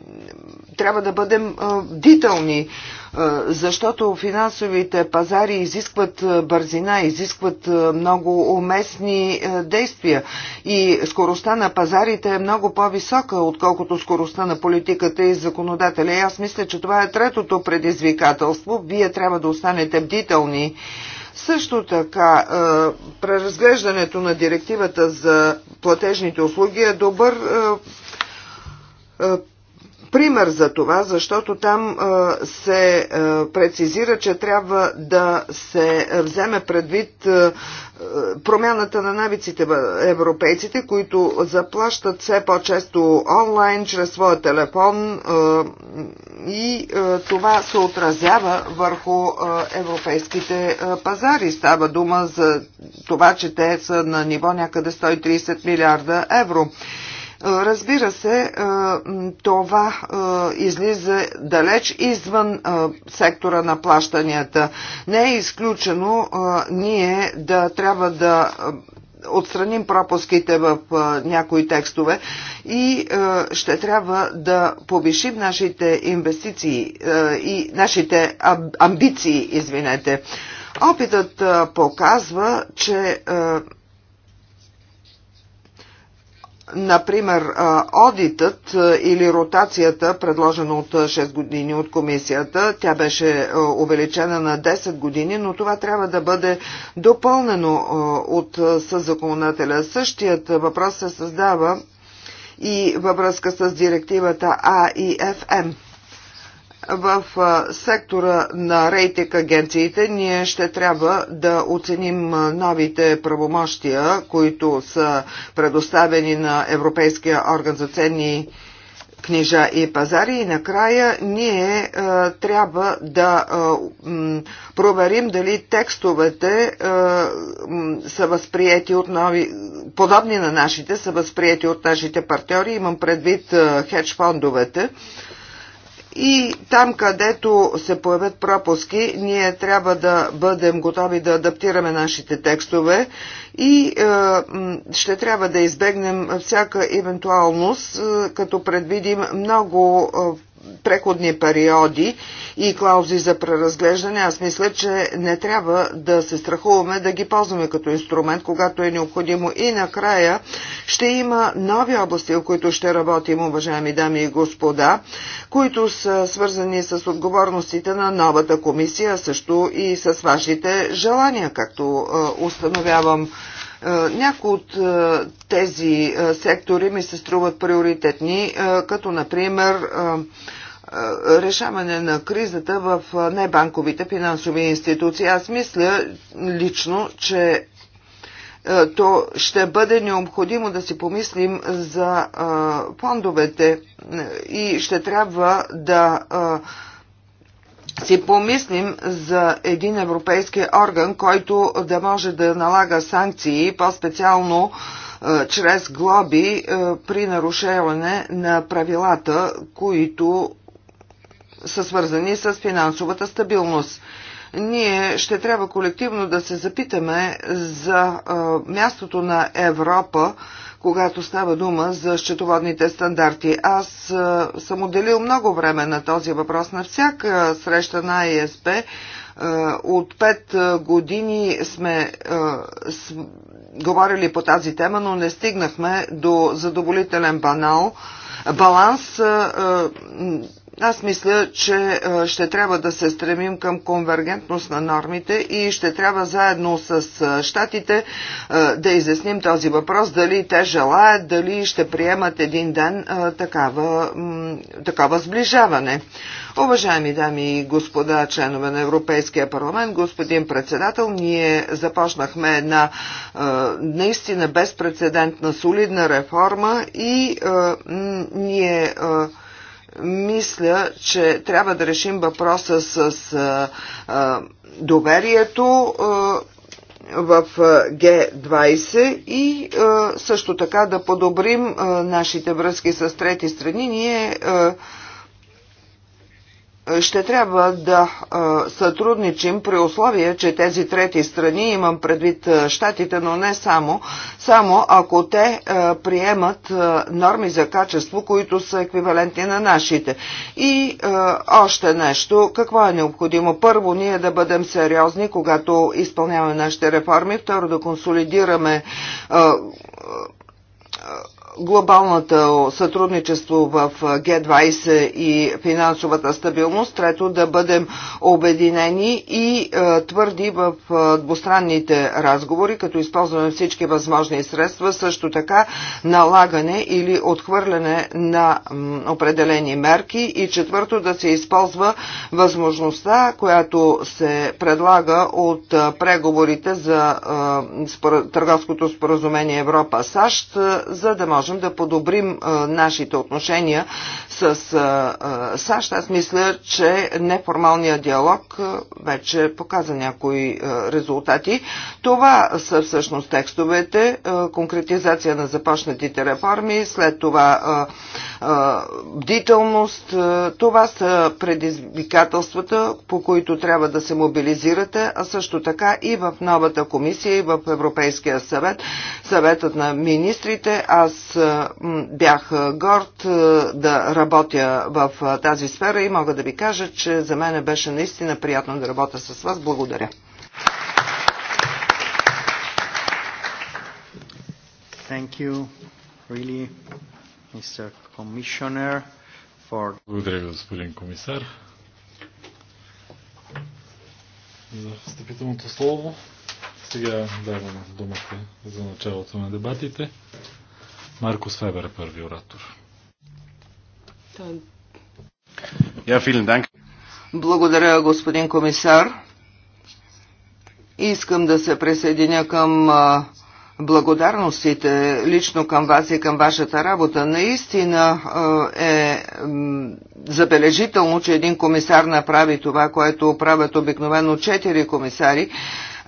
трябва да бъдем а, бдителни, а, защото финансовите пазари изискват а, бързина, изискват а, много уместни а, действия. И скоростта на пазарите е много по-висока, отколкото скоростта на политиката и законодателя. И аз мисля, че това е третото предизвикателство. Вие трябва да останете бдителни. Също така, е, преразглеждането на директивата за платежните услуги е добър е, е, пример за това, защото там се прецизира, че трябва да се вземе предвид промяната на навиците в европейците, които заплащат все по-често онлайн, чрез своя телефон и това се отразява върху европейските пазари. Става дума за това, че те са на ниво някъде 130 милиарда евро. Разбира се, това излиза далеч извън сектора на плащанията. Не е изключено ние да трябва да отстраним пропуските в някои текстове и ще трябва да повишим нашите инвестиции и нашите амбиции, извинете. Опитът показва, че Например, одитът или ротацията, предложена от 6 години от комисията, тя беше увеличена на 10 години, но това трябва да бъде допълнено от законодателя. Същият въпрос се създава и във връзка с директивата А и ФМ в сектора на рейтинг агенциите ние ще трябва да оценим новите правомощия, които са предоставени на Европейския орган за ценни книжа и пазари и накрая ние трябва да м, проверим дали текстовете м, са възприяти от нови, подобни на нашите, са възприяти от нашите партньори, имам предвид хедж фондовете. И там, където се появят пропуски, ние трябва да бъдем готови да адаптираме нашите текстове и е, ще трябва да избегнем всяка евентуалност, е, като предвидим много е, преходни периоди и клаузи за преразглеждане, аз мисля, че не трябва да се страхуваме да ги ползваме като инструмент, когато е необходимо. И накрая ще има нови области, в които ще работим, уважаеми дами и господа, които са свързани с отговорностите на новата комисия, също и с вашите желания, както установявам е, някои от е, тези е, сектори ми се струват приоритетни, като например решаване на кризата в небанковите финансови институции. Аз мисля лично, че то ще бъде необходимо да си помислим за фондовете и ще трябва да си помислим за един европейски орган, който да може да налага санкции, по-специално е, чрез глоби е, при нарушаване на правилата, които са свързани с финансовата стабилност. Ние ще трябва колективно да се запитаме за е, мястото на Европа когато става дума за счетоводните стандарти. Аз е, съм отделил много време на този въпрос на всяка среща на АИСП. Е, от пет е, години сме говорили по тази тема, но не стигнахме до задоволителен банал, баланс аз мисля, че ще трябва да се стремим към конвергентност на нормите и ще трябва заедно с щатите да изясним този въпрос, дали те желаят, дали ще приемат един ден такава, такова сближаване. Уважаеми дами и господа, членове на Европейския парламент, господин председател, ние започнахме една наистина безпредседентна солидна реформа и ние мисля, че трябва да решим въпроса с доверието в Г20 и също така да подобрим нашите връзки с трети страни. Ние ще трябва да сътрудничим при условие, че тези трети страни, имам предвид щатите, но не само, само ако те приемат норми за качество, които са еквивалентни на нашите. И още нещо, какво е необходимо? Първо, ние да бъдем сериозни, когато изпълняваме нашите реформи, второ, да консолидираме глобалната сътрудничество в Г20 и финансовата стабилност, трето да бъдем обединени и е, твърди в е, двустранните разговори, като използваме всички възможни средства, също така налагане или отхвърляне на определени мерки и четвърто да се използва възможността, която се предлага от е, преговорите за търговското споразумение Европа-САЩ, за да може можем да подобрим нашите отношения с САЩ. Аз мисля, че неформалният диалог вече показа някои резултати. Това са всъщност текстовете, конкретизация на започнатите реформи, след това бдителност. Това са предизвикателствата, по които трябва да се мобилизирате, а също така и в новата комисия, и в Европейския съвет, съветът на министрите. Аз бях горд да работя в тази сфера и мога да ви кажа, че за мен беше наистина приятно да работя с вас. Благодаря. Thank you, really, Mr. Commissioner, for... Благодаря, господин комисар, за встъпителното слово. Сега давам думата за началото на дебатите. Марко Свебер е първи оратор. Благодаря, господин комисар. Искам да се присъединя към благодарностите лично към вас и към вашата работа. Наистина е забележително, че един комисар направи това, което правят обикновено четири комисари,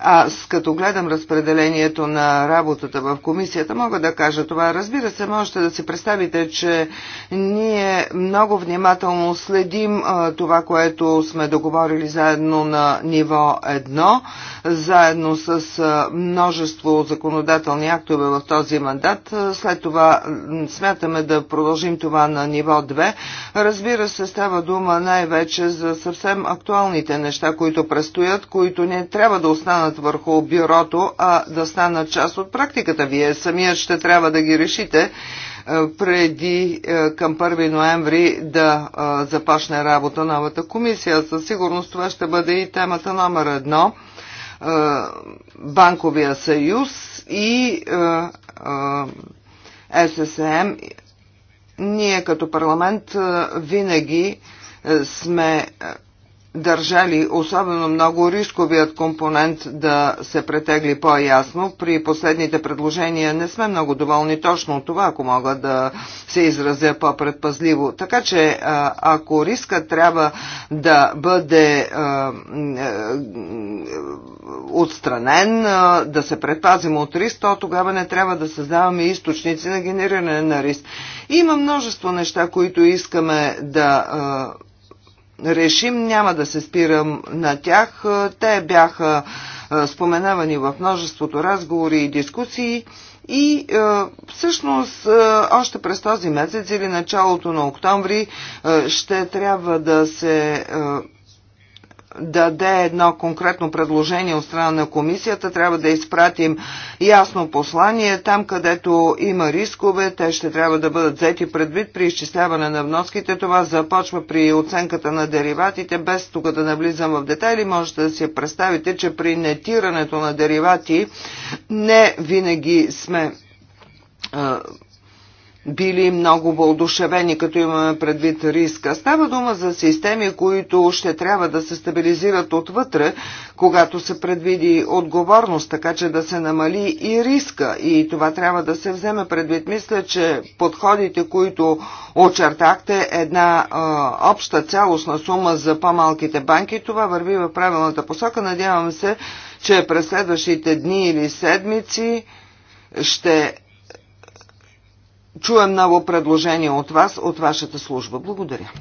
аз като гледам разпределението на работата в комисията, мога да кажа това. Разбира се, можете да си представите, че ние много внимателно следим това, което сме договорили заедно на ниво 1, заедно с множество законодателни актове в този мандат. След това смятаме да продължим това на ниво 2. Разбира се, става дума най-вече за съвсем актуалните неща, които престоят, които не трябва да останат останат върху бюрото, а да станат част от практиката. Вие самият ще трябва да ги решите е, преди е, към 1 ноември да е, започне работа новата комисия. Със сигурност това ще бъде и темата номер едно Банковия съюз и ССМ. Ние като парламент винаги сме държали особено много рисковият компонент да се претегли по-ясно. При последните предложения не сме много доволни точно от това, ако мога да се изразя по-предпазливо. Така че ако риска трябва да бъде отстранен, да се предпазим от риск, то тогава не трябва да създаваме източници на генериране на риск. Има множество неща, които искаме да решим, няма да се спирам на тях. Те бяха е, споменавани в множеството разговори и дискусии. И е, всъщност е, още през този месец или началото на октомври е, ще трябва да се е, даде едно конкретно предложение от страна на комисията, трябва да изпратим ясно послание. Там, където има рискове, те ще трябва да бъдат взети предвид при изчисляване на вноските. Това започва при оценката на дериватите. Без тук да навлизам в детайли, можете да си представите, че при нетирането на деривати не винаги сме били много вълдушевени, като имаме предвид риска. Става дума за системи, които ще трябва да се стабилизират отвътре, когато се предвиди отговорност, така че да се намали и риска. И това трябва да се вземе предвид. Мисля, че подходите, които очертахте, една а, обща цялостна сума за по-малките банки, това върви в правилната посока. Надявам се, че през следващите дни или седмици ще чуем много предложения от вас, от вашата служба. Благодаря.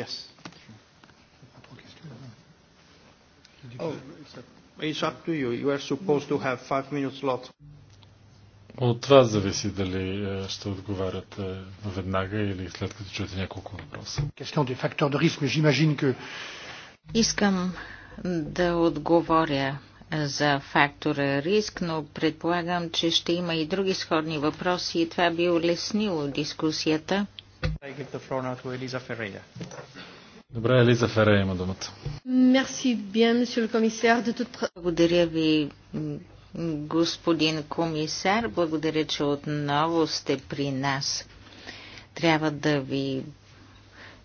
Yes. Oh, it's up to you. You are supposed to have five minutes slot. От вас зависи дали е, ще отговарят веднага или след като чуете няколко въпроса. Искам да отговоря за фактора риск, но предполагам, че ще има и други сходни въпроси и това би улеснило дискусията. Добре, Елиза Фере има думата. Благодаря ви, господин комисар. Благодаря, че отново сте при нас. Трябва да ви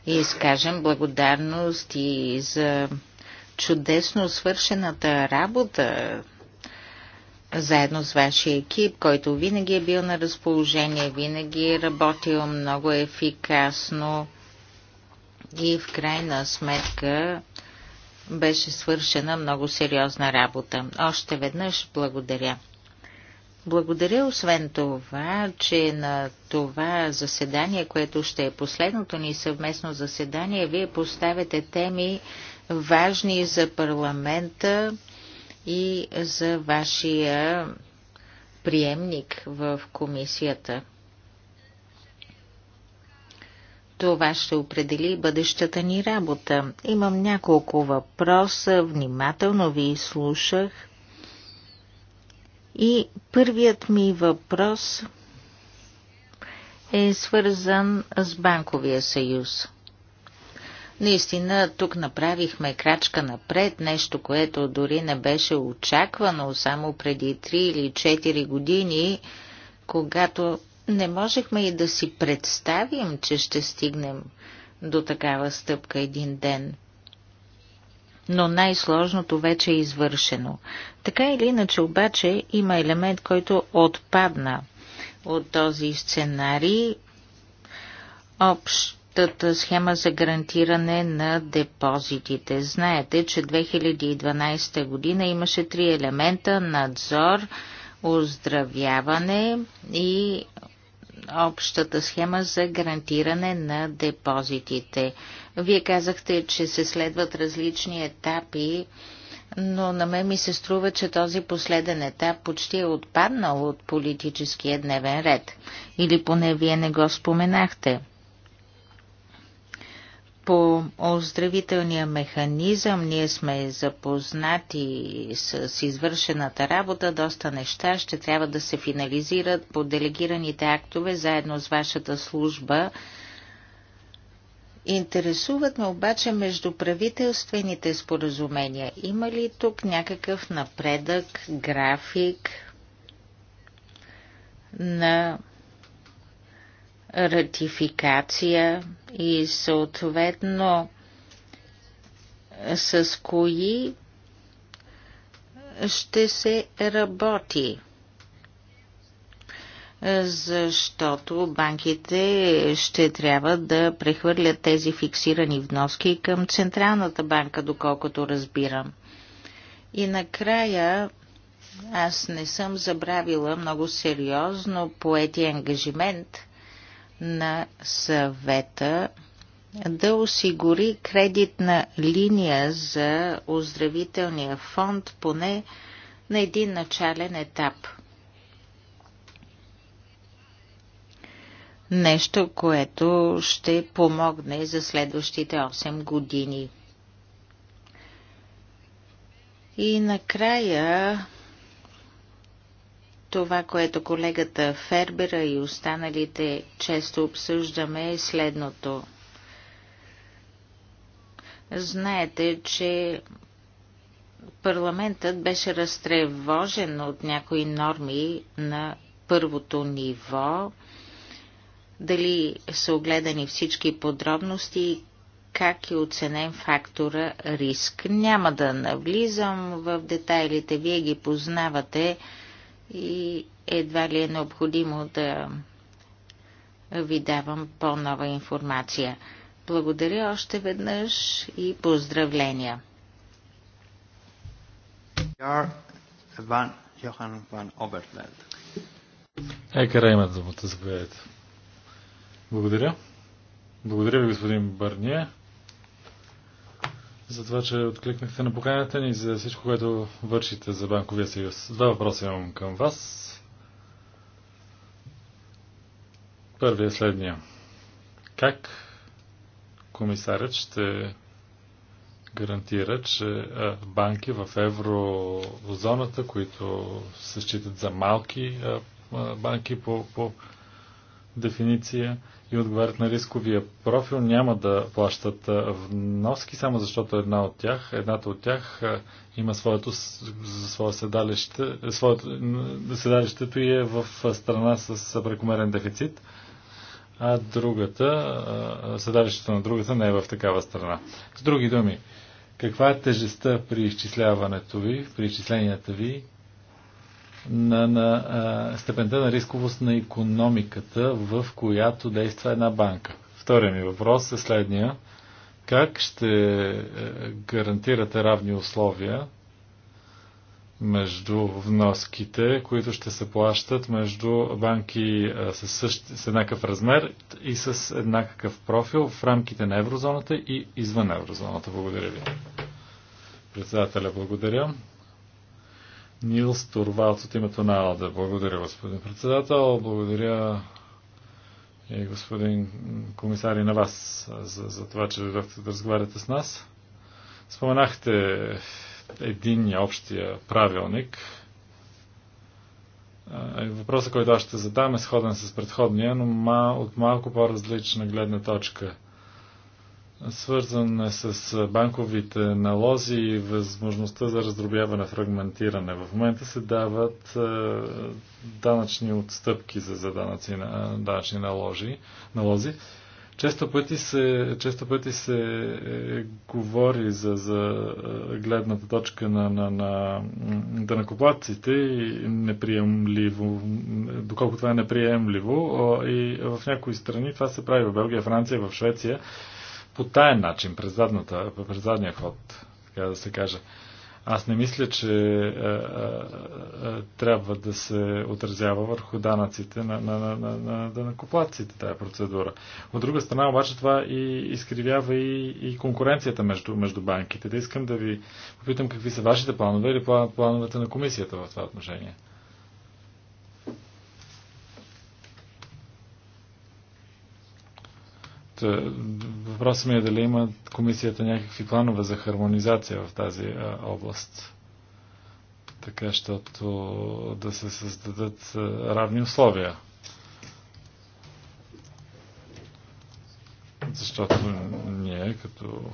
изкажем благодарност и за чудесно свършената работа заедно с вашия екип, който винаги е бил на разположение, винаги е работил много ефикасно и в крайна сметка беше свършена много сериозна работа. Още веднъж благодаря. Благодаря освен това, че на това заседание, което ще е последното ни съвместно заседание, вие поставяте теми, важни за парламента и за вашия приемник в комисията. Това ще определи бъдещата ни работа. Имам няколко въпроса, внимателно ви слушах. И първият ми въпрос е свързан с Банковия съюз. Наистина, тук направихме крачка напред, нещо, което дори не беше очаквано само преди 3 или 4 години, когато не можехме и да си представим, че ще стигнем до такава стъпка един ден. Но най-сложното вече е извършено. Така или иначе обаче има елемент, който отпадна от този сценарий. Общ общата схема за гарантиране на депозитите. Знаете, че 2012 година имаше три елемента – надзор, оздравяване и общата схема за гарантиране на депозитите. Вие казахте, че се следват различни етапи, но на мен ми се струва, че този последен етап почти е отпаднал от политическия дневен ред. Или поне вие не го споменахте. По оздравителния механизъм ние сме запознати с извършената работа. Доста неща ще трябва да се финализират по делегираните актове заедно с вашата служба. Интересуват ме обаче между правителствените споразумения. Има ли тук някакъв напредък, график на ратификация и съответно с кои ще се работи. Защото банките ще трябва да прехвърлят тези фиксирани вноски към Централната банка, доколкото разбирам. И накрая аз не съм забравила много сериозно поети ангажимент на съвета да осигури кредитна линия за оздравителния фонд поне на един начален етап. Нещо, което ще помогне за следващите 8 години. И накрая това, което колегата Фербера и останалите често обсъждаме е следното. Знаете, че парламентът беше разтревожен от някои норми на първото ниво, дали са огледани всички подробности и как е оценен фактора риск. Няма да навлизам в детайлите, вие ги познавате, и едва ли е необходимо да ви давам по-нова информация. Благодаря още веднъж и поздравления. Екара имат думата, заповядайте. Благодаря. Благодаря ви, господин Бърния за това, че откликнахте на поканата ни за всичко, което вършите за Банковия съюз. Два въпроса имам към вас. Първият е следния. Как комисарят ще гарантира, че банки в еврозоната, които се считат за малки банки по, по дефиниция и отговарят на рисковия профил, няма да плащат вноски, само защото една от тях, едната от тях има своето, е, своето седалище, своето, седалището и е в страна с прекомерен дефицит, а другата, седалището на другата не е в такава страна. С други думи, каква е тежестта при изчисляването ви, при изчисленията ви на, на а, степента на рисковост на економиката, в която действа една банка. Втория ми въпрос е следния. Как ще е, гарантирате равни условия между вноските, които ще се плащат между банки с, същ, с еднакъв размер и с еднакъв профил в рамките на еврозоната и извън еврозоната. Благодаря ви. Председателя, благодаря. Нилс Торвалц от името на АЛДА. Благодаря, господин председател. Благодаря и господин комисар и на вас за, за това, че дойдохте да разговаряте с нас. Споменахте единния общия правилник. Въпросът, който аз ще задам е сходен с предходния, но от малко по-различна гледна точка – свързан е с банковите налози и възможността за раздробяване, фрагментиране. В момента се дават е, данъчни отстъпки за, за данъци, е, данъчни налози, налози. Често пъти се, често пъти се е, говори за, за гледната точка на, на, на данакоплатците и неприемливо, доколко това е неприемливо. И в някои страни това се прави в Белгия, Франция, в Швеция по тая начин, през, задната, през задния ход, така да се каже. Аз не мисля, че а, а, а, трябва да се отразява върху данъците на, на, на, на, на данъкоплатците тази процедура. От друга страна, обаче, това и изкривява и, и конкуренцията между, между банките. Да искам да ви попитам какви са вашите планове или план, плановете на комисията в това отношение. Въпросът ми е дали има комисията някакви планове за хармонизация в тази а, област. Така, щото да се създадат равни условия. Защото ние като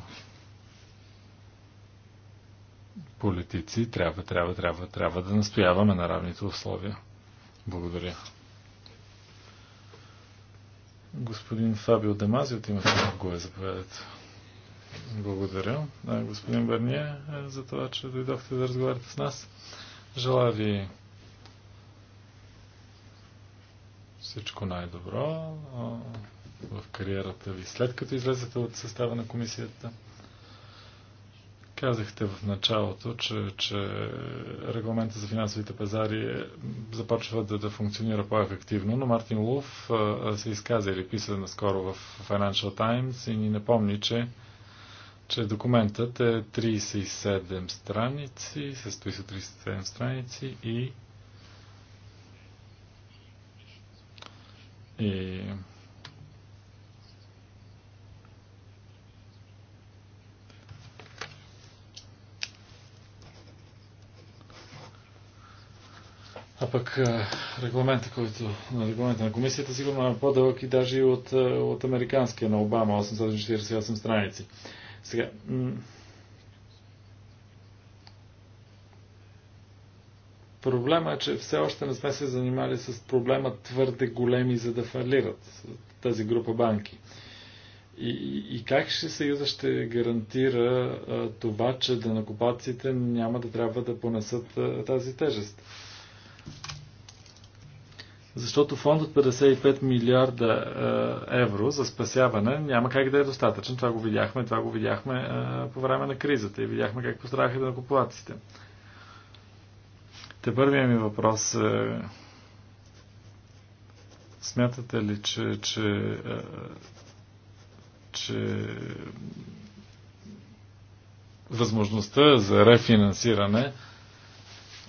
политици трябва, трябва, трябва, трябва да настояваме на равните условия. Благодаря. Господин Фабио Демази от името на ГОЕ, заповядайте. Благодаря, господин Берния, е, за това, че дойдохте да разговаряте с нас. Желая ви всичко най-добро в кариерата ви, след като излезете от състава на комисията. Казахте в началото, че, че регламента за финансовите пазари е, започва да, да функционира по-ефективно, но Мартин Луф се изказа или писа наскоро в Financial Times и ни напомни, че, че документът е 37 страници, състои се 37 страници и и А пък е, регламента, който, на регламента на комисията сигурно е по-дълъг и даже и от, е, от американския на Обама, 848 страници. Сега, Проблема е, че все още не сме се занимали с проблема твърде големи, за да фалират тази група банки. И, и как ще Съюза ще гарантира а, е, това, че данакопаците няма да трябва да понесат а, тази тежест? Защото фонд от 55 милиарда е, евро за спасяване няма как да е достатъчен. Това го видяхме, това го видяхме е, по време на кризата и видяхме как пострадаха да накоплаците. Те първият ми въпрос е смятате ли, че, че, е, че възможността за рефинансиране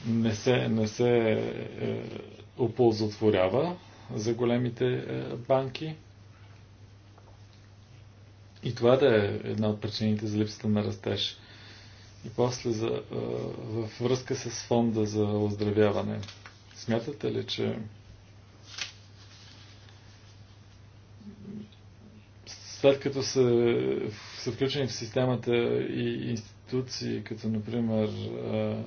не се, не се е, оползотворява за големите е, банки. И това да е една от причините за липсата на растеж. И после за, е, във връзка с фонда за оздравяване. Смятате ли, че след като са, са включени в системата и институции, като например е,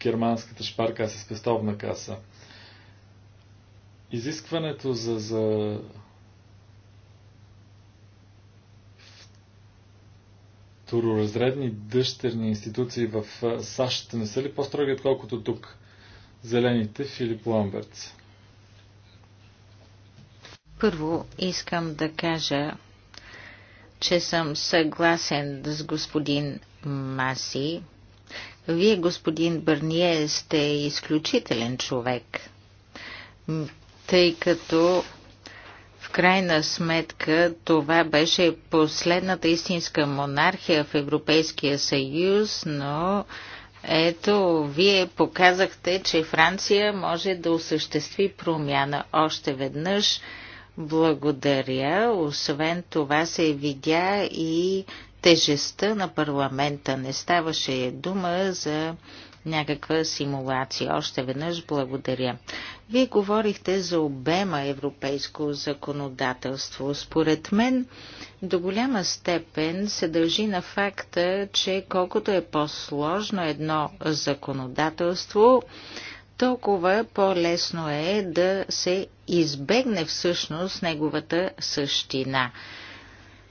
германската шпаркаса, спестовна каса. Изискването за, за второразредни дъщерни институции в САЩ не са ли по-строги, отколкото тук? Зелените Филип Ламбертс. Първо искам да кажа, че съм съгласен с господин Маси, вие, господин Бърние, сте изключителен човек, тъй като в крайна сметка това беше последната истинска монархия в Европейския съюз, но ето, вие показахте, че Франция може да осъществи промяна още веднъж. Благодаря. Освен това се видя и тежестта на парламента. Не ставаше дума за някаква симулация. Още веднъж благодаря. Вие говорихте за обема европейско законодателство. Според мен до голяма степен се дължи на факта, че колкото е по-сложно едно законодателство, толкова по-лесно е да се избегне всъщност неговата същина.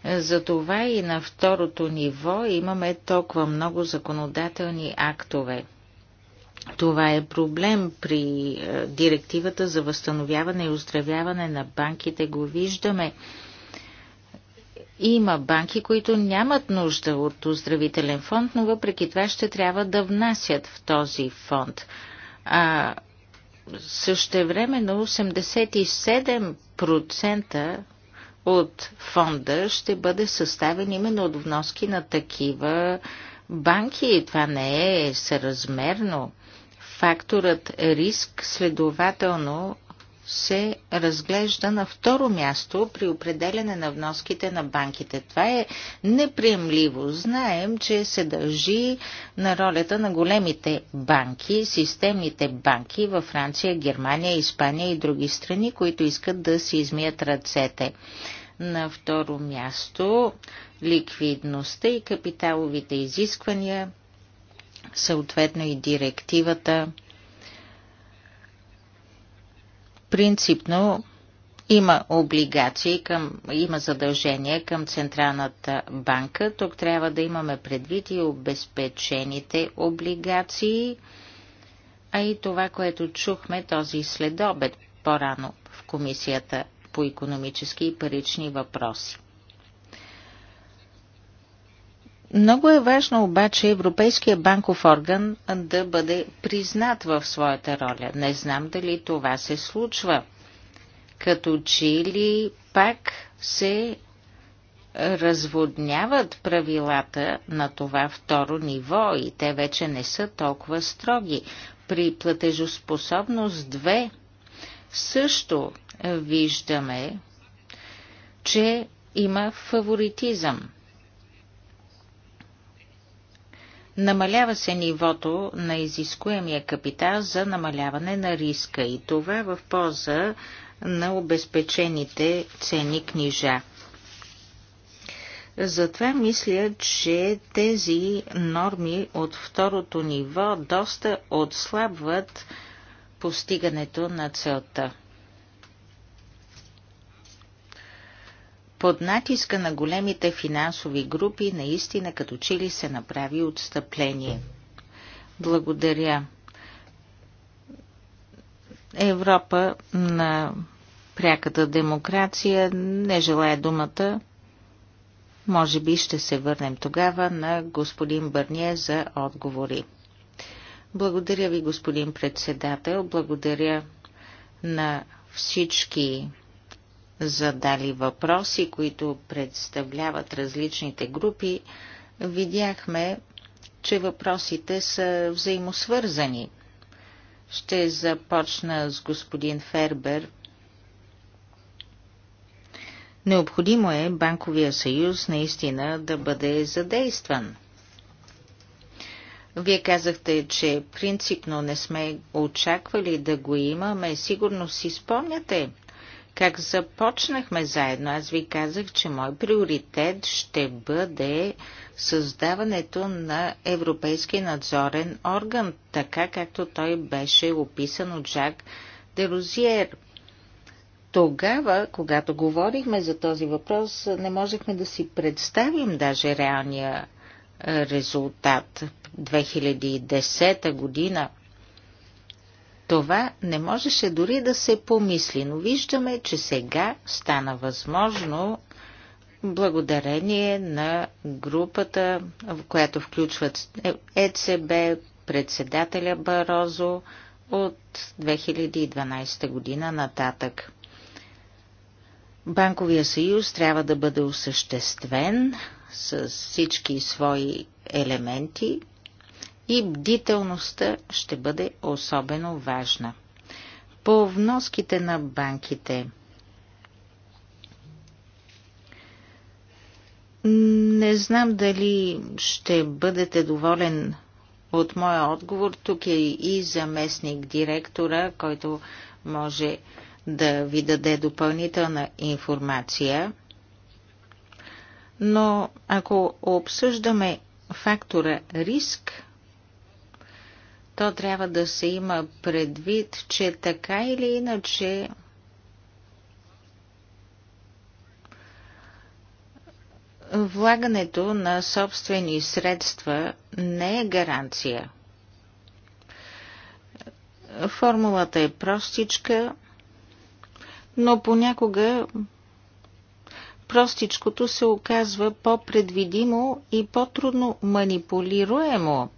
Затова и на второто ниво имаме толкова много законодателни актове. Това е проблем при е, директивата за възстановяване и оздравяване на банките. Го виждаме. Има банки, които нямат нужда от оздравителен фонд, но въпреки това ще трябва да внасят в този фонд. А същевременно 87% от фонда ще бъде съставен именно от вноски на такива банки. Това не е съразмерно. Факторът риск следователно се разглежда на второ място при определене на вноските на банките. Това е неприемливо. Знаем, че се дължи на ролята на големите банки, системните банки във Франция, Германия, Испания и други страни, които искат да си измият ръцете. На второ място ликвидността и капиталовите изисквания, съответно и директивата – Принципно има облигации, към, има задължения към Централната банка. Тук трябва да имаме предвид и обезпечените облигации, а и това, което чухме този следобед по-рано в Комисията по економически и парични въпроси. Много е важно обаче Европейския банков орган да бъде признат в своята роля. Не знам дали това се случва. Като че ли пак се разводняват правилата на това второ ниво и те вече не са толкова строги. При платежоспособност 2 също виждаме, че има фаворитизъм. Намалява се нивото на изискуемия капитал за намаляване на риска и това в полза на обезпечените цени книжа. Затова мисля, че тези норми от второто ниво доста отслабват постигането на целта. Под натиска на големите финансови групи наистина като че ли се направи отстъпление. Благодаря. Европа на пряката демокрация не желая думата. Може би ще се върнем тогава на господин Бърние за отговори. Благодаря ви, господин председател. Благодаря на всички задали въпроси, които представляват различните групи, видяхме, че въпросите са взаимосвързани. Ще започна с господин Фербер. Необходимо е банковия съюз наистина да бъде задействан. Вие казахте, че принципно не сме очаквали да го имаме. Сигурно си спомняте как започнахме заедно, аз ви казах, че мой приоритет ще бъде създаването на Европейски надзорен орган, така както той беше описан от Жак Дерозиер. Тогава, когато говорихме за този въпрос, не можехме да си представим даже реалния резултат. 2010 година – това не можеше дори да се помисли, но виждаме, че сега стана възможно благодарение на групата, в която включват ЕЦБ, председателя Барозо от 2012 година нататък. Банковия съюз трябва да бъде осъществен с всички свои елементи, и бдителността ще бъде особено важна. По вноските на банките Не знам дали ще бъдете доволен от моя отговор. Тук е и заместник директора, който може да ви даде допълнителна информация. Но ако обсъждаме фактора риск, то трябва да се има предвид, че така или иначе влагането на собствени средства не е гаранция. Формулата е простичка, но понякога простичкото се оказва по-предвидимо и по-трудно манипулируемо.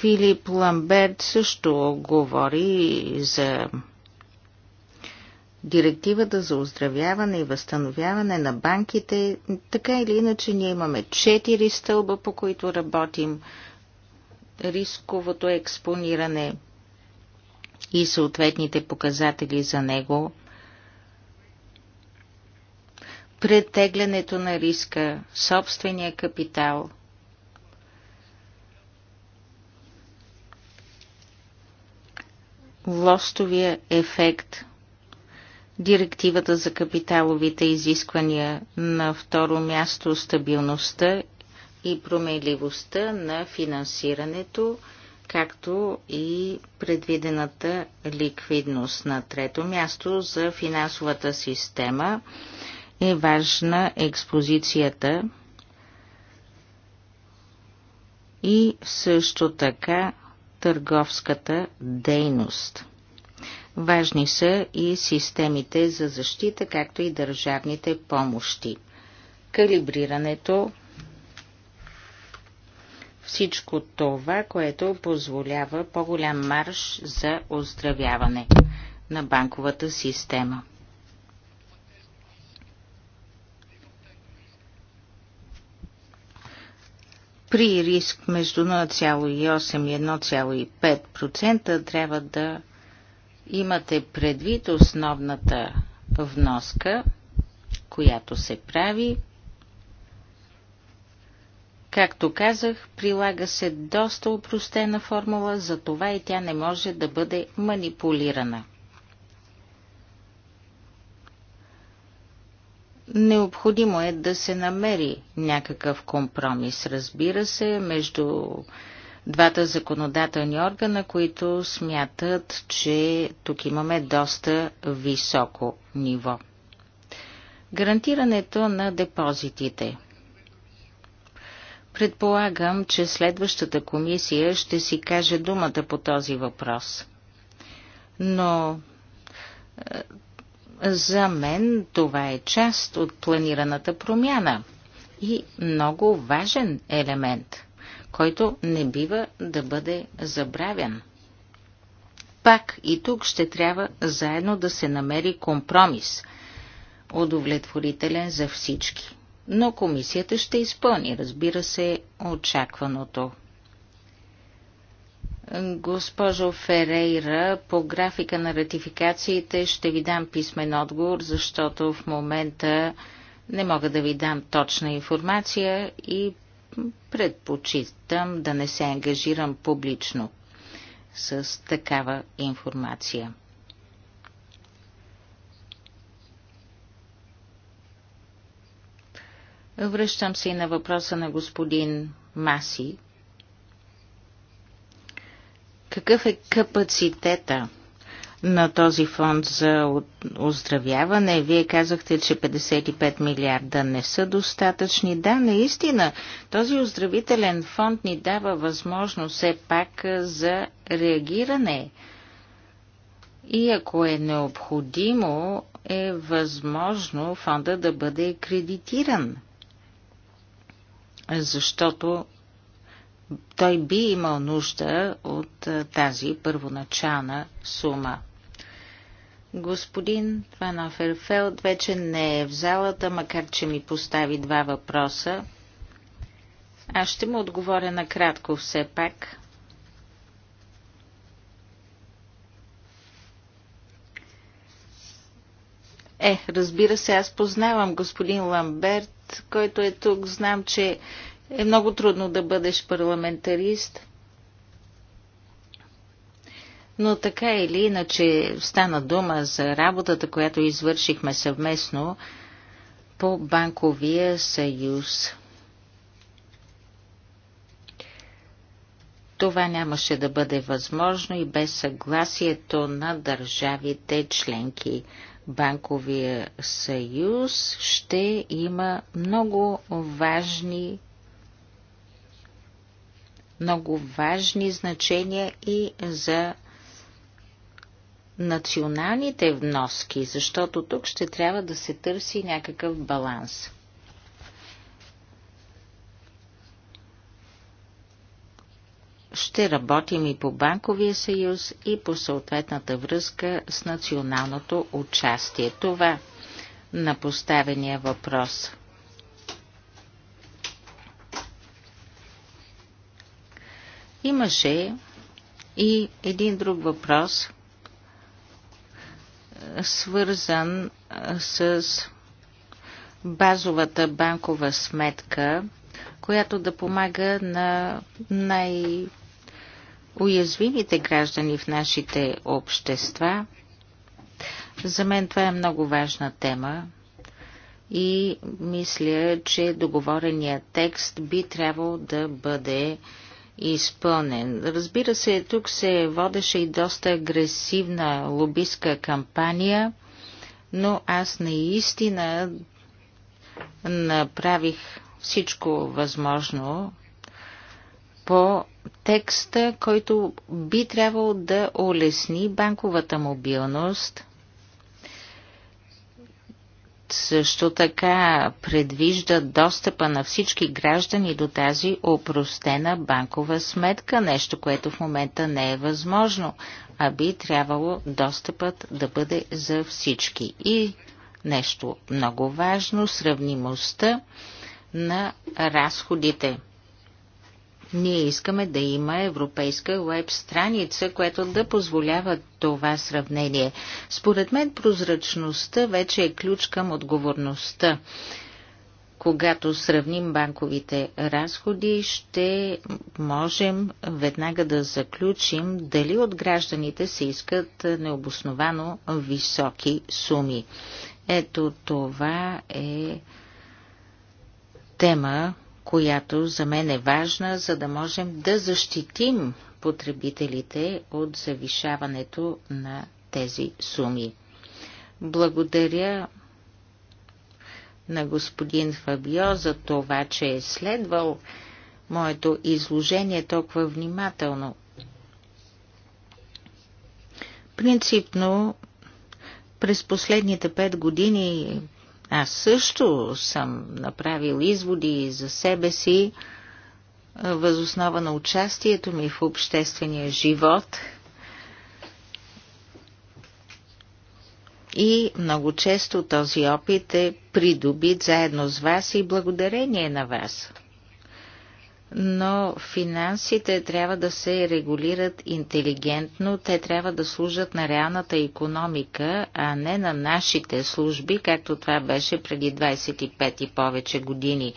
Филип Ламберт също говори за директивата за оздравяване и възстановяване на банките. Така или иначе ние имаме четири стълба, по които работим. Рисковото експониране и съответните показатели за него. Претеглянето на риска, собствения капитал – лостовия ефект, директивата за капиталовите изисквания, на второ място стабилността и промеливостта на финансирането, както и предвидената ликвидност. На трето място за финансовата система е важна експозицията и също така търговската дейност. Важни са и системите за защита, както и държавните помощи. Калибрирането, всичко това, което позволява по-голям марш за оздравяване на банковата система. при риск между 0,8 и 1,5% трябва да имате предвид основната вноска, която се прави. Както казах, прилага се доста упростена формула, затова и тя не може да бъде манипулирана. Необходимо е да се намери някакъв компромис, разбира се, между двата законодателни органа, които смятат, че тук имаме доста високо ниво. Гарантирането на депозитите. Предполагам, че следващата комисия ще си каже думата по този въпрос. Но за мен това е част от планираната промяна и много важен елемент, който не бива да бъде забравен. Пак и тук ще трябва заедно да се намери компромис, удовлетворителен за всички. Но комисията ще изпълни, разбира се, очакваното. Госпожо Ферейра, по графика на ратификациите ще ви дам писмен отговор, защото в момента не мога да ви дам точна информация и предпочитам да не се ангажирам публично с такава информация. Връщам се и на въпроса на господин Маси. Какъв е капацитета на този фонд за оздравяване? Вие казахте, че 55 милиарда не са достатъчни. Да, наистина, този оздравителен фонд ни дава възможност все пак за реагиране. И ако е необходимо, е възможно фонда да бъде кредитиран. Защото той би имал нужда от тази първоначална сума. Господин Фанаферфелд вече не е в залата, макар че ми постави два въпроса. Аз ще му отговоря накратко все пак. Е, разбира се, аз познавам господин Ламберт, който е тук. Знам, че е много трудно да бъдеш парламентарист. Но така или иначе стана дума за работата, която извършихме съвместно по Банковия съюз. Това нямаше да бъде възможно и без съгласието на държавите членки. Банковия съюз ще има много важни много важни значения и за националните вноски, защото тук ще трябва да се търси някакъв баланс. Ще работим и по Банковия съюз и по съответната връзка с националното участие. Това на поставения въпрос. Имаше и един друг въпрос, е, свързан е, с базовата банкова сметка, която да помага на най-уязвимите граждани в нашите общества. За мен това е много важна тема и мисля, че договореният текст би трябвало да бъде изпълнен. Разбира се, тук се водеше и доста агресивна лобистка кампания, но аз наистина направих всичко възможно по текста, който би трябвало да улесни банковата мобилност – също така предвижда достъпа на всички граждани до тази опростена банкова сметка, нещо, което в момента не е възможно, а би трябвало достъпът да бъде за всички. И нещо много важно сравнимостта на разходите. Ние искаме да има европейска веб страница, която да позволява това сравнение. Според мен прозрачността вече е ключ към отговорността. Когато сравним банковите разходи, ще можем веднага да заключим дали от гражданите се искат необосновано високи суми. Ето това е тема, която за мен е важна, за да можем да защитим потребителите от завишаването на тези суми. Благодаря на господин Фабио за това, че е следвал моето изложение толкова внимателно. Принципно, през последните пет години аз също съм направил изводи за себе си възоснова на участието ми в обществения живот и много често този опит е придобит заедно с вас и благодарение на вас но финансите трябва да се регулират интелигентно, те трябва да служат на реалната економика, а не на нашите служби, както това беше преди 25 и повече години.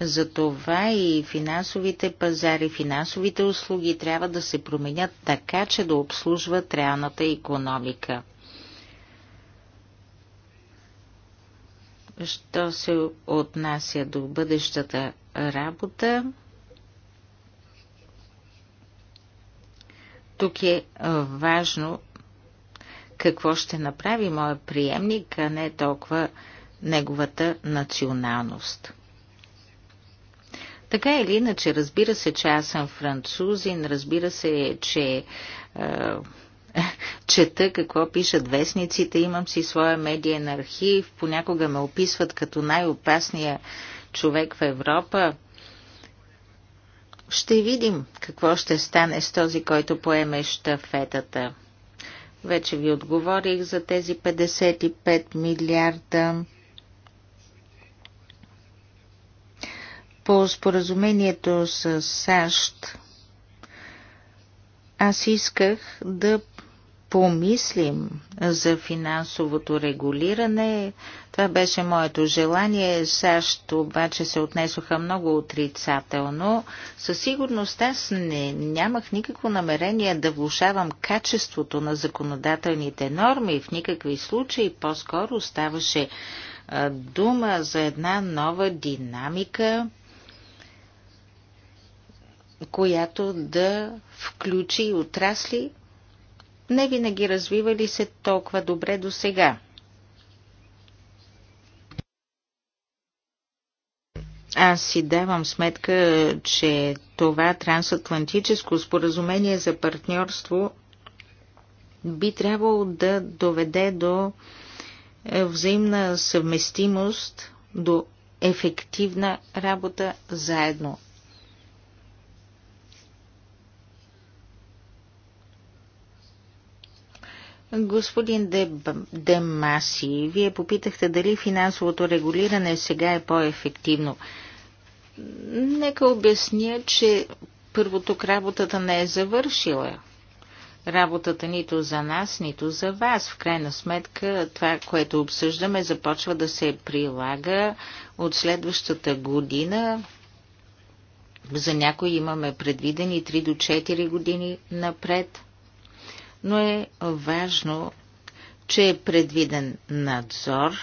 Затова и финансовите пазари, финансовите услуги трябва да се променят така, че да обслужват реалната економика. Що се отнася до бъдещата работа, Тук е важно какво ще направи моя приемник, а не толкова неговата националност. Така или иначе, разбира се, че аз съм французин, разбира се, че е, чета какво пишат вестниците, имам си своя медиен архив, понякога ме описват като най-опасния човек в Европа. Ще видим какво ще стане с този, който поеме щафетата. Вече ви отговорих за тези 55 милиарда. По споразумението с САЩ аз исках да помислим за финансовото регулиране. Това беше моето желание. САЩ обаче се отнесоха много отрицателно. Със сигурност аз не, нямах никакво намерение да влушавам качеството на законодателните норми. В никакви случаи по-скоро ставаше а, дума за една нова динамика която да включи отрасли, не винаги развивали се толкова добре до сега. Аз си давам сметка, че това трансатлантическо споразумение за партньорство би трябвало да доведе до е, взаимна съвместимост, до ефективна работа заедно. Господин Демаси, вие попитахте дали финансовото регулиране сега е по-ефективно. Нека обясня, че първо тук работата не е завършила. Работата нито за нас, нито за вас. В крайна сметка това, което обсъждаме, започва да се прилага от следващата година. За някои имаме предвидени 3 до 4 години напред – но е важно, че е предвиден надзор,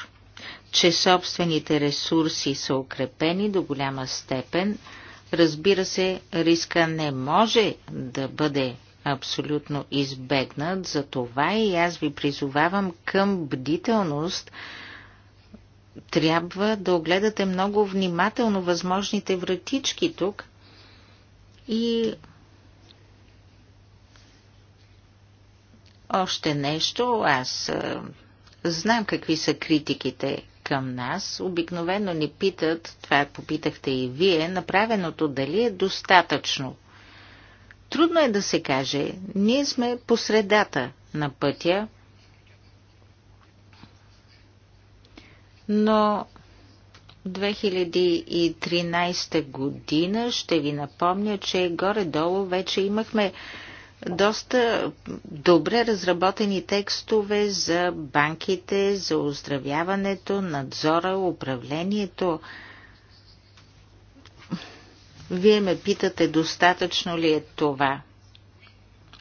че собствените ресурси са укрепени до голяма степен. Разбира се, риска не може да бъде абсолютно избегнат, за това и аз ви призовавам към бдителност. Трябва да огледате много внимателно възможните вратички тук и Още нещо, аз а, знам какви са критиките към нас. Обикновено ни питат, това попитахте и вие, направеното дали е достатъчно. Трудно е да се каже. Ние сме посредата на пътя, но 2013 година ще ви напомня, че горе-долу вече имахме доста добре разработени текстове за банките, за оздравяването, надзора, управлението. Вие ме питате, достатъчно ли е това?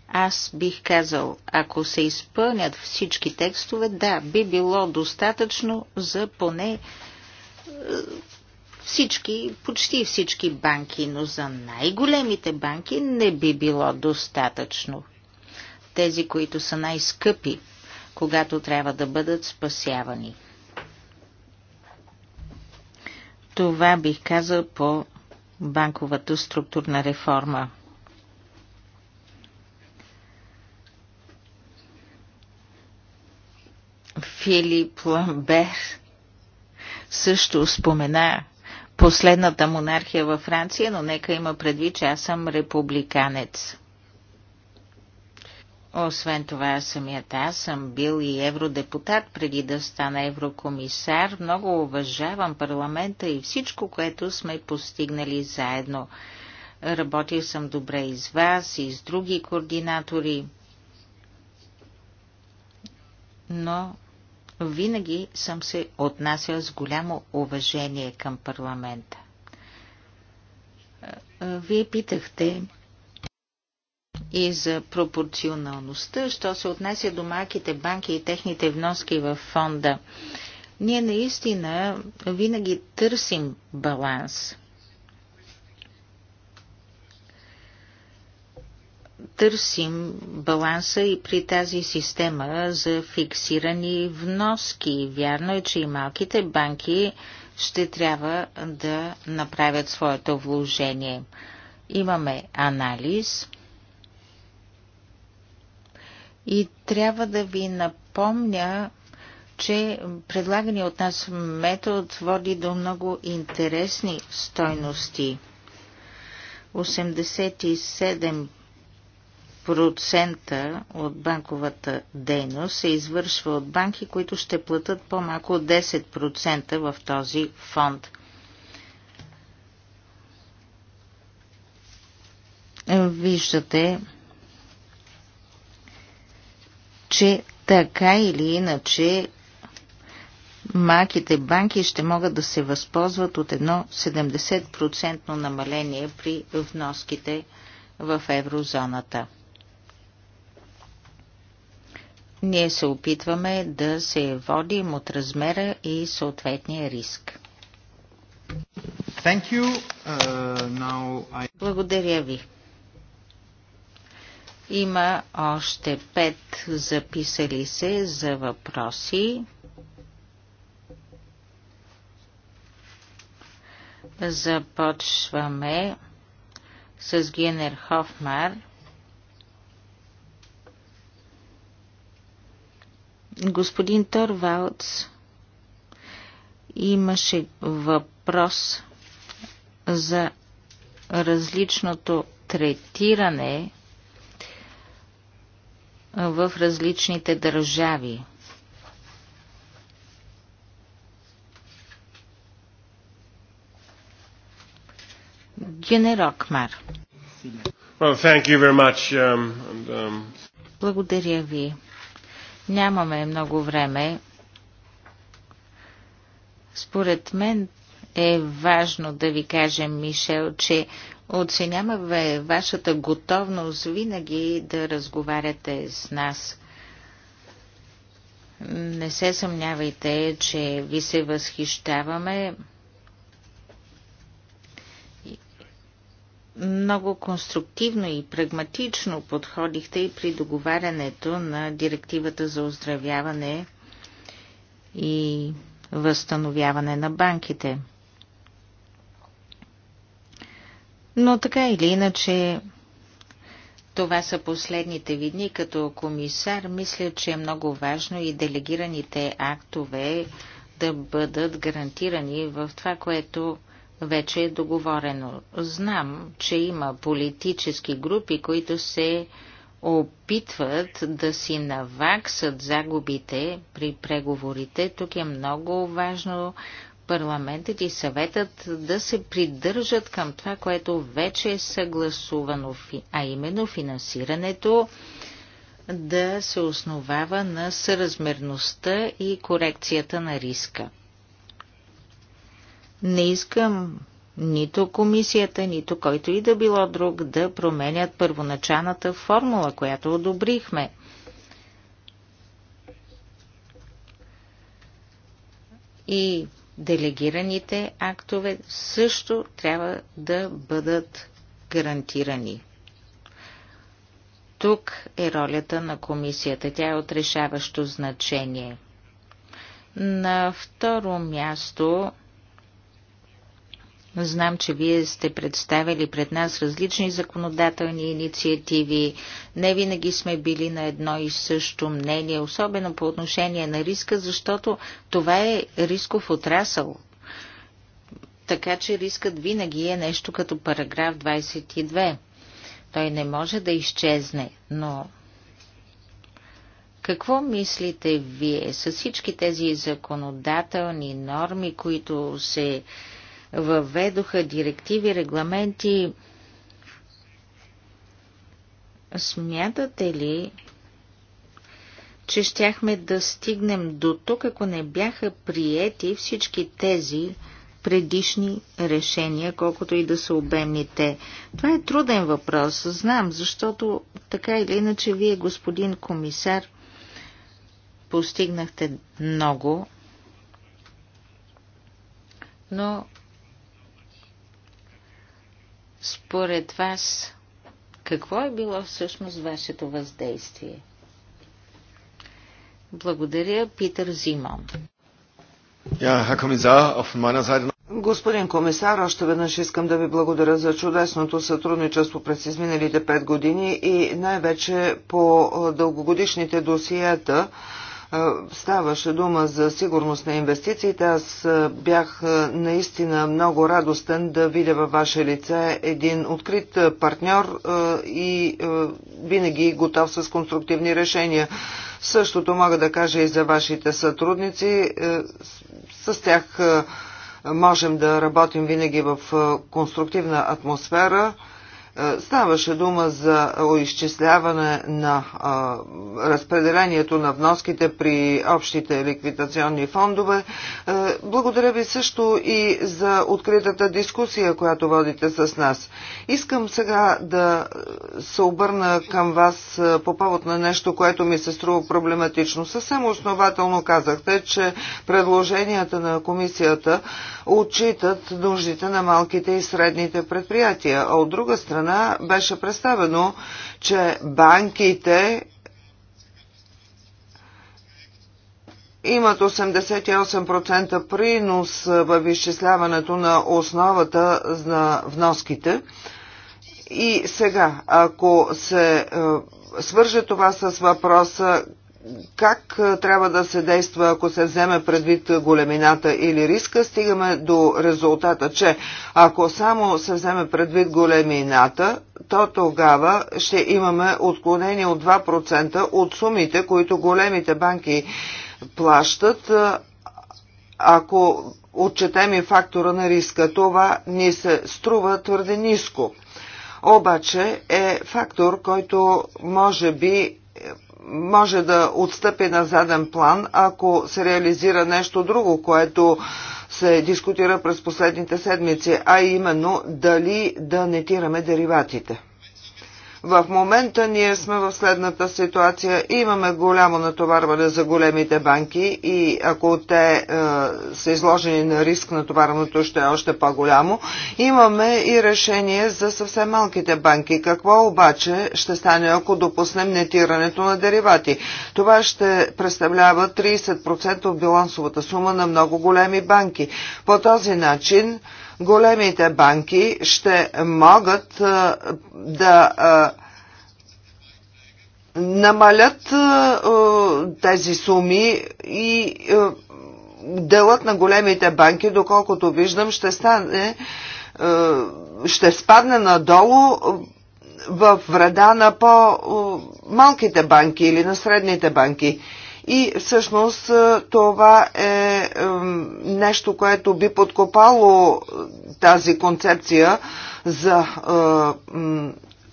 Аз бих казал, ако се изпълнят всички текстове, да, би било достатъчно за поне всички, почти всички банки, но за най-големите банки не би било достатъчно. Тези, които са най-скъпи, когато трябва да бъдат спасявани. Това бих казал по банковата структурна реформа. Филип Ламбер също спомена последната монархия във Франция, но нека има предвид, че аз съм републиканец. Освен това, самият аз съм бил и евродепутат преди да стана еврокомисар. Много уважавам парламента и всичко, което сме постигнали заедно. Работил съм добре и с вас, и с други координатори. Но винаги съм се отнасял с голямо уважение към парламента. Е, вие питахте и за пропорционалността, що се отнася до малките банки и техните вноски в фонда. Ние наистина винаги търсим баланс. търсим баланса и при тази система за фиксирани вноски. Вярно е, че и малките банки ще трябва да направят своето вложение. Имаме анализ и трябва да ви напомня, че предлагания от нас метод води до много интересни стойности. 87 процента от банковата дейност се извършва от банки, които ще платят по-малко от 10% в този фонд. Виждате, че така или иначе малките банки ще могат да се възползват от едно 70% намаление при вноските в еврозоната. Ние се опитваме да се водим от размера и съответния риск. Thank you. Uh, now I... Благодаря ви. Има още пет записали се за въпроси. Започваме с Генер Хофмар. Господин Торвалц имаше въпрос за различното третиране в различните държави. Генерокмар. Well, thank you very much. Um, and, um... Благодаря ви. Нямаме много време. Според мен е важно да ви кажем, Мишел, че оценяваме вашата готовност винаги да разговаряте с нас. Не се съмнявайте, че ви се възхищаваме. много конструктивно и прагматично подходихте и при договарянето на директивата за оздравяване и възстановяване на банките. Но така или иначе, това са последните ви дни като комисар. Мисля, че е много важно и делегираните актове да бъдат гарантирани в това, което вече е договорено. Знам, че има политически групи, които се опитват да си наваксат загубите при преговорите. Тук е много важно парламентът и съветът да се придържат към това, което вече е съгласувано, а именно финансирането да се основава на съразмерността и корекцията на риска. Не искам нито комисията, нито който и да било друг да променят първоначалната формула, която одобрихме. И делегираните актове също трябва да бъдат гарантирани. Тук е ролята на комисията. Тя е отрешаващо значение. На второ място Знам, че вие сте представили пред нас различни законодателни инициативи. Не винаги сме били на едно и също мнение, особено по отношение на риска, защото това е рисков отрасъл. Така че рискът винаги е нещо като параграф 22. Той не може да изчезне, но какво мислите вие с всички тези законодателни норми, които се въведоха директиви, регламенти. Смятате ли, че щяхме да стигнем до тук, ако не бяха приети всички тези предишни решения, колкото и да са обемните? Това е труден въпрос, знам, защото така или иначе вие, господин комисар, постигнахте много, но според вас, какво е било всъщност вашето въздействие? Благодаря, Питър Зимон. Господин комисар, още веднъж искам да ви благодаря за чудесното сътрудничество през изминалите пет години и най-вече по дългогодишните досиета, Ставаше дума за сигурност на инвестициите. Аз бях наистина много радостен да видя във ваше лице един открит партньор и винаги готов с конструктивни решения. Същото мога да кажа и за вашите сътрудници. С тях можем да работим винаги в конструктивна атмосфера. Е, ставаше дума за изчисляване на е, разпределението на вноските при общите ликвидационни фондове. Е, благодаря ви също и за откритата дискусия, която водите с нас. Искам сега да се обърна към вас по повод на нещо, което ми се струва проблематично. Съвсем основателно казахте, че предложенията на комисията отчитат нуждите на малките и средните предприятия, а от друга страна страна беше представено, че банките имат 88% принос в изчисляването на основата на вноските. И сега, ако се е, свърже това с въпроса как трябва да се действа, ако се вземе предвид големината или риска, стигаме до резултата, че ако само се вземе предвид големината, то тогава ще имаме отклонение от 2% от сумите, които големите банки плащат, ако отчетем и фактора на риска. Това ни се струва твърде ниско. Обаче е фактор, който може би може да отстъпи на заден план, ако се реализира нещо друго, което се дискутира през последните седмици, а именно дали да нетираме дериватите. В момента ние сме в следната ситуация. Имаме голямо натоварване за големите банки и ако те е, са изложени на риск, натоварването ще е още по-голямо. Имаме и решение за съвсем малките банки. Какво обаче ще стане, ако допуснем нетирането на деривати? Това ще представлява 30% от билансовата сума на много големи банки. По този начин големите банки ще могат да намалят тези суми и делът на големите банки, доколкото виждам, ще стане ще спадне надолу в вреда на по-малките банки или на средните банки. И всъщност е, това е, е нещо, което би подкопало е, тази концепция за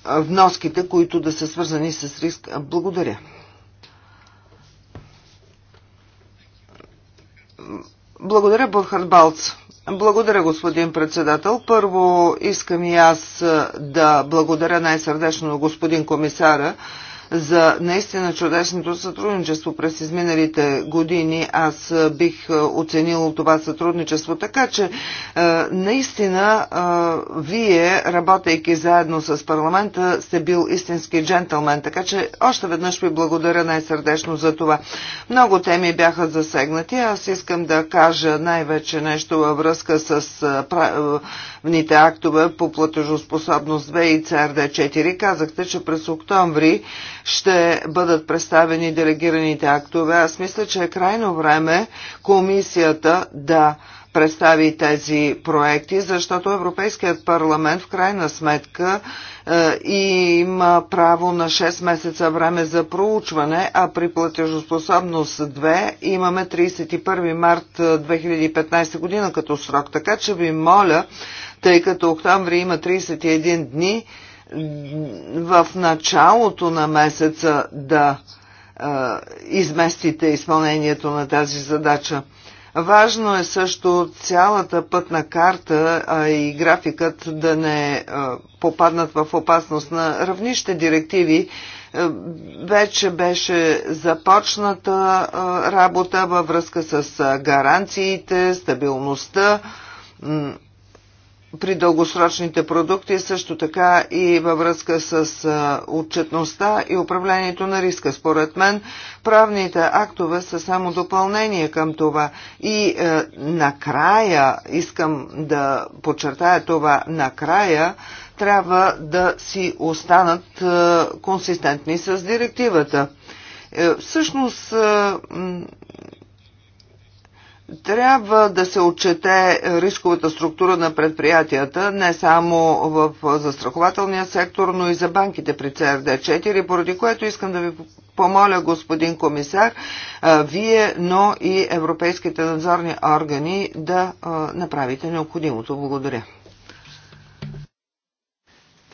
вноските, които да са свързани с риск. Благодаря. Благодаря, Бурхард Балц. Благодаря, господин председател. Първо искам и аз да благодаря най-сърдечно господин комисара за наистина чудесното сътрудничество през изминалите години. Аз бих оценил това сътрудничество, така че наистина вие, работейки заедно с парламента, сте бил истински джентълмен, така че още веднъж ви благодаря най-сърдечно за това. Много теми бяха засегнати. Аз искам да кажа най-вече нещо във връзка с нормативните актове по платежоспособност 2 и ЦРД 4 Казахте, че през октомври ще бъдат представени делегираните актове. Аз мисля, че е крайно време комисията да представи тези проекти, защото Европейският парламент в крайна сметка и е, има право на 6 месеца време за проучване, а при платежоспособност 2 имаме 31 март 2015 е, година като срок. Така че ви моля тъй като октомври има 31 дни, в началото на месеца да изместите изпълнението на тази задача. Важно е също цялата пътна карта а и графикът да не попаднат в опасност на равнище директиви. Вече беше започната работа във връзка с гаранциите, стабилността, при дългосрочните продукти, също така и във връзка с отчетността и управлението на риска. Според мен правните актове са само допълнение към това. И е, накрая, искам да подчертая това, накрая трябва да си останат е, консистентни с директивата. Е, всъщност трябва да се отчете рисковата структура на предприятията, не само в застрахователния сектор, но и за банките при ЦРД 4 поради което искам да ви помоля, господин комисар, вие, но и европейските надзорни органи да направите необходимото. Благодаря.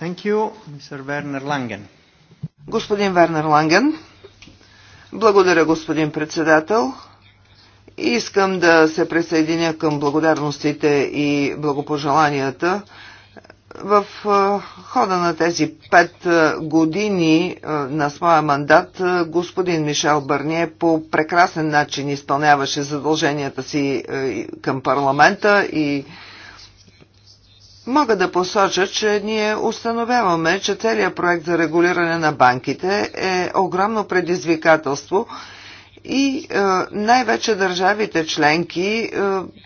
Thank you, Mr. Werner Langen. Господин Вернер Ланген. Благодаря, господин председател. Искам да се присъединя към благодарностите и благопожеланията. В хода на тези пет години на своя мандат господин Мишел Бърние по прекрасен начин изпълняваше задълженията си към парламента и Мога да посоча, че ние установяваме, че целият проект за регулиране на банките е огромно предизвикателство и е, най-вече държавите членки е,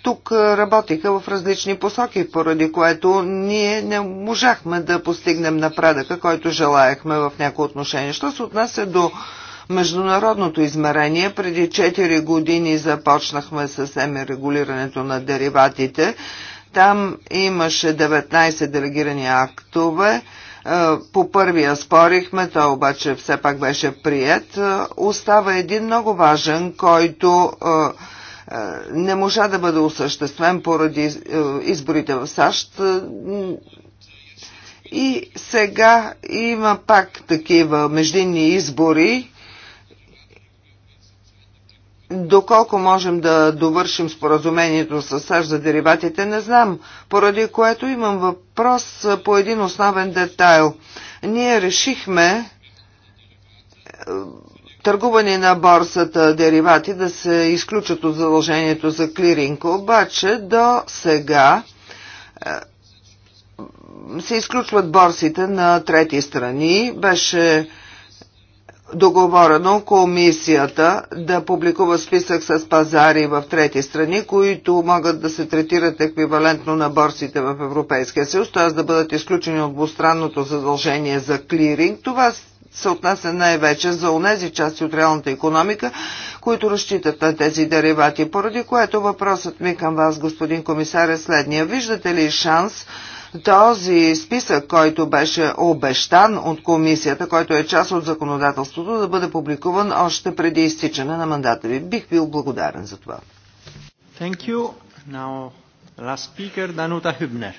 тук работиха в различни посоки, поради което ние не можахме да постигнем напредъка, който желаяхме в някои отношения. Що се отнася до международното измерение. Преди 4 години започнахме съвсем регулирането на дериватите. Там имаше 19 делегирани актове. Е, по първия спорихме, той обаче все пак беше прият. Е, остава един много важен, който е, не можа да бъде осъществен поради изборите в САЩ. И сега има пак такива междинни избори Доколко можем да довършим споразумението с САЩ за дериватите, не знам, поради което имам въпрос по един основен детайл. Ние решихме е, търгуване на борсата деривати да се изключат от задължението за клиринг, обаче до сега е, се изключват борсите на трети страни. Беше договорено комисията да публикува списък с пазари в трети страни, които могат да се третират еквивалентно на борсите в Европейския съюз, т.е. да бъдат изключени от двустранното задължение за клиринг. Това се отнася най-вече за онези части от реалната економика, които разчитат на тези деривати, поради което въпросът ми към вас, господин комисар, е следния. Виждате ли шанс този списък, който беше обещан от комисията, който е част от законодателството, да бъде публикуван още преди изтичане на мандата ви. Бих бил благодарен за това. Thank you. Now, last speaker, Danuta Hübner.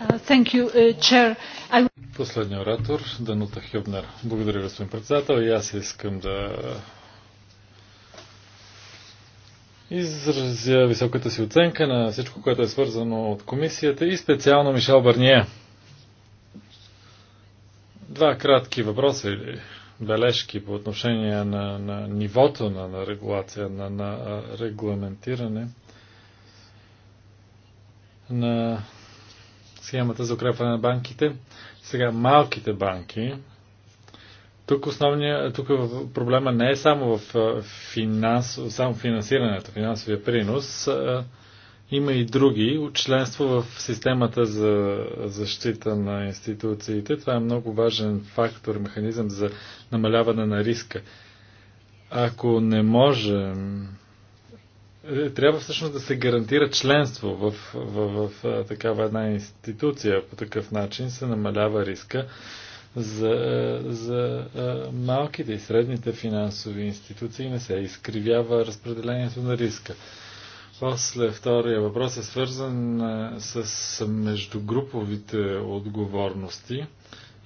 Uh, thank you, Uh, chair. I... Последният оратор, Данута Хюбнер. Благодаря, господин председател. И аз искам да изразя високата си оценка на всичко, което е свързано от комисията и специално Мишел Барния. Два кратки въпроса или бележки по отношение на, на нивото на, на регулация, на, на регламентиране на схемата за укрепване на банките. Сега малките банки, тук, основния, тук проблема не е само в финанс, само финансирането, финансовия принос. Има и други. Членство в системата за защита на институциите. Това е много важен фактор, механизъм за намаляване на риска. Ако не можем е, трябва всъщност да се гарантира членство в, в, в, в такава една институция. По такъв начин се намалява риска за, е, за е, малките и средните финансови институции не се изкривява разпределението на риска. После втория въпрос е свързан е, с междугруповите отговорности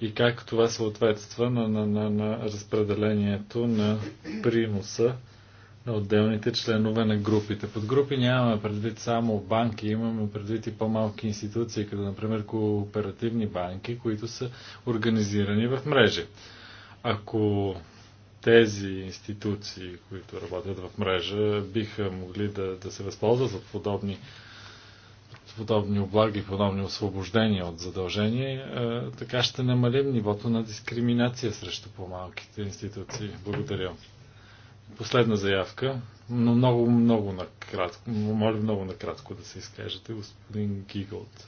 и как това съответства на, на, на, на разпределението на приноса на отделните членове на групите. Под групи нямаме предвид само банки, имаме предвид и по-малки институции, като например кооперативни банки, които са организирани в мрежи. Ако тези институции, които работят в мрежа, биха могли да, да се възползват от подобни подобни облаги, подобни освобождения от задължения, е, така ще намалим нивото на дискриминация срещу по-малките институции. Благодаря. Последна заявка, но много, много накратко. Моля много накратко да се изкажете, господин Гиголд.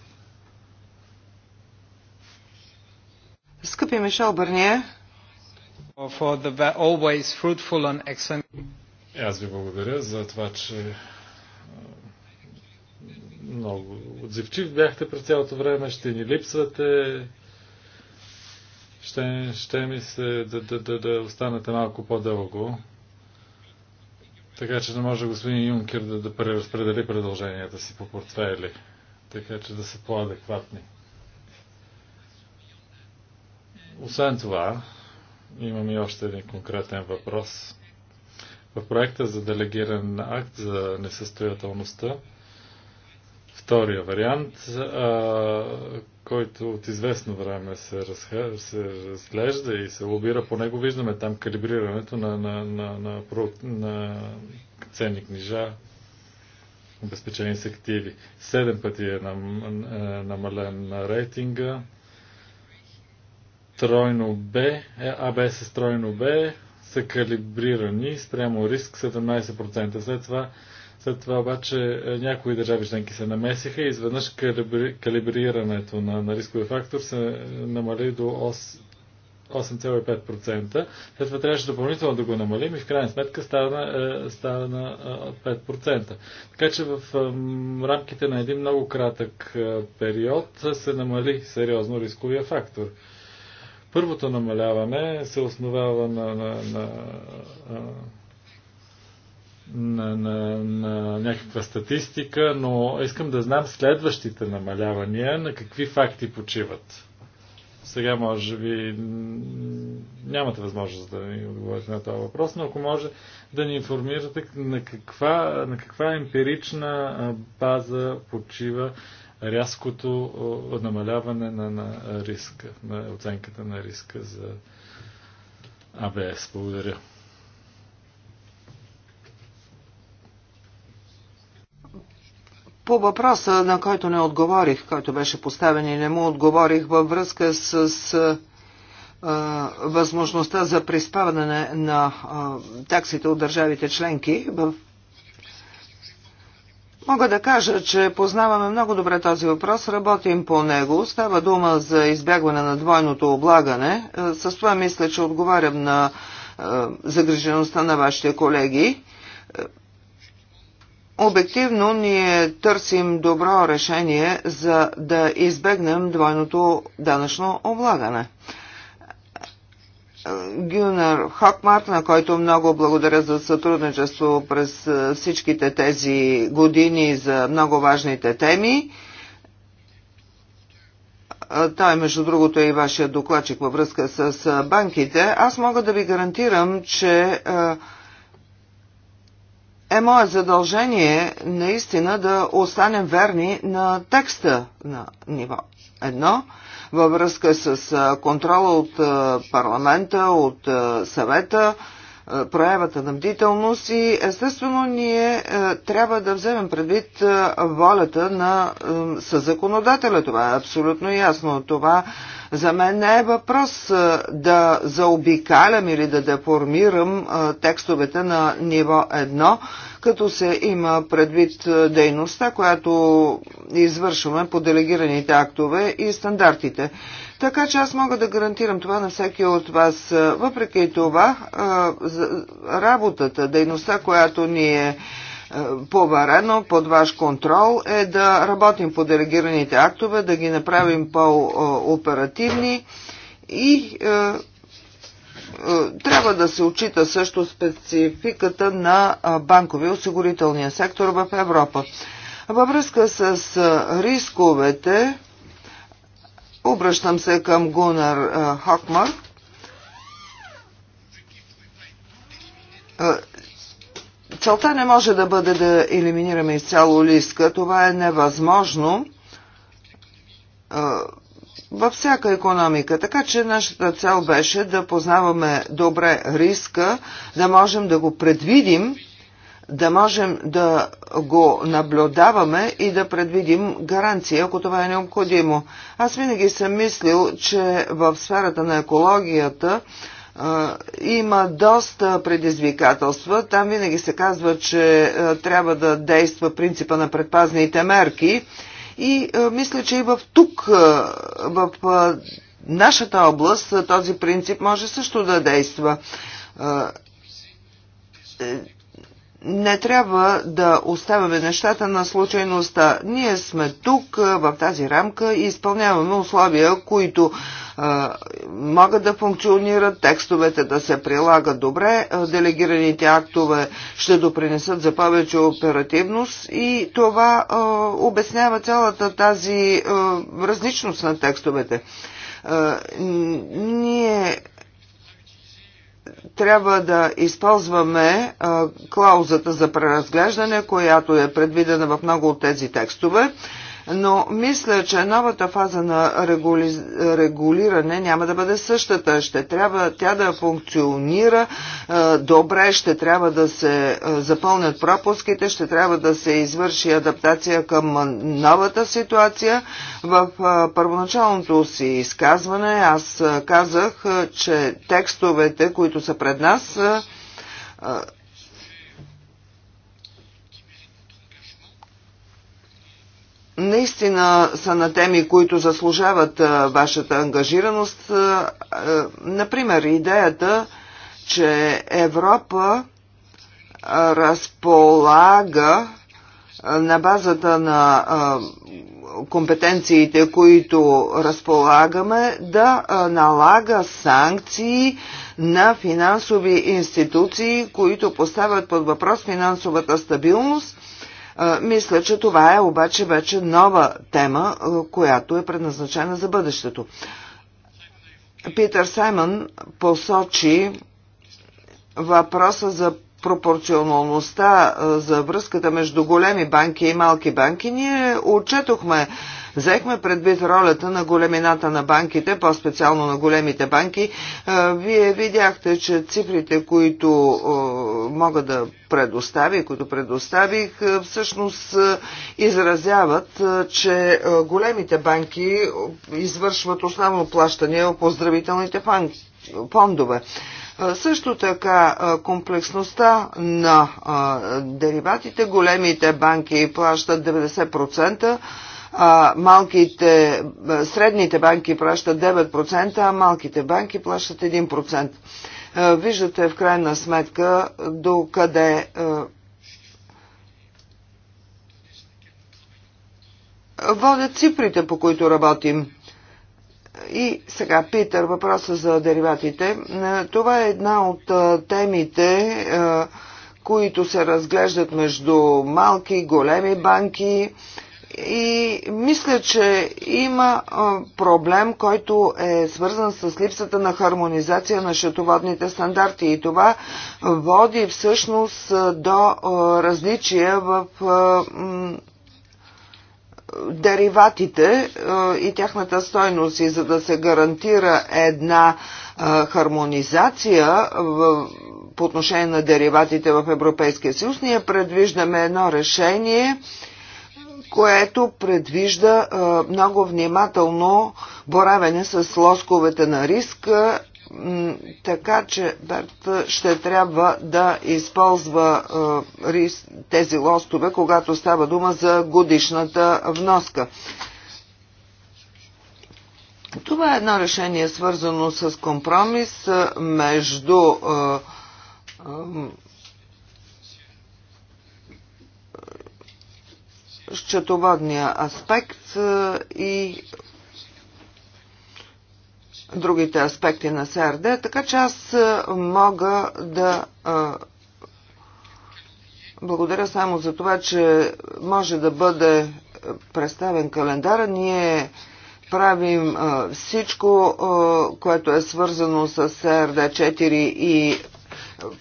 Скъпи Мишел Бърния, аз ви благодаря за това, че много отзивчив бяхте през цялото време, ще ни липсвате. Ще, ще ми се да, да, да, да останете малко по-дълго. Така че не може господин Юнкер да, да преразпредели предложенията си по портфели, така че да са по-адекватни. Освен това, имам и още един конкретен въпрос. В проекта за делегиран акт за несъстоятелността, втория вариант, който от известно време се, разха, се разглежда и се лобира, по него виждаме там калибрирането на, на, на, на, на ценни книжа, обезпечени с активи. Седем пъти е нам, е, намален на рейтинга. Тройно Б, е, АБ с тройно Б са калибрирани спрямо риск 17%. След това след това обаче е, някои държави членки се намесиха и изведнъж калибри... калибрирането на, на рискови фактор се е, намали до 8,5%. След това трябваше допълнително да го намалим и в крайна сметка стана, е, стана 5%. Е, така че в рамките на един много кратък период се намали сериозно рисковия фактор. Първото намаляване се основава на, на, на, на на, на, на някаква статистика, но искам да знам следващите намалявания на какви факти почиват. Сега може би нямате възможност да ни отговорите на този въпрос, но ако може да ни информирате на каква, на каква емпирична база почива рязкото намаляване на, на риска, на оценката на риска за АБС. Благодаря. По въпроса, на който не отговорих, който беше поставен и не му отговорих във връзка с възможността за приспаване на таксите от държавите членки. Мога да кажа, че познаваме много добре този въпрос, работим по него. Става дума за избягване на двойното облагане. С това мисля, че отговарям на загрижеността на вашите колеги. Обективно ние търсим добро решение за да избегнем двойното данъчно облагане. Гюнер Хокмарт, на който много благодаря за сътрудничество през всичките тези години за много важните теми. Той, между другото, е и вашия докладчик във връзка с банките. Аз мога да ви гарантирам, че а, е мое задължение наистина да останем верни на текста на ниво едно във връзка с контрола от парламента, от съвета, е, проявата на бдителност и естествено ние е, трябва да вземем предвид е, волята на съзаконодателя. Това е абсолютно ясно. Това за мен не е въпрос да заобикалям или да деформирам текстовете на ниво 1, като се има предвид дейността, която извършваме по делегираните актове и стандартите. Така че аз мога да гарантирам това на всеки от вас. Въпреки това, работата, дейността, която ни е поварено под ваш контрол е да работим по делегираните актове, да ги направим по-оперативни и е, е, трябва да се очита също спецификата на банкови осигурителния сектор в Европа. Във връзка с рисковете, Обръщам се към Гунар Хокмар. Целта не може да бъде да елиминираме изцяло риска. Това е невъзможно във всяка економика. Така че нашата цел беше да познаваме добре риска, да можем да го предвидим да можем да го наблюдаваме и да предвидим гаранция, ако това е необходимо. Аз винаги съм мислил, че в сферата на екологията има доста предизвикателства. Там винаги се казва, че трябва да действа принципа на предпазните мерки. И мисля, че и в тук, в нашата област, този принцип може също да действа е, не трябва да оставяме нещата на случайността. Ние сме тук в тази рамка и изпълняваме условия, които а, могат да функционират, текстовете да се прилагат добре, делегираните актове ще допринесат за повече оперативност и това а, обяснява цялата тази а, различност на текстовете. А, ние трябва да използваме а, клаузата за преразглеждане, която е предвидена в много от тези текстове но мисля, че новата фаза на регули... регулиране няма да бъде същата. Ще трябва тя да функционира е, добре, ще трябва да се е, запълнят пропуските, ще трябва да се извърши адаптация към новата ситуация. В е, първоначалното си изказване аз е, казах, е, че текстовете, които са пред нас, е, наистина са на теми, които заслужават вашата ангажираност. Например, идеята, че Европа разполага на базата на компетенциите, които разполагаме, да налага санкции на финансови институции, които поставят под въпрос финансовата стабилност мисля, че това е обаче вече нова тема, която е предназначена за бъдещето. Питър Саймън посочи въпроса за пропорционалността за връзката между големи банки и малки банки. Ние отчетохме Взехме предвид ролята на големината на банките, по-специално на големите банки. Е, вие видяхте, че цифрите, които е, мога да предоставя, които предоставих, е, всъщност изразяват, че големите банки извършват основно плащане от поздравителните фондове. Също така комплексността на дериватите, големите банки плащат 90%, а малките, средните банки плащат 9%, а малките банки плащат 1%. Виждате в крайна сметка до къде водят цифрите, по които работим. И сега, Питър, въпроса за дериватите. Това е една от темите, които се разглеждат между малки, големи банки. И мисля, че има проблем, който е свързан с липсата на хармонизация на счетоводните стандарти. И това води всъщност до различия в дериватите и тяхната стойност. И за да се гарантира една хармонизация по отношение на дериватите в Европейския съюз, ние предвиждаме едно решение – което предвижда много внимателно боравене с лосковете на риск, така че Берт ще трябва да използва тези лостове, когато става дума за годишната вноска. Това е едно решение свързано с компромис между счетоводния аспект и другите аспекти на СРД, така че аз мога да благодаря само за това, че може да бъде представен календар. Ние правим всичко, което е свързано с СРД-4 и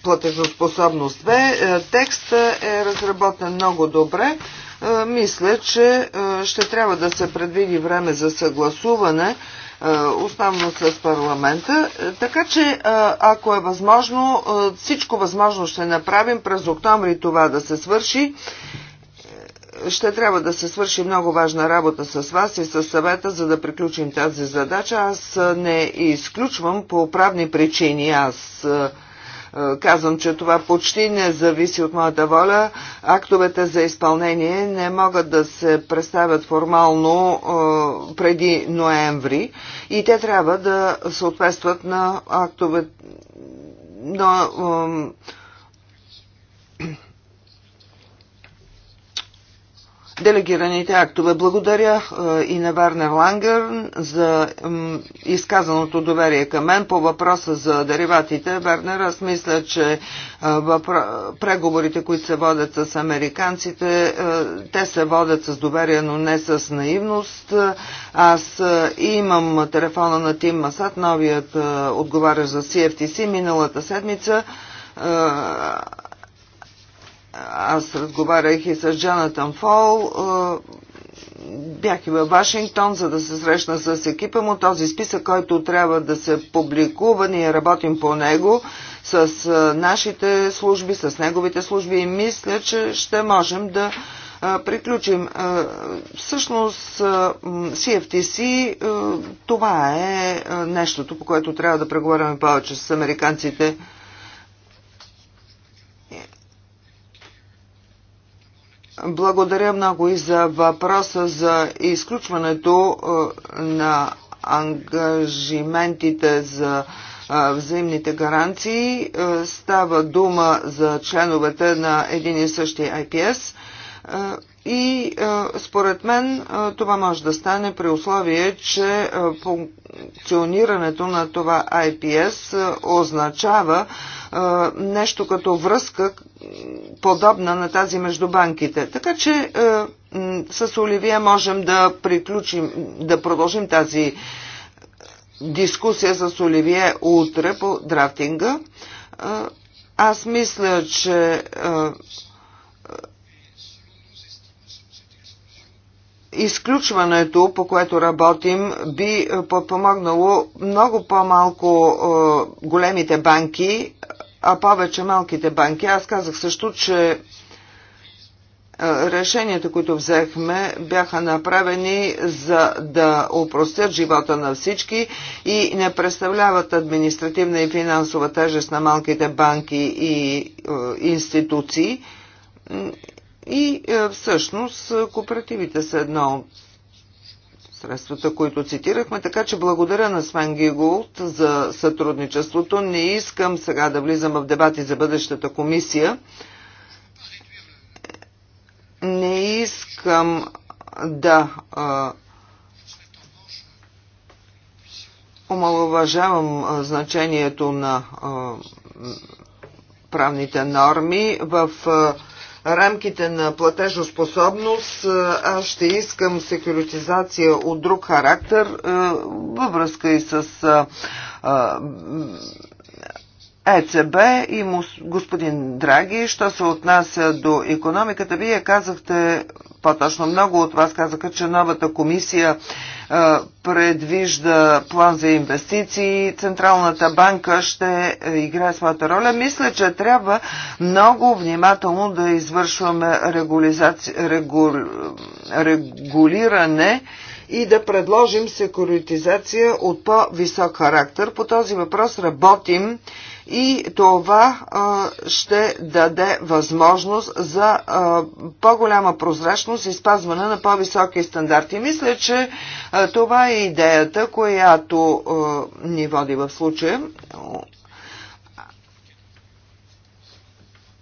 платежоспособност 2. Текстът е разработен много добре мисля, че ще трябва да се предвиди време за съгласуване, основно с парламента. Така че, ако е възможно, всичко възможно ще направим през октомври това да се свърши. Ще трябва да се свърши много важна работа с вас и с съвета, за да приключим тази задача. Аз не изключвам по правни причини. Аз е, казвам, че това почти не зависи от моята воля. Актовете за изпълнение не могат да се представят формално е, преди ноември и те трябва да съответстват на актове на делегираните актове. Благодаря е, и на Вернер Лангер за изказаното доверие към мен по въпроса за дериватите. Вернер, аз мисля, че е, преговорите, които се водят с американците, е, те се водят с доверие, но не с наивност. Аз имам телефона на Тим Масат, новият отговаря за CFTC миналата седмица аз разговарях и с Джонатан Фол. Е, бях и във Вашингтон, за да се срещна с екипа му. Този списък, който трябва да се публикува, ние работим по него с е, нашите служби, с неговите служби и мисля, че ще можем да е, приключим. Всъщност CFTC това е нещото, по което трябва да преговаряме повече с американците. Благодаря много и за въпроса за изключването е, на ангажиментите за е, взаимните гаранции. Е, става дума за членовете на един и същи IPS. И според мен това може да стане при условие, че функционирането на това IPS означава нещо като връзка подобна на тази между банките. Така че с Оливия можем да приключим, да продължим тази дискусия с Оливие утре по драфтинга. Аз мисля, че изключването, по което работим, би подпомогнало много по-малко е, големите банки, а повече малките банки. Аз казах също, че е, решенията, които взехме, бяха направени за да упростят живота на всички и не представляват административна и финансова тежест на малките банки и е, институции и е, всъщност е, кооперативите са едно от средствата, които цитирахме, така че благодаря на Свен Гиголд за сътрудничеството. Не искам сега да влизам в дебати за бъдещата комисия. Не искам да е, омалуважавам значението на а, правните норми в а, рамките на платежоспособност аз ще искам секюритизация от друг характер във връзка и с ЕЦБ и господин Драги. Що се отнася до економиката, вие казахте по-точно много от вас казаха, че новата комисия предвижда план за инвестиции, Централната банка ще играе своята роля. Мисля, че трябва много внимателно да извършваме регу... регулиране и да предложим секуритизация от по-висок характер. По този въпрос работим и това ще даде възможност за по-голяма прозрачност и спазване на по-високи стандарти. Мисля, че това е идеята, която ни води в случая.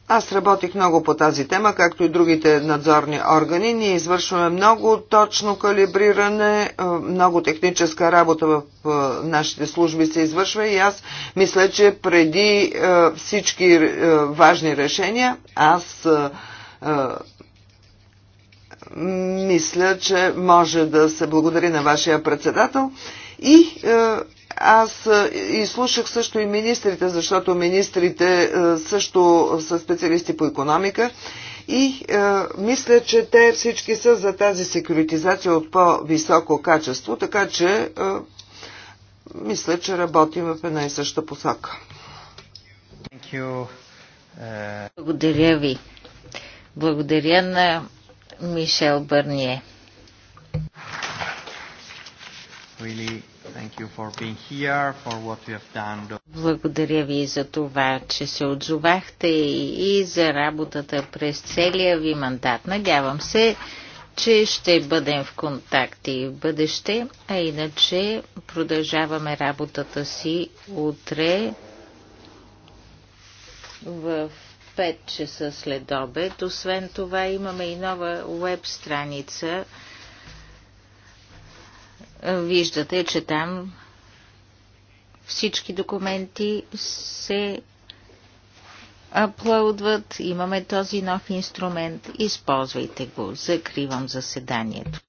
Аз работих много по тази тема, както и другите надзорни органи. Ние извършваме много точно калибриране, е, много техническа работа в е, нашите служби се извършва и аз мисля, че преди е, всички важни решения, аз мисля, че може да се благодари на вашия председател и аз изслушах също и министрите, защото министрите също са специалисти по економика и е, мисля, че те всички са за тази секюритизация от по-високо качество, така че е, мисля, че работим в една и съща посока. Благодаря ви. Благодаря на Мишел Бърние. Really благодаря ви за това, че се отзовахте и за работата през целия ви мандат. Надявам се, че ще бъдем в контакти в бъдеще, а иначе продължаваме работата си утре в 5 часа след обед. Освен това имаме и нова веб страница – Виждате, че там всички документи се аплодват. Имаме този нов инструмент. Използвайте го. Закривам заседанието.